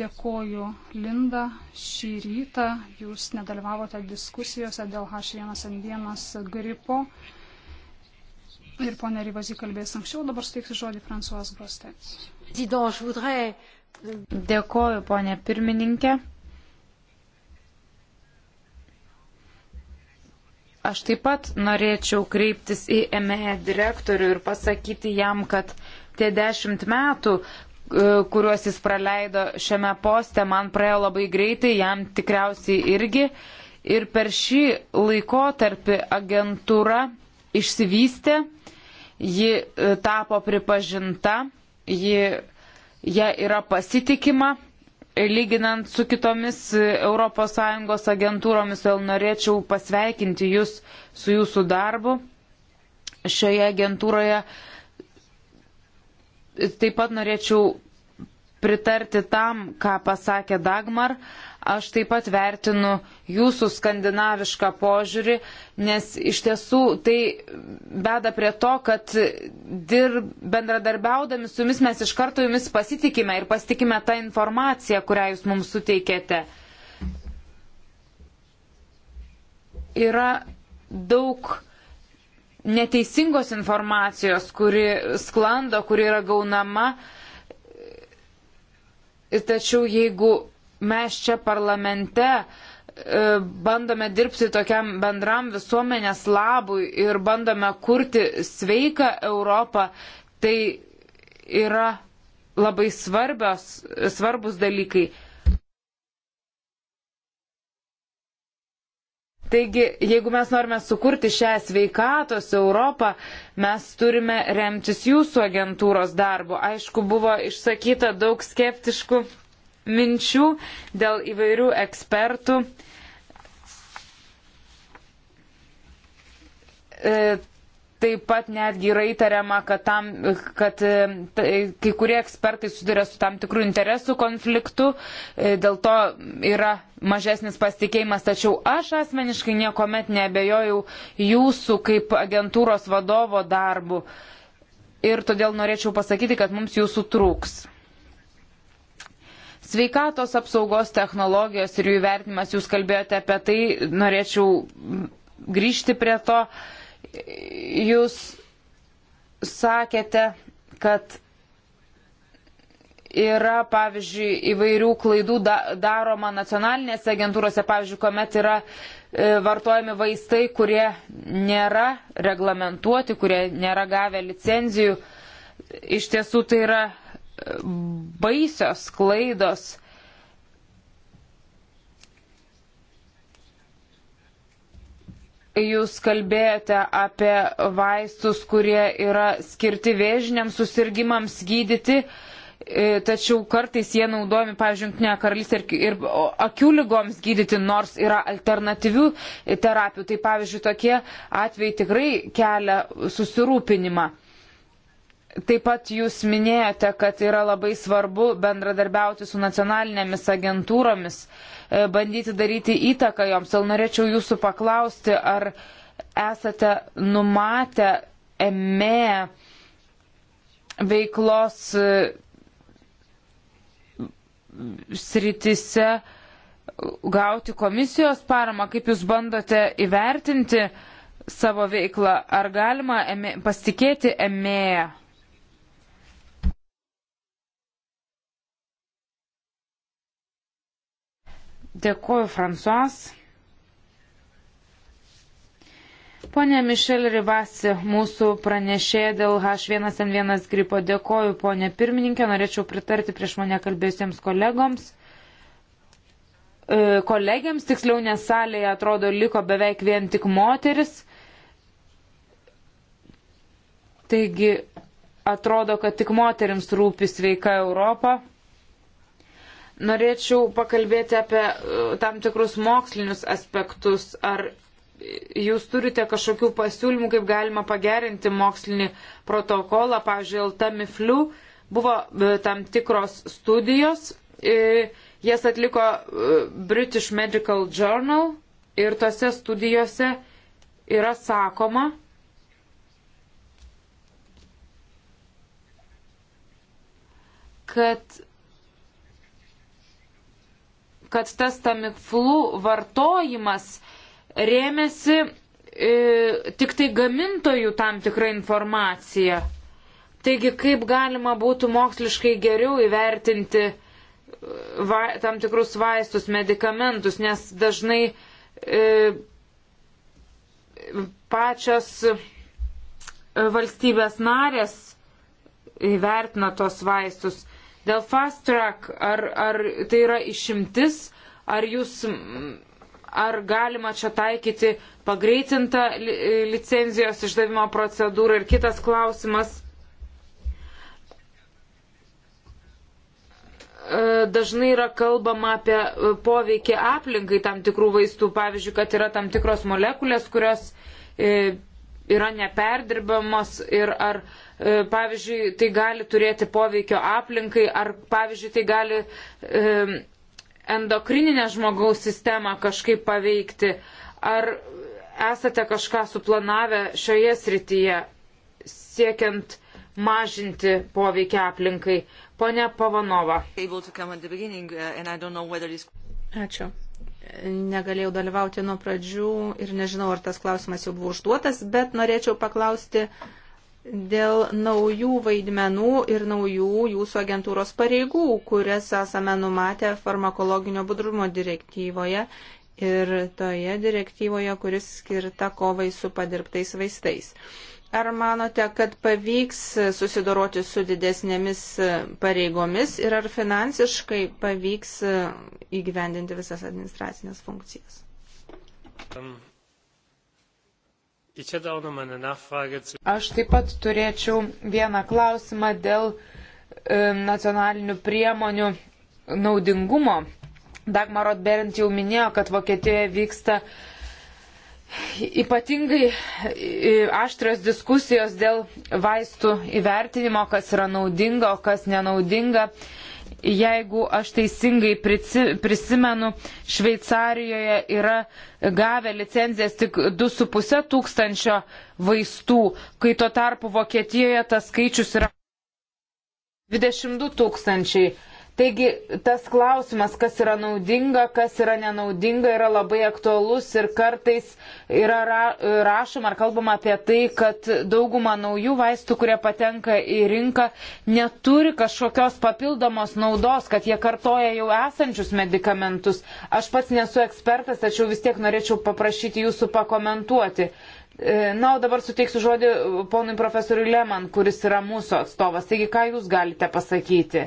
Dėkoju, Linda. Šį rytą jūs nedalyvavote diskusijose dėl H1N1 gripo. Ir ponė Ryvazy kalbės anksčiau, dabar suteiksiu žodį Fransuas Grostets. Euh, Dėkoju, ponė pirmininkė. Aš taip pat norėčiau kreiptis į ME direktorių ir pasakyti jam, kad tie dešimt metų, e, kuriuos jis praleido šiame poste, man praėjo labai greitai, jam tikriausiai irgi. Ir per šį laikotarpį agentūra išsivystė, ji e, tapo pripažinta, ji, ja yra pasitikima lyginant su kitomis ES agentūromis, vėl norėčiau pasveikinti Jūs su Jūsų darbu šioje agentūroje. Taip pat norėčiau pritarti tam, ką pasakė Dagmar Aš taip pat vertinu jūsų skandinavišką požiūrį, nes iš tiesų tai beda prie to, kad dir, bendradarbiaudami su jumis mes iš karto jumis pasitikime ir pasitikime tą informaciją, kurią jūs mums suteikėte. Yra daug neteisingos informacijos, kuri sklando, kuri yra gaunama. Tačiau jeigu mes čia parlamente e, bandome dirbti tokiam bendram visuomenės labui ir bandome kurti sveiką Europą, tai yra labai svarbios, svarbus dalykai. Taigi, jeigu mes norime sukurti šią sveikatos Europą, mes turime remtis jūsų agentūros darbu. Aišku, buvo išsakyta daug skeptiškų minčių, dėl įvairių ekspertų. E, taip pat netgi yra įtariama, kad, tam, kad e, kai kurie ekspertai suduria su tam tikrų interesų konfliktu, e, dėl to yra mažesnis pasitikėjimas, tačiau aš asmeniškai niekuomet nebejojau jūsų kaip agentūros vadovo darbu ir todėl norėčiau pasakyti, kad mums jūsų trūks. Sveikatos apsaugos technologijos ir jų vertinimas, jūs kalbėjote apie tai, norėčiau grįžti prie to. Jūs sakėte, kad yra, pavyzdžiui, įvairių klaidų daroma nacionalinėse agentūrose, pavyzdžiui, kuomet yra e, vartojami vaistai, kurie nėra reglamentuoti, kurie nėra gavę licenzijų. Iš tiesų tai yra baisios klaidos. Jūs kalbėjote apie vaistus, kurie yra skirti vėžiniams susirgymams gydyti, e, tačiau kartais jie naudojami, pavyzdžiui, Junktinė karalystė ir, ir akių lygoms gydyti, nors yra alternatyvių terapijų. Tai pavyzdžiui, tokie atvejai tikrai kelia susirūpinimą. Taip pat jūs minėjote, kad yra labai svarbu bendradarbiauti su nacionalinėmis agentūromis, e, bandyti daryti įtaką joms. Al norėčiau jūsų paklausti, ar esate numatę EME veiklos e, sritise gauti komisijos paramą, kaip jūs bandote įvertinti savo veiklą, ar galima e, pasitikėti EME? Dėkuoju, Fransuas. Pone Mišel Ribasi, mūsų pranešė dėl H1N1 gripo. Dėkoju, ponė pirmininkė, norėčiau pritarti prieš mane kalbėjusiems kolegoms. E, kolegiams, tiksliau, nes salėje atrodo liko beveik vien tik moteris. Taigi, atrodo, kad tik moteriams rūpi sveika Europa. Norėčiau pakalbėti apie e, tam tikrus mokslinius aspektus. Ar jūs turite kažkokių pasiūlymų, kaip galima pagerinti mokslinį protokolą? Pavyzdžiui, LTMIFLU buvo e, tam tikros studijos. E, jas atliko British Medical Journal ir tose studijose yra sakoma, kad kad tas tamiflu vartojimas rėmėsi e, tik tai gamintojų tam tikrą informaciją. Taigi, kaip galima būtų moksliškai geriau įvertinti e, va, tam tikrus vaistus, medikamentus, nes dažnai e, pačios e, valstybės narės įvertina tos vaistus. Dėl fast track, ar, ar tai yra išimtis, ar jūs. Ar galima čia taikyti pagreitintą licenzijos išdavimo procedūrą ir kitas klausimas. E, dažnai yra kalbama apie poveikį aplinkai tam tikrų vaistų, pavyzdžiui, kad yra tam tikros molekulės, kurios e, yra neperdirbamos ir ar, e, pavyzdžiui, tai gali turėti poveikio aplinkai, ar, pavyzdžiui, tai gali e, endokrininę žmogaus sistemą kažkaip paveikti. Ar esate kažką suplanavę šioje srityje, siekiant mažinti poveikį aplinkai? Pone Pavanova. Uh, Ačiū negalėjau dalyvauti nuo pradžių ir nežinau, ar tas klausimas jau buvo užduotas, bet norėčiau paklausti dėl naujų vaidmenų ir naujų jūsų agentūros pareigų, kurias esame numatę farmakologinio budrumo direktyvoje ir toje direktyvoje, kuris skirta kovai su padirbtais vaistais. Uh, Ar manote, kad pavyks susidoroti su didesnėmis pareigomis ir ar finansiškai pavyks įgyvendinti visas administracinės funkcijas? Um, Aš taip pat turėčiau vieną klausimą dėl um, nacionalinių priemonių naudingumo. Dagmarot Berint jau minėjo, kad Vokietijoje vyksta uh, ypatingai e, aštrios diskusijos dėl vaistų įvertinimo, kas yra naudinga, o kas nenaudinga. Jeigu aš teisingai prisimenu, Šveicarijoje yra gavę licenzijas tik 2,5 tūkstančio vaistų, kai tuo tarpu Vokietijoje tas skaičius yra 22 tūkstančiai. Taigi tas klausimas, kas yra naudinga, kas yra nenaudinga, yra labai aktualus ir kartais yra ra rašoma ar kalbama apie tai, kad dauguma naujų vaistų, kurie patenka į rinką, neturi kažkokios papildomos naudos, kad jie kartoja jau esančius medikamentus. Aš pats nesu ekspertas, tačiau vis tiek norėčiau paprašyti jūsų pakomentuoti. E, na, o dabar suteiksiu žodį ponui profesoriui Leman, kuris yra mūsų atstovas. Taigi, ką jūs galite pasakyti?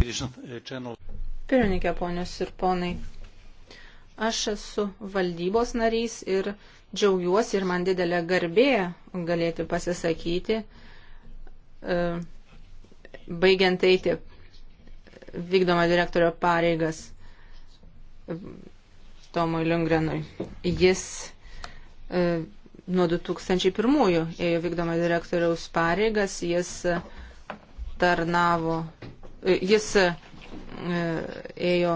Pirmininkė, ponios ir ponai, aš esu valdybos narys ir džiaugiuosi ir man didelė garbė galėti pasisakyti, e, baigiant eiti vykdomo direktorio pareigas Tomui Lungrenui. Jis e, nuo 2001 ėjo vykdomo direktoriaus pareigas, jis tarnavo Jis e, ėjo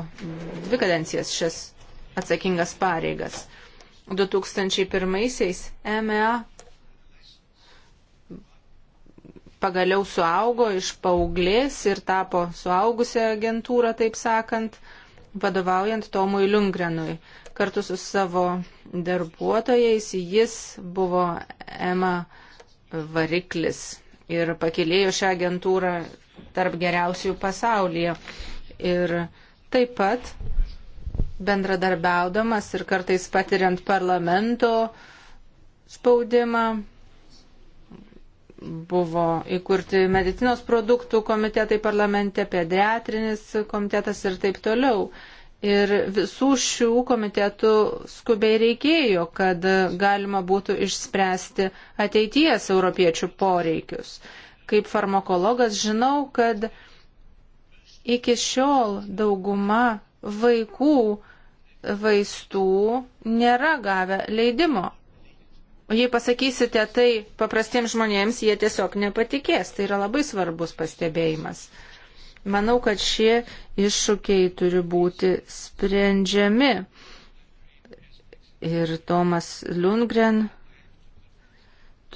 dvi kadencijas šias atsakingas pareigas. 2001-aisiais MEA pagaliau suaugo iš paauglės ir tapo suaugusią agentūrą, taip sakant, vadovaujant Tomui Lungrenui. Kartu su savo darbuotojais jis buvo EMA variklis ir pakilėjo šią agentūrą tarp geriausių pasaulyje. Ir taip pat bendradarbiaudamas ir kartais patiriant parlamento spaudimą buvo įkurti medicinos produktų komitetai parlamente, pediatrinis komitetas ir taip toliau. Ir visų šių komitetų skubiai reikėjo, kad galima būtų išspręsti ateities europiečių poreikius kaip farmakologas žinau, kad iki šiol dauguma vaikų vaistų nėra gavę leidimo. Jei pasakysite tai paprastiems žmonėms, jie tiesiog nepatikės. Tai yra labai svarbus pastebėjimas. Manau, kad šie iššūkiai turi būti sprendžiami. Ir Tomas Lundgren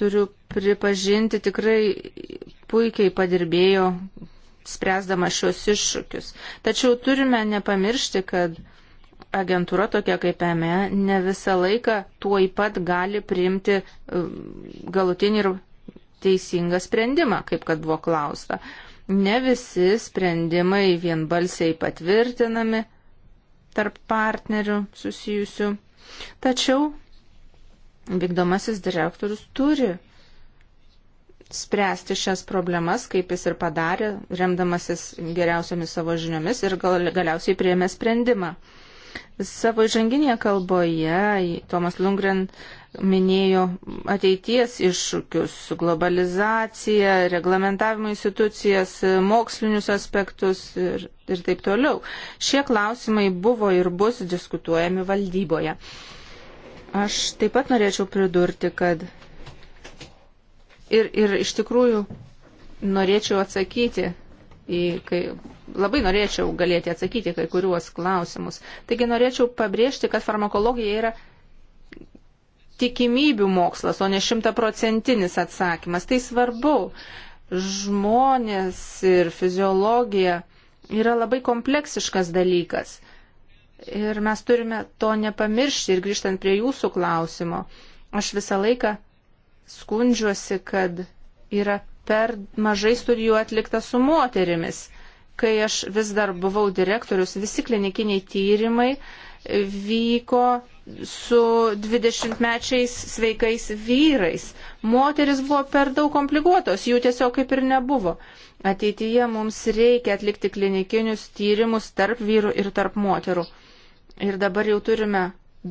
turiu pripažinti, tikrai puikiai padirbėjo spręsdama šios iššūkius. Tačiau turime nepamiršti, kad agentūra tokia kaip EME ne visą laiką tuo pat gali priimti um, galutinį ir teisingą sprendimą, kaip kad buvo klausta. Ne visi sprendimai vienbalsiai patvirtinami tarp partnerių susijusių. Tačiau vykdomasis direktorius turi spręsti šias problemas, kaip jis ir padarė, remdamasis geriausiamis savo žiniomis ir gal, galiausiai prieėmė sprendimą. Savo žanginėje kalboje Tomas Lungren minėjo ateities iššūkius - globalizaciją, reglamentavimo institucijas, mokslinius aspektus ir, ir taip toliau. Šie klausimai buvo ir bus diskutuojami valdyboje. Uh, Aš taip pat norėčiau pridurti, kad ir, ir iš tikrųjų norėčiau atsakyti į, kai, labai norėčiau galėti atsakyti kai kuriuos klausimus. Taigi norėčiau pabrėžti, kad farmakologija yra tikimybių mokslas, o ne šimtaprocentinis atsakymas. Tai svarbu. Žmonės ir fiziologija yra labai kompleksiškas dalykas. Ir mes turime to nepamiršti ir grįžtant prie jūsų klausimo. Aš visą laiką skundžiuosi, kad yra per mažai studijų atlikta su moterimis. Kai aš vis dar buvau direktorius, visi klinikiniai tyrimai vyko su 20-mečiais sveikais vyrais. Moteris buvo per daug komplikuotos, jų tiesiog kaip ir nebuvo. Ateityje mums reikia atlikti klinikinius tyrimus tarp vyrų ir tarp moterų. Ir dabar jau turime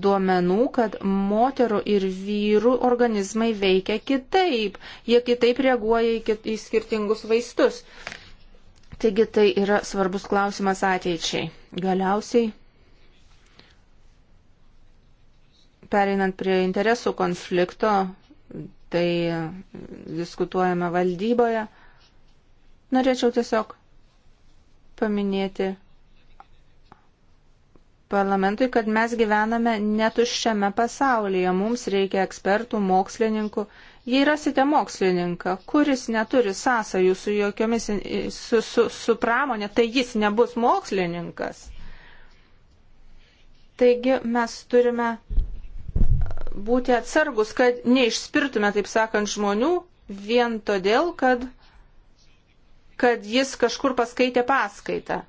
duomenų, kad moterų ir vyrų organizmai veikia kitaip. Jie kitaip reaguoja į, kit, į skirtingus vaistus. Taigi tai yra svarbus klausimas ateičiai. Galiausiai, pereinant prie interesų konflikto, tai diskutuojame valdyboje, norėčiau tiesiog paminėti parlamentui, kad mes gyvename netuščiame pasaulyje. Mums reikia ekspertų, mokslininkų. Jei rasite mokslininką, kuris neturi sąsajų su jokiomis, su, su, su pramonė, tai jis nebus mokslininkas. Taigi mes turime būti atsargus, kad neišspirtume, taip sakant, žmonių vien todėl, kad, kad jis kažkur paskaitė paskaitą.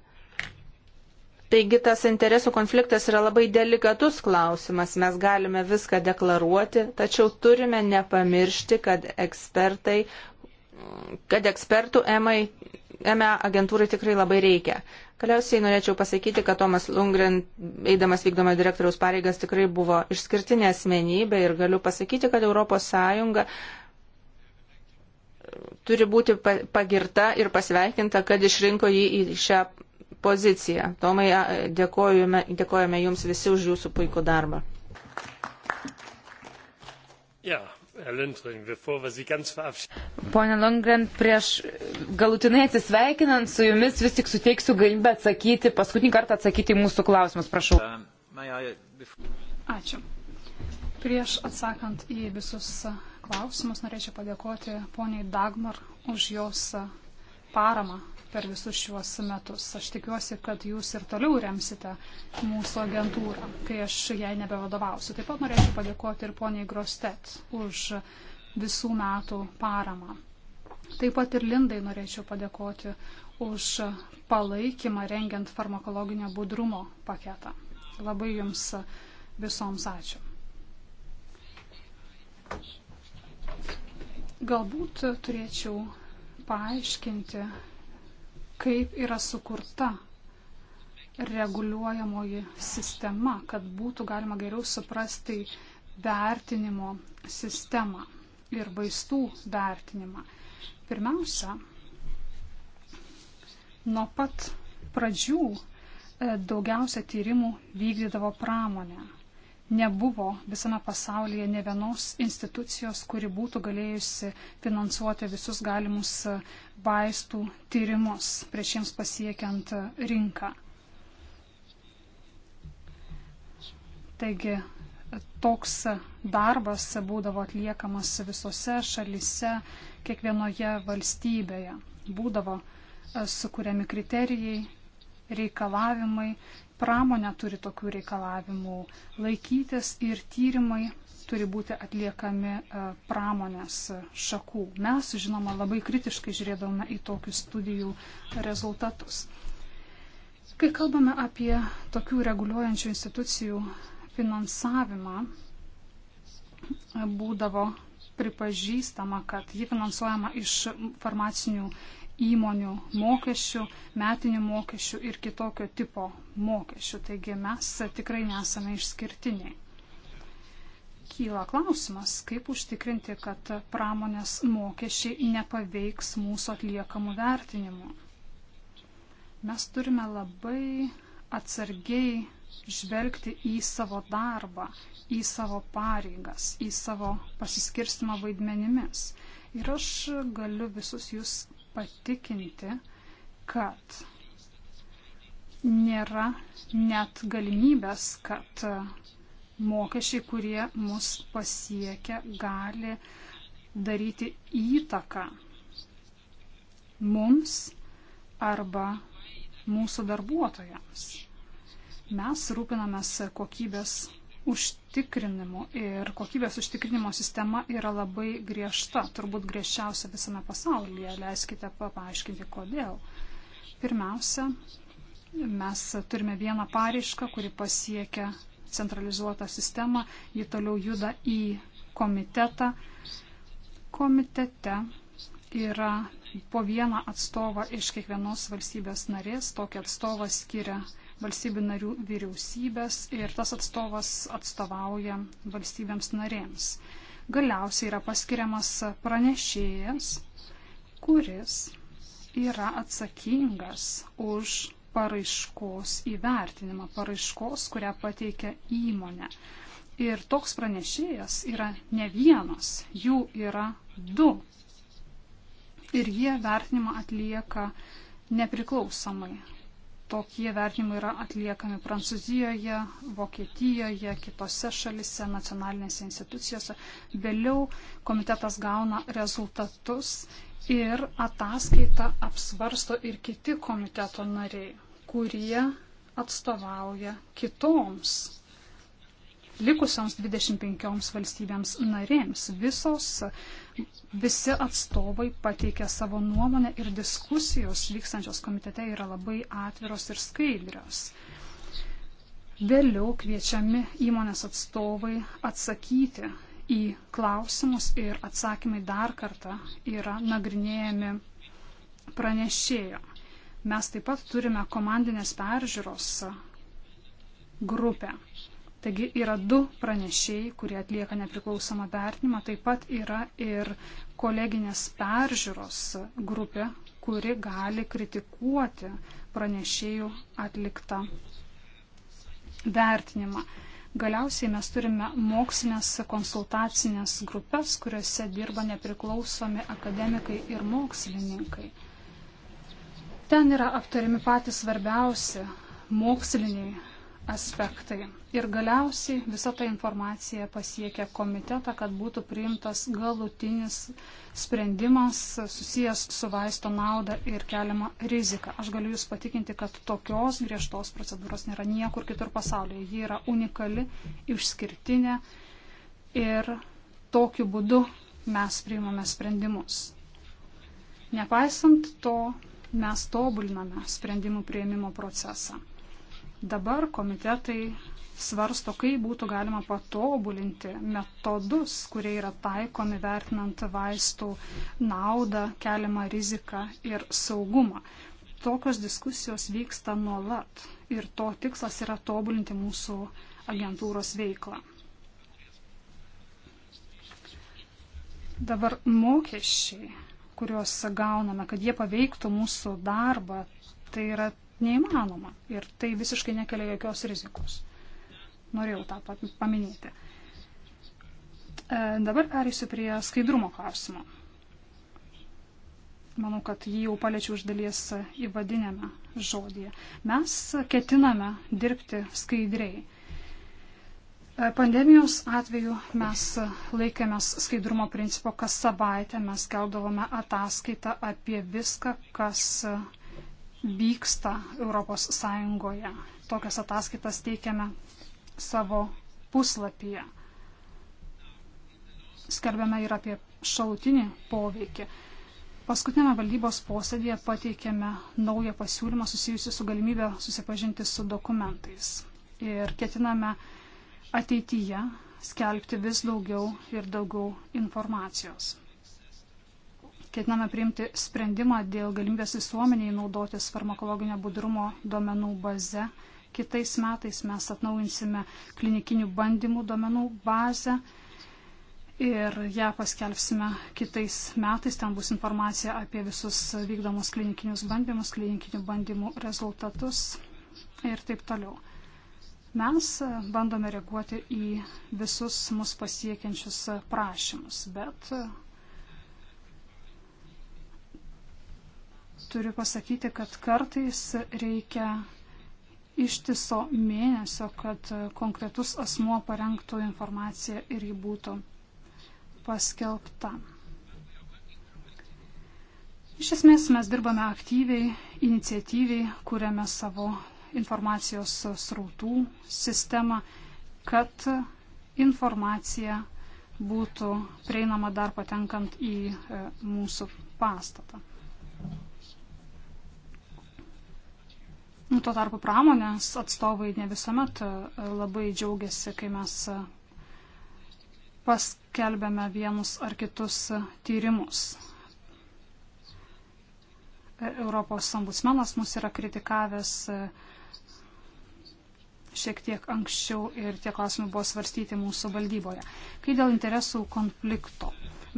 Taigi tas interesų konfliktas yra labai delikatus klausimas, mes galime viską deklaruoti, tačiau turime nepamiršti, kad ekspertai, kad ekspertų EMA, EMA agentūrai tikrai labai reikia. Galiausiai norėčiau pasakyti, kad Tomas Lungren, eidamas vykdomo direktoriaus pareigas, tikrai buvo išskirtinė asmenybė ir galiu pasakyti, kad ES turi būti pagirta ir pasveikinta, kad išrinko jį į šią poziciją. Tomai, dėkojame, dėkojame Jums visi už Jūsų puikų darbą. Ja. Pone Lundgren, prieš galutinai atsisveikinant su jumis vis tik suteiksiu galimybę atsakyti, paskutinį kartą atsakyti į mūsų klausimus, prašau. Uh, uh, Ačiū. Prieš atsakant į visus uh, klausimus, norėčiau padėkoti poniai Dagmar už jos paramą per visus šiuos metus. Aš tikiuosi, kad jūs ir toliau remsite mūsų agentūrą, kai aš jai nebevadovausiu. Taip pat norėčiau padėkoti ir poniai Grostet už visų metų paramą. Taip pat ir Lindai norėčiau padėkoti už palaikymą rengiant farmakologinio budrumo paketą. Labai jums visoms ačiū. Galbūt turėčiau paaiškinti, kaip yra sukurta reguliuojamoji sistema, kad būtų galima geriau suprasti vertinimo sistemą ir vaistų vertinimą. Pirmiausia, nuo pat pradžių e, daugiausia tyrimų vykdydavo pramonė nebuvo visame pasaulyje ne vienos institucijos, kuri būtų galėjusi finansuoti visus galimus e, vaistų tyrimus prieš jiems pasiekiant e, rinką. Taigi e, toks darbas būdavo atliekamas visose šalise, kiekvienoje valstybėje. Būdavo sukūriami kriterijai, reikalavimai pramonė turi tokių reikalavimų laikytis ir tyrimai turi būti atliekami e, pramonės šakų. Mes, žinoma, labai kritiškai žiūrėdavome į tokius studijų rezultatus. Kai kalbame apie tokių reguliuojančių institucijų finansavimą, būdavo pripažįstama, kad ji finansuojama iš farmacinių įmonių mokesčių, metinių mokesčių ir kitokio tipo mokesčių. Taigi mes tikrai nesame išskirtiniai. Kyla klausimas, kaip užtikrinti, kad pramonės mokesčiai nepaveiks mūsų atliekamų vertinimų. Mes turime labai atsargiai žvelgti į savo darbą, į savo pareigas, į savo pasiskirstimą vaidmenimis. Ir aš galiu visus jūs patikinti, kad nėra net galimybės, kad mokesčiai, kurie mus pasiekia, gali daryti įtaką mums arba mūsų darbuotojams. Mes rūpinamės kokybės užtikrinimu ir kokybės užtikrinimo sistema yra labai griežta, turbūt griežčiausia visame pasaulyje. Leiskite paaiškinti, kodėl. Pirmiausia, mes turime vieną paraišką, kuri pasiekia centralizuotą sistemą, ji toliau juda į komitetą. Komitete yra po vieną atstovą iš kiekvienos valstybės narės, tokį atstovą skiria valstybių narių vyriausybės ir tas atstovas atstovauja valstybėms narėms. Galiausiai yra paskiriamas pranešėjas, kuris yra atsakingas už paraiškos įvertinimą, paraiškos, kurią pateikia įmonė. Ir toks pranešėjas yra ne vienas, jų yra du. Ir jie vertinimą atlieka nepriklausomai tokie vertinimai yra atliekami Prancūzijoje, Vokietijoje, kitose šalise, nacionalinėse institucijose. Vėliau komitetas gauna rezultatus ir ataskaitą apsvarsto ir kiti komiteto nariai, kurie atstovauja kitoms likusioms 25 valstybėms narėms. Visos, visi atstovai pateikė savo nuomonę ir diskusijos vykstančios komitete yra labai atviros ir skaidrios. Vėliau kviečiami įmonės atstovai atsakyti į klausimus ir atsakymai dar kartą yra nagrinėjami pranešėjo. Mes taip pat turime komandinės peržiūros grupę. Taigi yra du pranešėjai, kurie atlieka nepriklausomą vertinimą, taip pat yra ir koleginės peržiūros grupė, kuri gali kritikuoti pranešėjų atliktą vertinimą. Galiausiai mes turime mokslinės konsultacinės grupės, kuriuose dirba nepriklausomi akademikai ir mokslininkai. Ten yra aptariami patys svarbiausi moksliniai aspektai. Ir galiausiai visa ta informacija pasiekia komitetą, kad būtų priimtas galutinis sprendimas susijęs su vaisto nauda ir keliama rizika. Aš galiu Jūs patikinti, kad tokios griežtos procedūros nėra niekur kitur pasaulyje. Ji yra unikali, išskirtinė ir tokiu būdu mes priimame sprendimus. Nepaisant to, mes tobuliname sprendimų prieimimo procesą. Dabar komitetai svarsto, kaip būtų galima patobulinti metodus, kurie yra taikomi vertinant vaistų naudą, keliamą riziką ir saugumą. Tokios diskusijos vyksta nuolat ir to tikslas yra tobulinti mūsų agentūros veiklą. Dabar mokesčiai, kuriuos gauname, kad jie paveiktų mūsų darbą, tai yra neįmanoma ir tai visiškai nekelia jokios rizikos. Norėjau tą paminėti. E, dabar pereisiu prie skaidrumo klausimo. Manau, kad jį jau paliečiu iš dalies įvadinėme žodyje. Mes ketiname dirbti skaidriai. E, pandemijos atveju mes laikėmės skaidrumo principo, kas savaitę mes keldavome ataskaitą apie viską, kas vyksta ES. Tokias ataskaitas teikiame savo puslapyje. Skelbiame ir apie šalutinį poveikį. Paskutinėme valdybos posėdėje pateikėme naują pasiūlymą susijusi su galimybė susipažinti su dokumentais. Ir ketiname ateityje skelbti vis daugiau ir daugiau informacijos ketiname priimti sprendimą dėl galimybės visuomeniai naudotis farmakologinio budrumo duomenų baze. Kitais metais mes atnaujinsime klinikinių bandymų duomenų bazę ir ją paskelbsime kitais metais. Ten bus informacija apie visus vykdomus klinikinius bandymus, klinikinių bandymų rezultatus ir taip toliau. Mes bandome reaguoti į visus mus pasiekiančius prašymus, bet turiu pasakyti, kad kartais reikia ištiso mėnesio, kad konkretus asmuo parengtų informaciją ir jį būtų paskelbta. Iš esmės mes dirbame aktyviai, iniciatyviai, kuriame savo informacijos srautų sistemą, kad informacija būtų prieinama dar patenkant į e, mūsų pastatą. Nu, tuo tarpu pramonės atstovai ne visuomet e, labai džiaugiasi, kai mes e, paskelbėme vienus ar kitus e, tyrimus. Europos ambusmenas mus yra kritikavęs šiek tiek anksčiau ir tie klausimai buvo svarstyti mūsų valdyboje. Kai dėl interesų konflikto,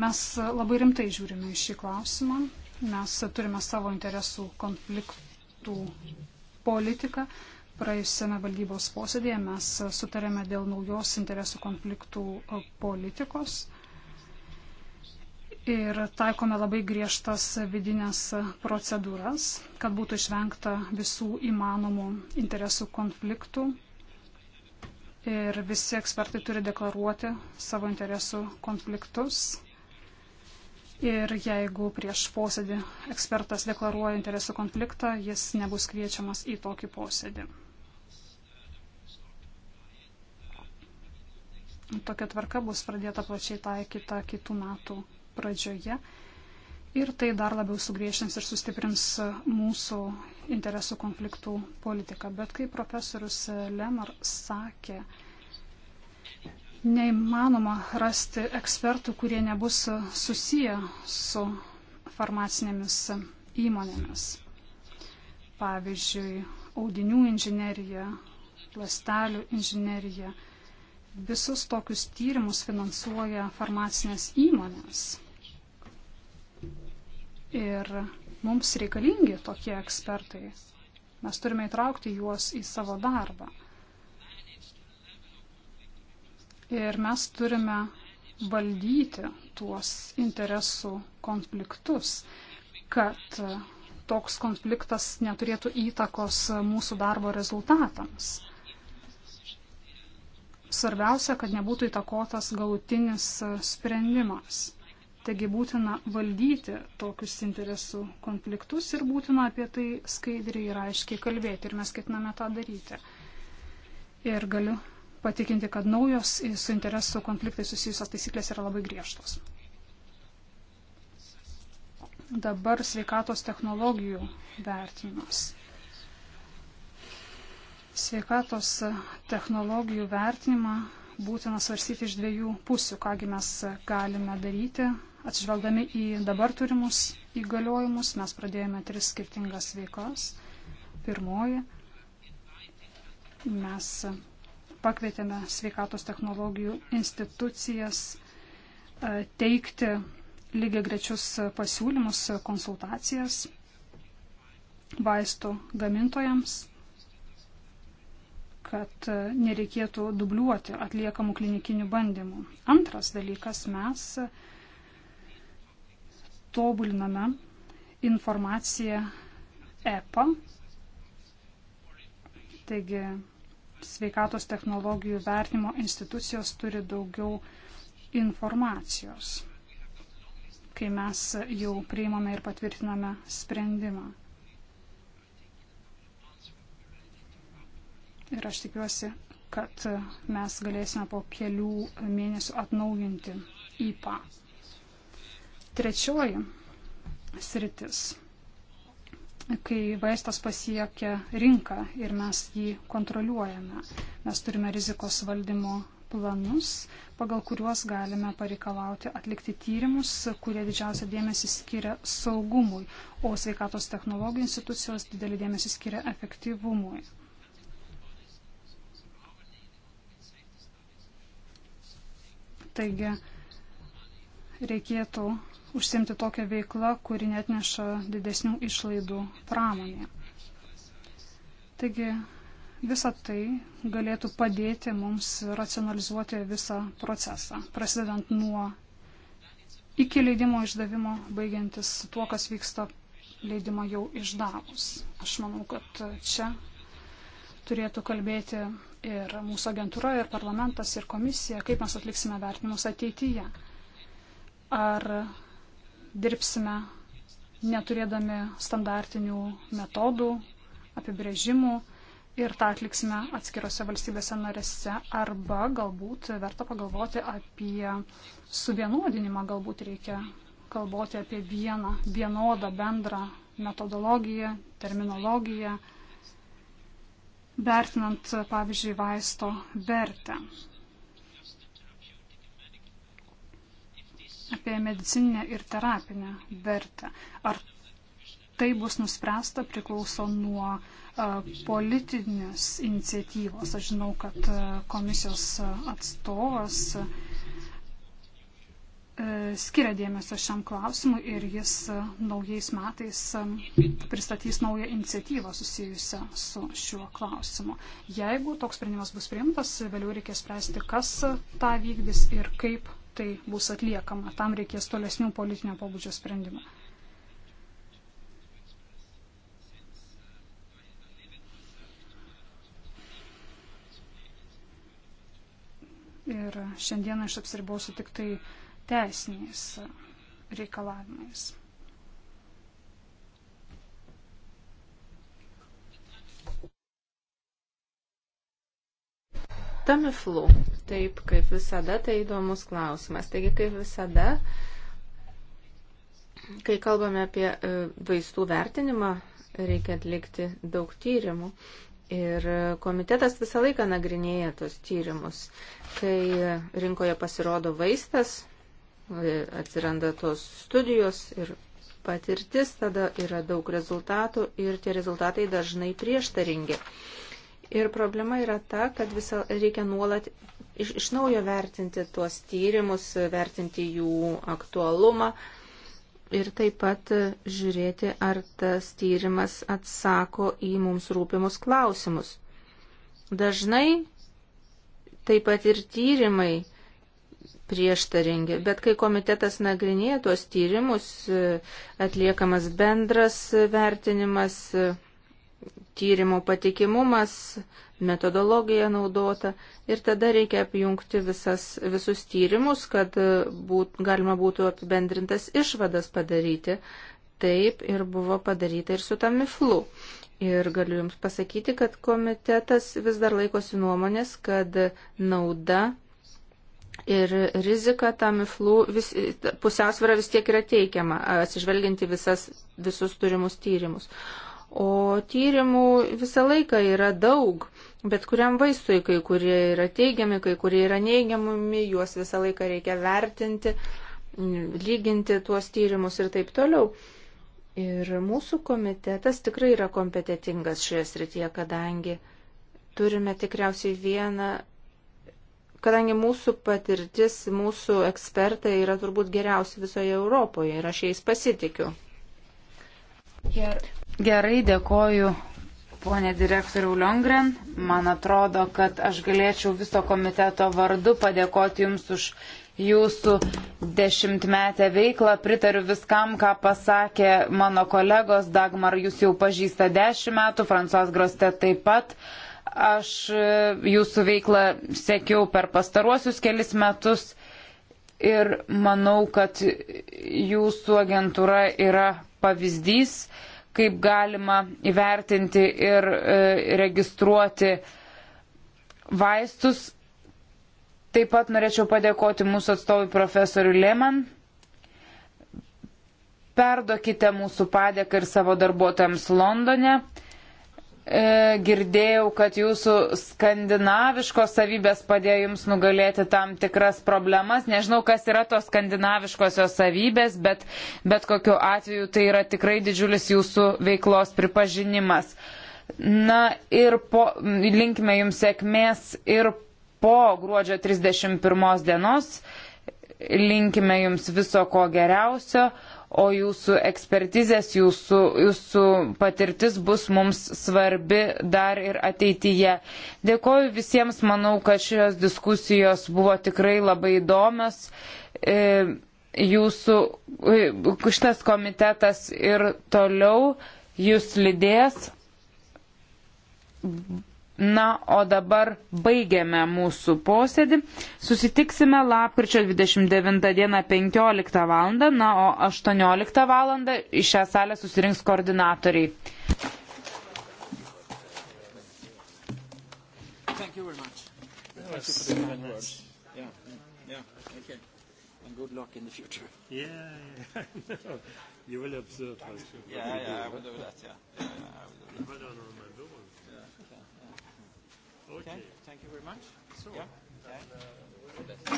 mes labai rimtai žiūrime į šį klausimą, mes turime savo interesų konfliktų politiką. Praėjusiame valdybos posėdėje mes sutarėme dėl naujos interesų konfliktų politikos ir taikome labai griežtas vidinės procedūras, kad būtų išvengta visų įmanomų interesų konfliktų. Ir visi ekspertai turi deklaruoti savo interesų konfliktus. Ir jeigu prieš posėdį ekspertas deklaruoja interesų konfliktą, jis nebus kviečiamas į tokį posėdį. Tokia tvarka bus pradėta plačiai taikyta kitų metų pradžioje. Ir tai dar labiau sugriešins ir sustiprins mūsų interesų konfliktų politiką. Bet kaip profesorius Lemar sakė, neįmanoma rasti ekspertų, kurie nebus susiję su farmacinėmis įmonėmis. Pavyzdžiui, audinių inžinerija, lastelių inžinerija. Visus tokius tyrimus finansuoja farmacinės įmonės. Ir mums reikalingi tokie ekspertai. Mes turime įtraukti juos į savo darbą. Ir mes turime valdyti tuos interesų konfliktus, kad toks konfliktas neturėtų įtakos mūsų darbo rezultatams. Svarbiausia, kad nebūtų įtakotas galutinis sprendimas. Taigi būtina valdyti tokius interesų konfliktus ir būtina apie tai skaidriai ir aiškiai kalbėti. Ir mes ketiname tą daryti. Ir galiu patikinti, kad naujos su interesų konfliktai susijusios taisyklės yra labai griežtos. Dabar sveikatos technologijų vertinimas. Sveikatos technologijų vertinimą būtina svarstyti iš dviejų pusių, kągi mes galime daryti. Atsižvelgdami į dabar turimus įgaliojimus, mes pradėjome tris skirtingas veiklas. Pirmoji, mes pakvietėme sveikatos technologijų institucijas e, teikti lygiai grečius pasiūlymus, konsultacijas vaistų gamintojams, kad e, nereikėtų dubliuoti atliekamų klinikinių bandymų. Antras dalykas, mes tobuliname informaciją EPA. Taigi sveikatos technologijų vertinimo institucijos turi daugiau informacijos, kai mes jau priimame ir patvirtiname sprendimą. Ir aš tikiuosi, kad mes galėsime po kelių mėnesių atnaujinti IPA. Trečioji sritis kai vaistas pasiekia rinką ir mes jį kontroliuojame. Mes turime rizikos valdymo planus, pagal kuriuos galime pareikalauti atlikti tyrimus, kurie didžiausia dėmesį skiria saugumui, o sveikatos technologijų institucijos didelį dėmesį skiria efektyvumui. Taigi reikėtų užsimti tokią veiklą, kuri net neša didesnių išlaidų pramonėje. Taigi visa tai galėtų padėti mums racionalizuoti visą procesą, prasidedant nuo iki leidimo išdavimo, baigiantis tuo, kas vyksta leidimą jau išdavus. Aš manau, kad čia turėtų kalbėti ir mūsų agentūra, ir parlamentas, ir komisija, kaip mes atliksime vertinimus ateityje. Ar dirbsime neturėdami standartinių metodų, apibrėžimų ir tą atliksime atskirose valstybėse narėse arba galbūt verta pagalvoti apie suvienodinimą, galbūt reikia kalboti apie vieną vienodą bendrą metodologiją, terminologiją, vertinant, pavyzdžiui, vaisto vertę. apie medicininę ir terapinę vertę. Ar tai bus nuspręsta priklauso nuo politinės iniciatyvos. Aš žinau, kad komisijos atstovas skiria dėmesio šiam klausimui ir jis naujais metais pristatys naują iniciatyvą susijusią su šiuo klausimu. Jeigu toks sprendimas bus priimtas, vėliau reikės spręsti, kas tą vykdys ir kaip tai bus atliekama. Tam reikės tolesnių politinio pobūdžio sprendimų. Ir šiandieną aš apsiribosiu tik tai teisiniais reikalavimais. Tamiflu taip, kaip visada, tai įdomus klausimas. Taigi, kaip visada, kai kalbame apie e, vaistų vertinimą, reikia atlikti daug tyrimų. Ir komitetas visą laiką nagrinėja tos tyrimus. Kai rinkoje pasirodo vaistas, e, atsiranda tos studijos ir patirtis, tada yra daug rezultatų ir tie rezultatai dažnai prieštaringi. Ir problema yra ta, kad visą reikia nuolat iš, iš naujo vertinti tuos tyrimus, vertinti jų aktualumą ir taip pat žiūrėti, ar tas tyrimas atsako į mums rūpimus klausimus. Dažnai taip pat ir tyrimai prieštaringi, bet kai komitetas nagrinėja tuos tyrimus, atliekamas bendras vertinimas, tyrimo patikimumas, metodologija naudota ir tada reikia apjungti visas, visus tyrimus, kad būt, galima būtų apibendrintas išvadas padaryti. Taip ir buvo padaryta ir su tamiflu. Ir galiu Jums pasakyti, kad komitetas vis dar laikosi nuomonės, kad nauda ir rizika tamiflu vis, pusiausvara vis tiek yra teikiama, atsižvelginti visas, visus turimus tyrimus. O tyrimų visą laiką yra daug, bet kuriam vaistui, kai kurie yra teigiami, kai kurie yra neigiami, juos visą laiką reikia vertinti, lyginti tuos tyrimus ir taip toliau. Ir mūsų komitetas tikrai yra kompetitingas šioje srityje, kadangi turime tikriausiai vieną, kadangi mūsų patirtis, mūsų ekspertai yra turbūt geriausi visoje Europoje ir aš jais pasitikiu. Ir Gerai, dėkoju, ponė direktoriau Liongren. Man atrodo, kad aš galėčiau viso komiteto vardu padėkoti Jums už Jūsų dešimtmetę veiklą. Pritariu viskam, ką pasakė mano kolegos. Dagmar, Jūs jau pažįsta dešimt metų, Fransos Groste taip pat aš e, jūsų veiklą sekiau per pastaruosius kelis metus ir manau, kad jūsų agentūra yra pavyzdys. Uh, kaip galima įvertinti ir e, registruoti vaistus. Taip pat norėčiau padėkoti mūsų atstovui profesoriui Lehman. Perdokite mūsų padėką ir savo darbuotojams Londone. E, girdėjau, kad jūsų skandinaviškos savybės padėjo jums nugalėti tam tikras problemas. Nežinau, kas yra tos skandinaviškosios savybės, bet bet kokiu atveju tai yra tikrai didžiulis jūsų veiklos pripažinimas. Na ir po, linkime jums sėkmės ir po gruodžio 31 dienos. Linkime jums viso ko geriausio. Uh, o jūsų ekspertizės, jūsų, jūsų patirtis bus mums svarbi dar ir ateityje. Dėkoju visiems, manau, kad šios diskusijos buvo tikrai labai įdomios. E, jūsų e, šitas komitetas ir toliau jūs lydės Na, o dabar baigiame mūsų posėdį. Susitiksime lapkričio 29 dieną 15 val. Na, o 18 val. į šią salę susirinks koordinatoriai. Thank you very much. Thank you for the kind words. Yeah, yeah, okay. And good luck in the future. Yeah, yeah. you will observe. Yeah, yeah, I will do that, yeah. yeah, yeah I will do that. Okay. okay. Thank you very much. So. Yeah.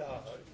Uh, okay. Ja.